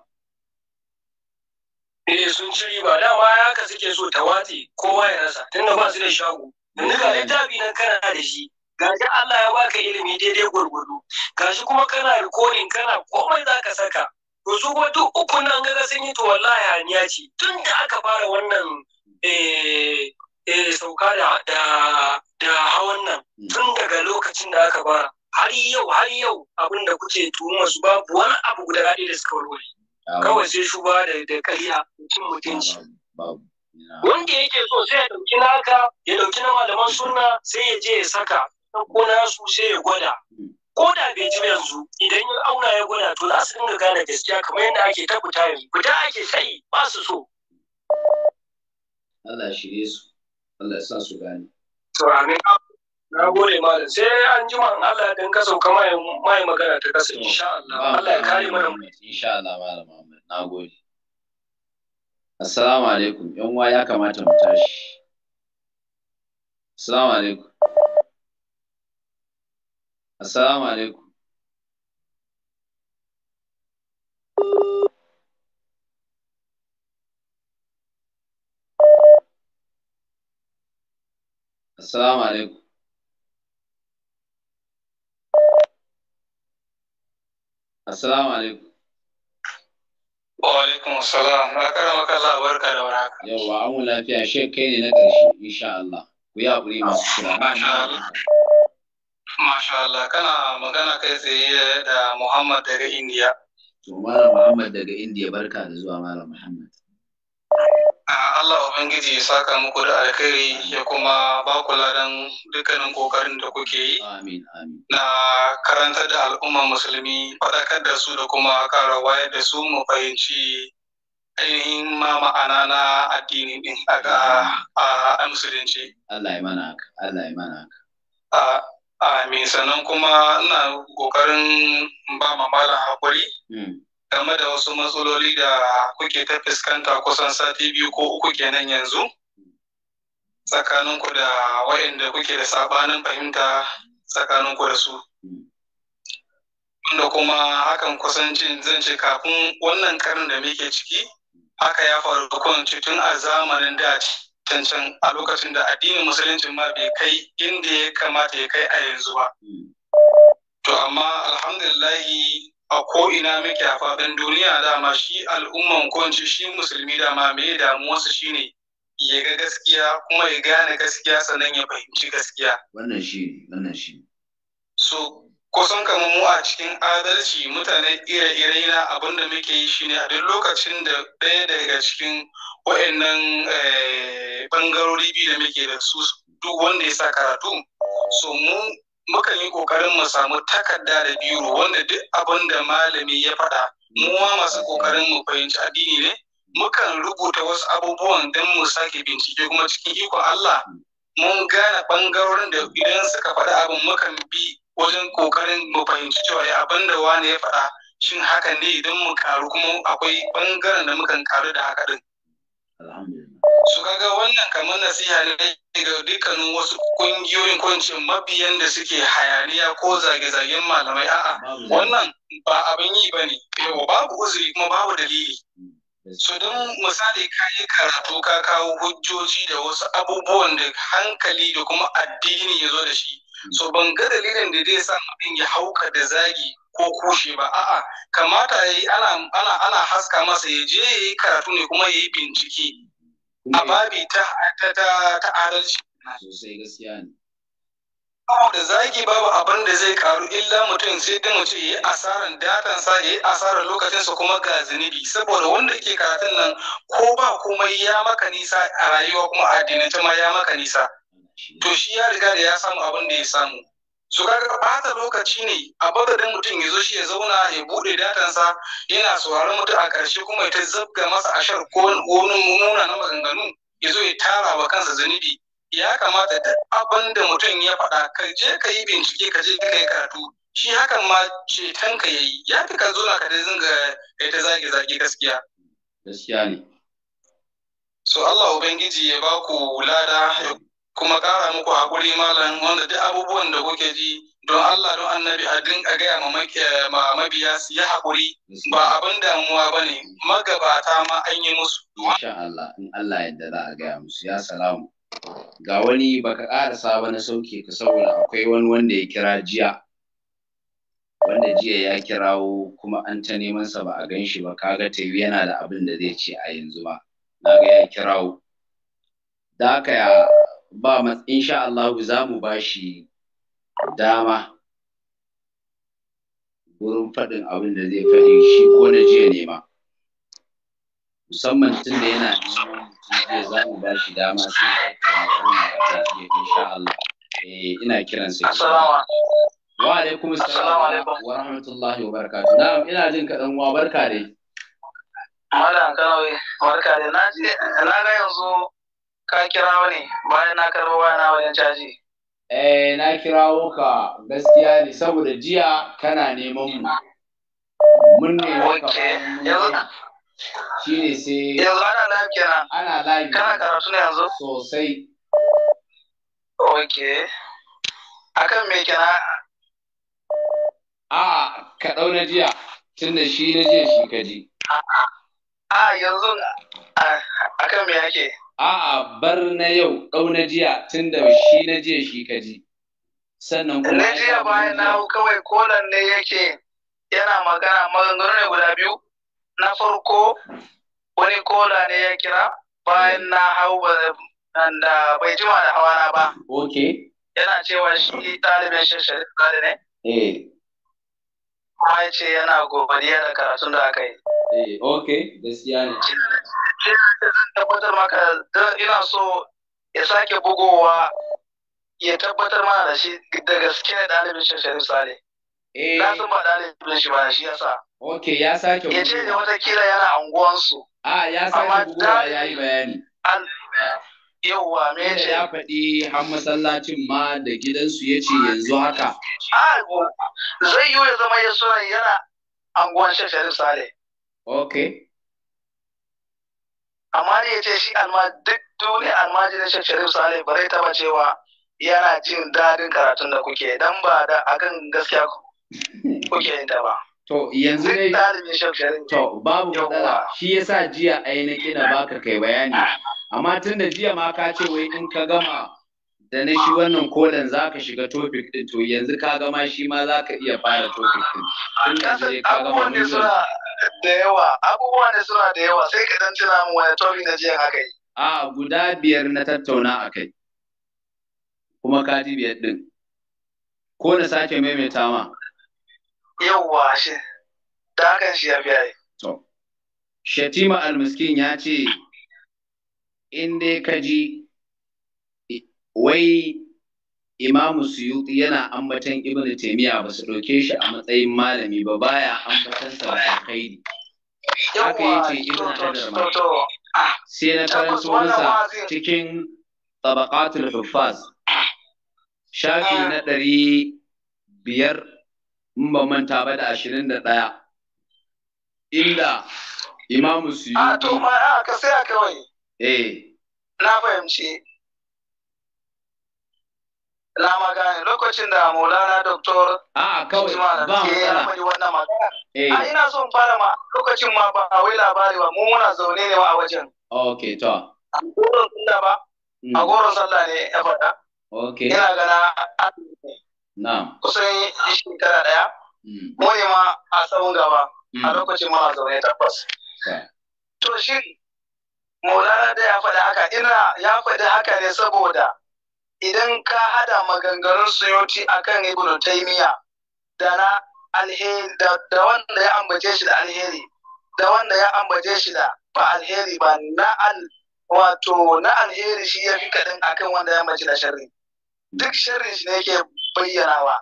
eh sun ci riba dama yaka suke so ta wace kowa ya rasa tunda ba su da shago yanzu ga littafi nan kana da shi gashi Allah ya baka ilimi daidai gwargwado gashi kuma kana recording kana komai za ka saka to su kuma duk uku nan gaga sun yi to wallahi haniya ce tun da aka fara wannan eh, eh sauka da da hawan nan hmm. tun daga lokacin da aka fara har yau har yau abin da kuke tuhuma su babu wani abu guda ɗaya da suka warware kawai sai shuba da da kariya cin mutunci wanda yake so sai ya dauki naka ya dauki na malaman suna sai ya je ya saka ko su sai ya gwada hmm. ko da bai ji yanzu idan ya auna ya gwada to za su dinga gane gaskiya kamar yadda ake ta fita yanzu fita ake sayi, ba su so Allah shirye su Allah ya sa su gani. to amin na gode malam sai an ji man Allah dan ka sauka mai mai magana ta kasa insha Allah Allah ya kare mana insha Allah malam Muhammad na gode Assalamu alaikum yan uwa ya kamata mu tashi Assalamu alaikum Assalamu alaikum Assalamu alaikum. Assalamu alaikum. Wa alaikum assalam. Na karama kalla barka da warhaka. Yawwa, an lafiya she kai ne na ƙarshe insha Allah. Ku yi haƙuri masu kira. Masha Allah. Masha Allah kana magana kai tsaye da Muhammad daga Indiya. To Malam Muhammad daga India, barka da zuwa Malam Muhammad. Ah, Allah Ubangiji ya saka muku da alkhairi ya kuma ba ku ladan dukkanin kokarin da kuke yi na karantar da al'umma musulmi faɗakar da su da kuma ƙara wayar da su mu fahimci ainihin ma ma'ana na addini din a musulunci. Allah ya mana haka, Allah ya mana haka. Ah, amin sannan kuma ina ƙoƙarin ba malam haƙuri. game da wasu matsaloli da kuke ta fuskanta kusan sati biyu ko uku kenan yanzu tsakaninku da waɗanda kuke da sabanin fahimta tsakaninku da su wanda kuma hakan kusanci zan ce kafin wannan karin da muke ciki haka ya faru kun tun a zamanin da cancan a lokacin da addinin musulunci ma bai kai inda ya kamata ya kai a yanzu ba to amma alhamdulillahi a ko'ina muke a faɗin duniya dama shi al'umman kwanci shi musulmi dama me shi shine ya ga gaskiya kuma ya gane gaskiya sannan ya fahimci gaskiya. Wannan shi wannan shi. So kusan kamar mu a cikin adalci mutane ire-ire na abin da muke yi ne a duk lokacin da ɗaya daga cikin wa'annan bangarori eh, biyu da muke da su duk wanda ya sa karatu so mu mukan yi kokarin mu samu takarda da biro wanda duk abin da malami ya faɗa mu ma masu kokarin mu fahimci addini ne mukan rubuta wasu abubuwan don mu sake bincike kuma cikin ikon Allah mun gane bangarorin da idan suka faɗa abin mukan bi wajen kokarin mu fahimci cewa ya abin da wani ya faɗa shin haka ne idan mu karu kuma akwai bangaren da mukan karu da haka din su kaga wannan kamar nasiha ne ga dukkanin wasu ƙungiyoyin kwancin mabiyan da suke hayaniya ko zage-zagen malamai a'a wannan ba abin yi ba ne babu uzuri kuma babu dalili mm, su don misali ka yi karatu ka kawo hujjoji da wasu abubuwan da hankali da kuma addini ya zo da shi mm. so ban ga dalilin da zai sa abin ya hauka da zagi ko kushe ba a'a kamata yayi ana ana haska masa ya je yayi karatu ne kuma yayi bincike a babi ta ta ta adalci sosai gaskiya ne da zagi babu abin da zai karu illa mutum sai da mace ya yi asarar datansa ya yi asarar lokacinsa kuma ga zunubi saboda wanda yake karatun nan ko ba komai ya maka nisa a rayuwa kuma ta ma ya maka nisa to shi ya riga da ya samu abin da ya samu su kaga bata lokaci ne a madadin mutum ya zo shi ya zauna ya buɗe datansa yana saurari mutum a ƙarshe kuma ya ta zabga masa ashar ko wani nuna na maganganu ya zo ya tara wa kansa zunubi ya kamata duk abin da mutum ya faɗa ka je ka yi bincike ka je ka yi karatu shi hakan ma ceton ka yi, ya fi ka zauna ka da zinga kai ta zage zage gaskiya gaskiya ne so Allah ubangiji ya ba ku lada kuma ƙara muku haƙuri malam wanda duk abubuwan da kuke ji don Allah don annabi a dinka gaya ma mabiya su yi haƙuri ba abin damuwa ba ne magabata ma an yi musu. Insha Allah in Allah yadda za a gaya musu ya salamu. Ga wani baka ƙara ba na sauke ka saboda akwai wani wanda ya kira jiya. Wanda jiya ya kirawo kuma an ta neman sa ba a gan shi ba ka kaga tayi yana da abin da zai ce a yanzu ba. Na ga ya kirawo. Da haka ya ba insha Allahu za mu ba shi dama wurin faɗin abin da zai faɗi shi ko na jiya ne ma musamman tun da yana zai za mu ba shi dama sai ya insha Allah eh, ina kiran sai wa alaikum assalam wa rahmatullahi wa barakatuh na'am ina jin ka dan uwa barka dai malam kanawi barka dai na ga yanzu ka kira wani bayan na karɓo wayana wajen caji. Eh na kirawo ka gaskiya ne saboda jiya kana neman mu. Mun ne ka shi ne sai yanzu ana live kenan ana live kana karatu ne yanzu sosai ok akan me kenan a ka ɗau na jiya tun da shi na jiya shi ka ji a yanzu akan me yake a'a bar na yau ɗau na jiya tun da shi na jiya shi ka ji sannan kuma na jiya bayan na hau kawai kolan ne yake yana magana maganganu ne guda biyu na farko wani kola ne ya kira bayan na hau da bai jima da hawa na ba ok yana cewa shi ɗalibin shi shirkali ne eh ce yana gobariya da karatun da aka yi eh ok gaskiya ne zan tabbatar maka ina so ya sake bugowa ya tabbatar mana da shi da gaske da ɗalibin shi Sharif Sale. Eh. Na san ba ɗalibin shi ba shi yasa. Ok ya sake bugowa. Ya ce ne watakila yana unguwansu. A ya sake bugowa ya yi bayani. Yauwa me ya ce? Ya faɗi har masallacin ma da gidansu ya ce yanzu haka. A zai yi ya zama ya suna yana anguwan shi Sharif Sale. Ok. amma da ya ce shi duk duniya almajirin shek sharif salih ba zai taba cewa yana jin daɗin karatun da kuke dan ba da akan gaskiya kuke yin ta ba To yanzu ne to babu matsala shi yasa jiya ainihin na baka kai bayani amma tun da jiya ma ka ce wai in ka gama da na shi wannan kolan za ka shiga topic din to yanzu ka gama shi ma za ka iya fara topic din tun ka gama da yawa abubuwa ne suna da yawa sai ka dan tuna mu wani topic na jiya haka yi a guda biyar na tattauna a kai kuma ka ji biyar din ko na sake maimaita ma yawa shi da hakan shi ya biya to shatima almiskin ya ce in dai ka ji wai imamu suyuti yana ambatan Ibn taimiya ba su ɗauke shi a matsayin malami ba baya ambaton sa ba alkhairi haka yace ibnu adama ah, sai na karanto wansa cikin tabaqatul huffaz shafi ah. na ɗari biyar in ba manta ba da ashirin da ɗaya inda imamu ah, suyuti a to ma aka sai kawai eh na fahimci magana lokacin da Maulana Dr. A kawai ba wannan magana. Eh. A ina son fara ma lokacin ma ba A wai labari ba mu muna zaune ne ma a wajen. Okay to. A goron sallah ba. Hmm. A goron sallah ne ya faɗa. Okay. Ina gana Na'am. Kusan shekara ɗaya. Hmm. Mu ne ma a tsawon gaba. A hmm. lokacin muna zaune tabbas. To shi Maulana da ya faɗa haka ina ya faɗi haka ne saboda idan ka hada maganganun suyuti akan ibn taymiya da na alheri da wanda ya ambace shi da alheri da wanda ya ambace shi da ba alheri ba na al wato na alheri shi ya fi kaɗan akan wanda ya ambace da sharri duk sharri shi ne yake bayyanawa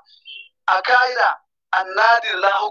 a ka'ida annadir lahu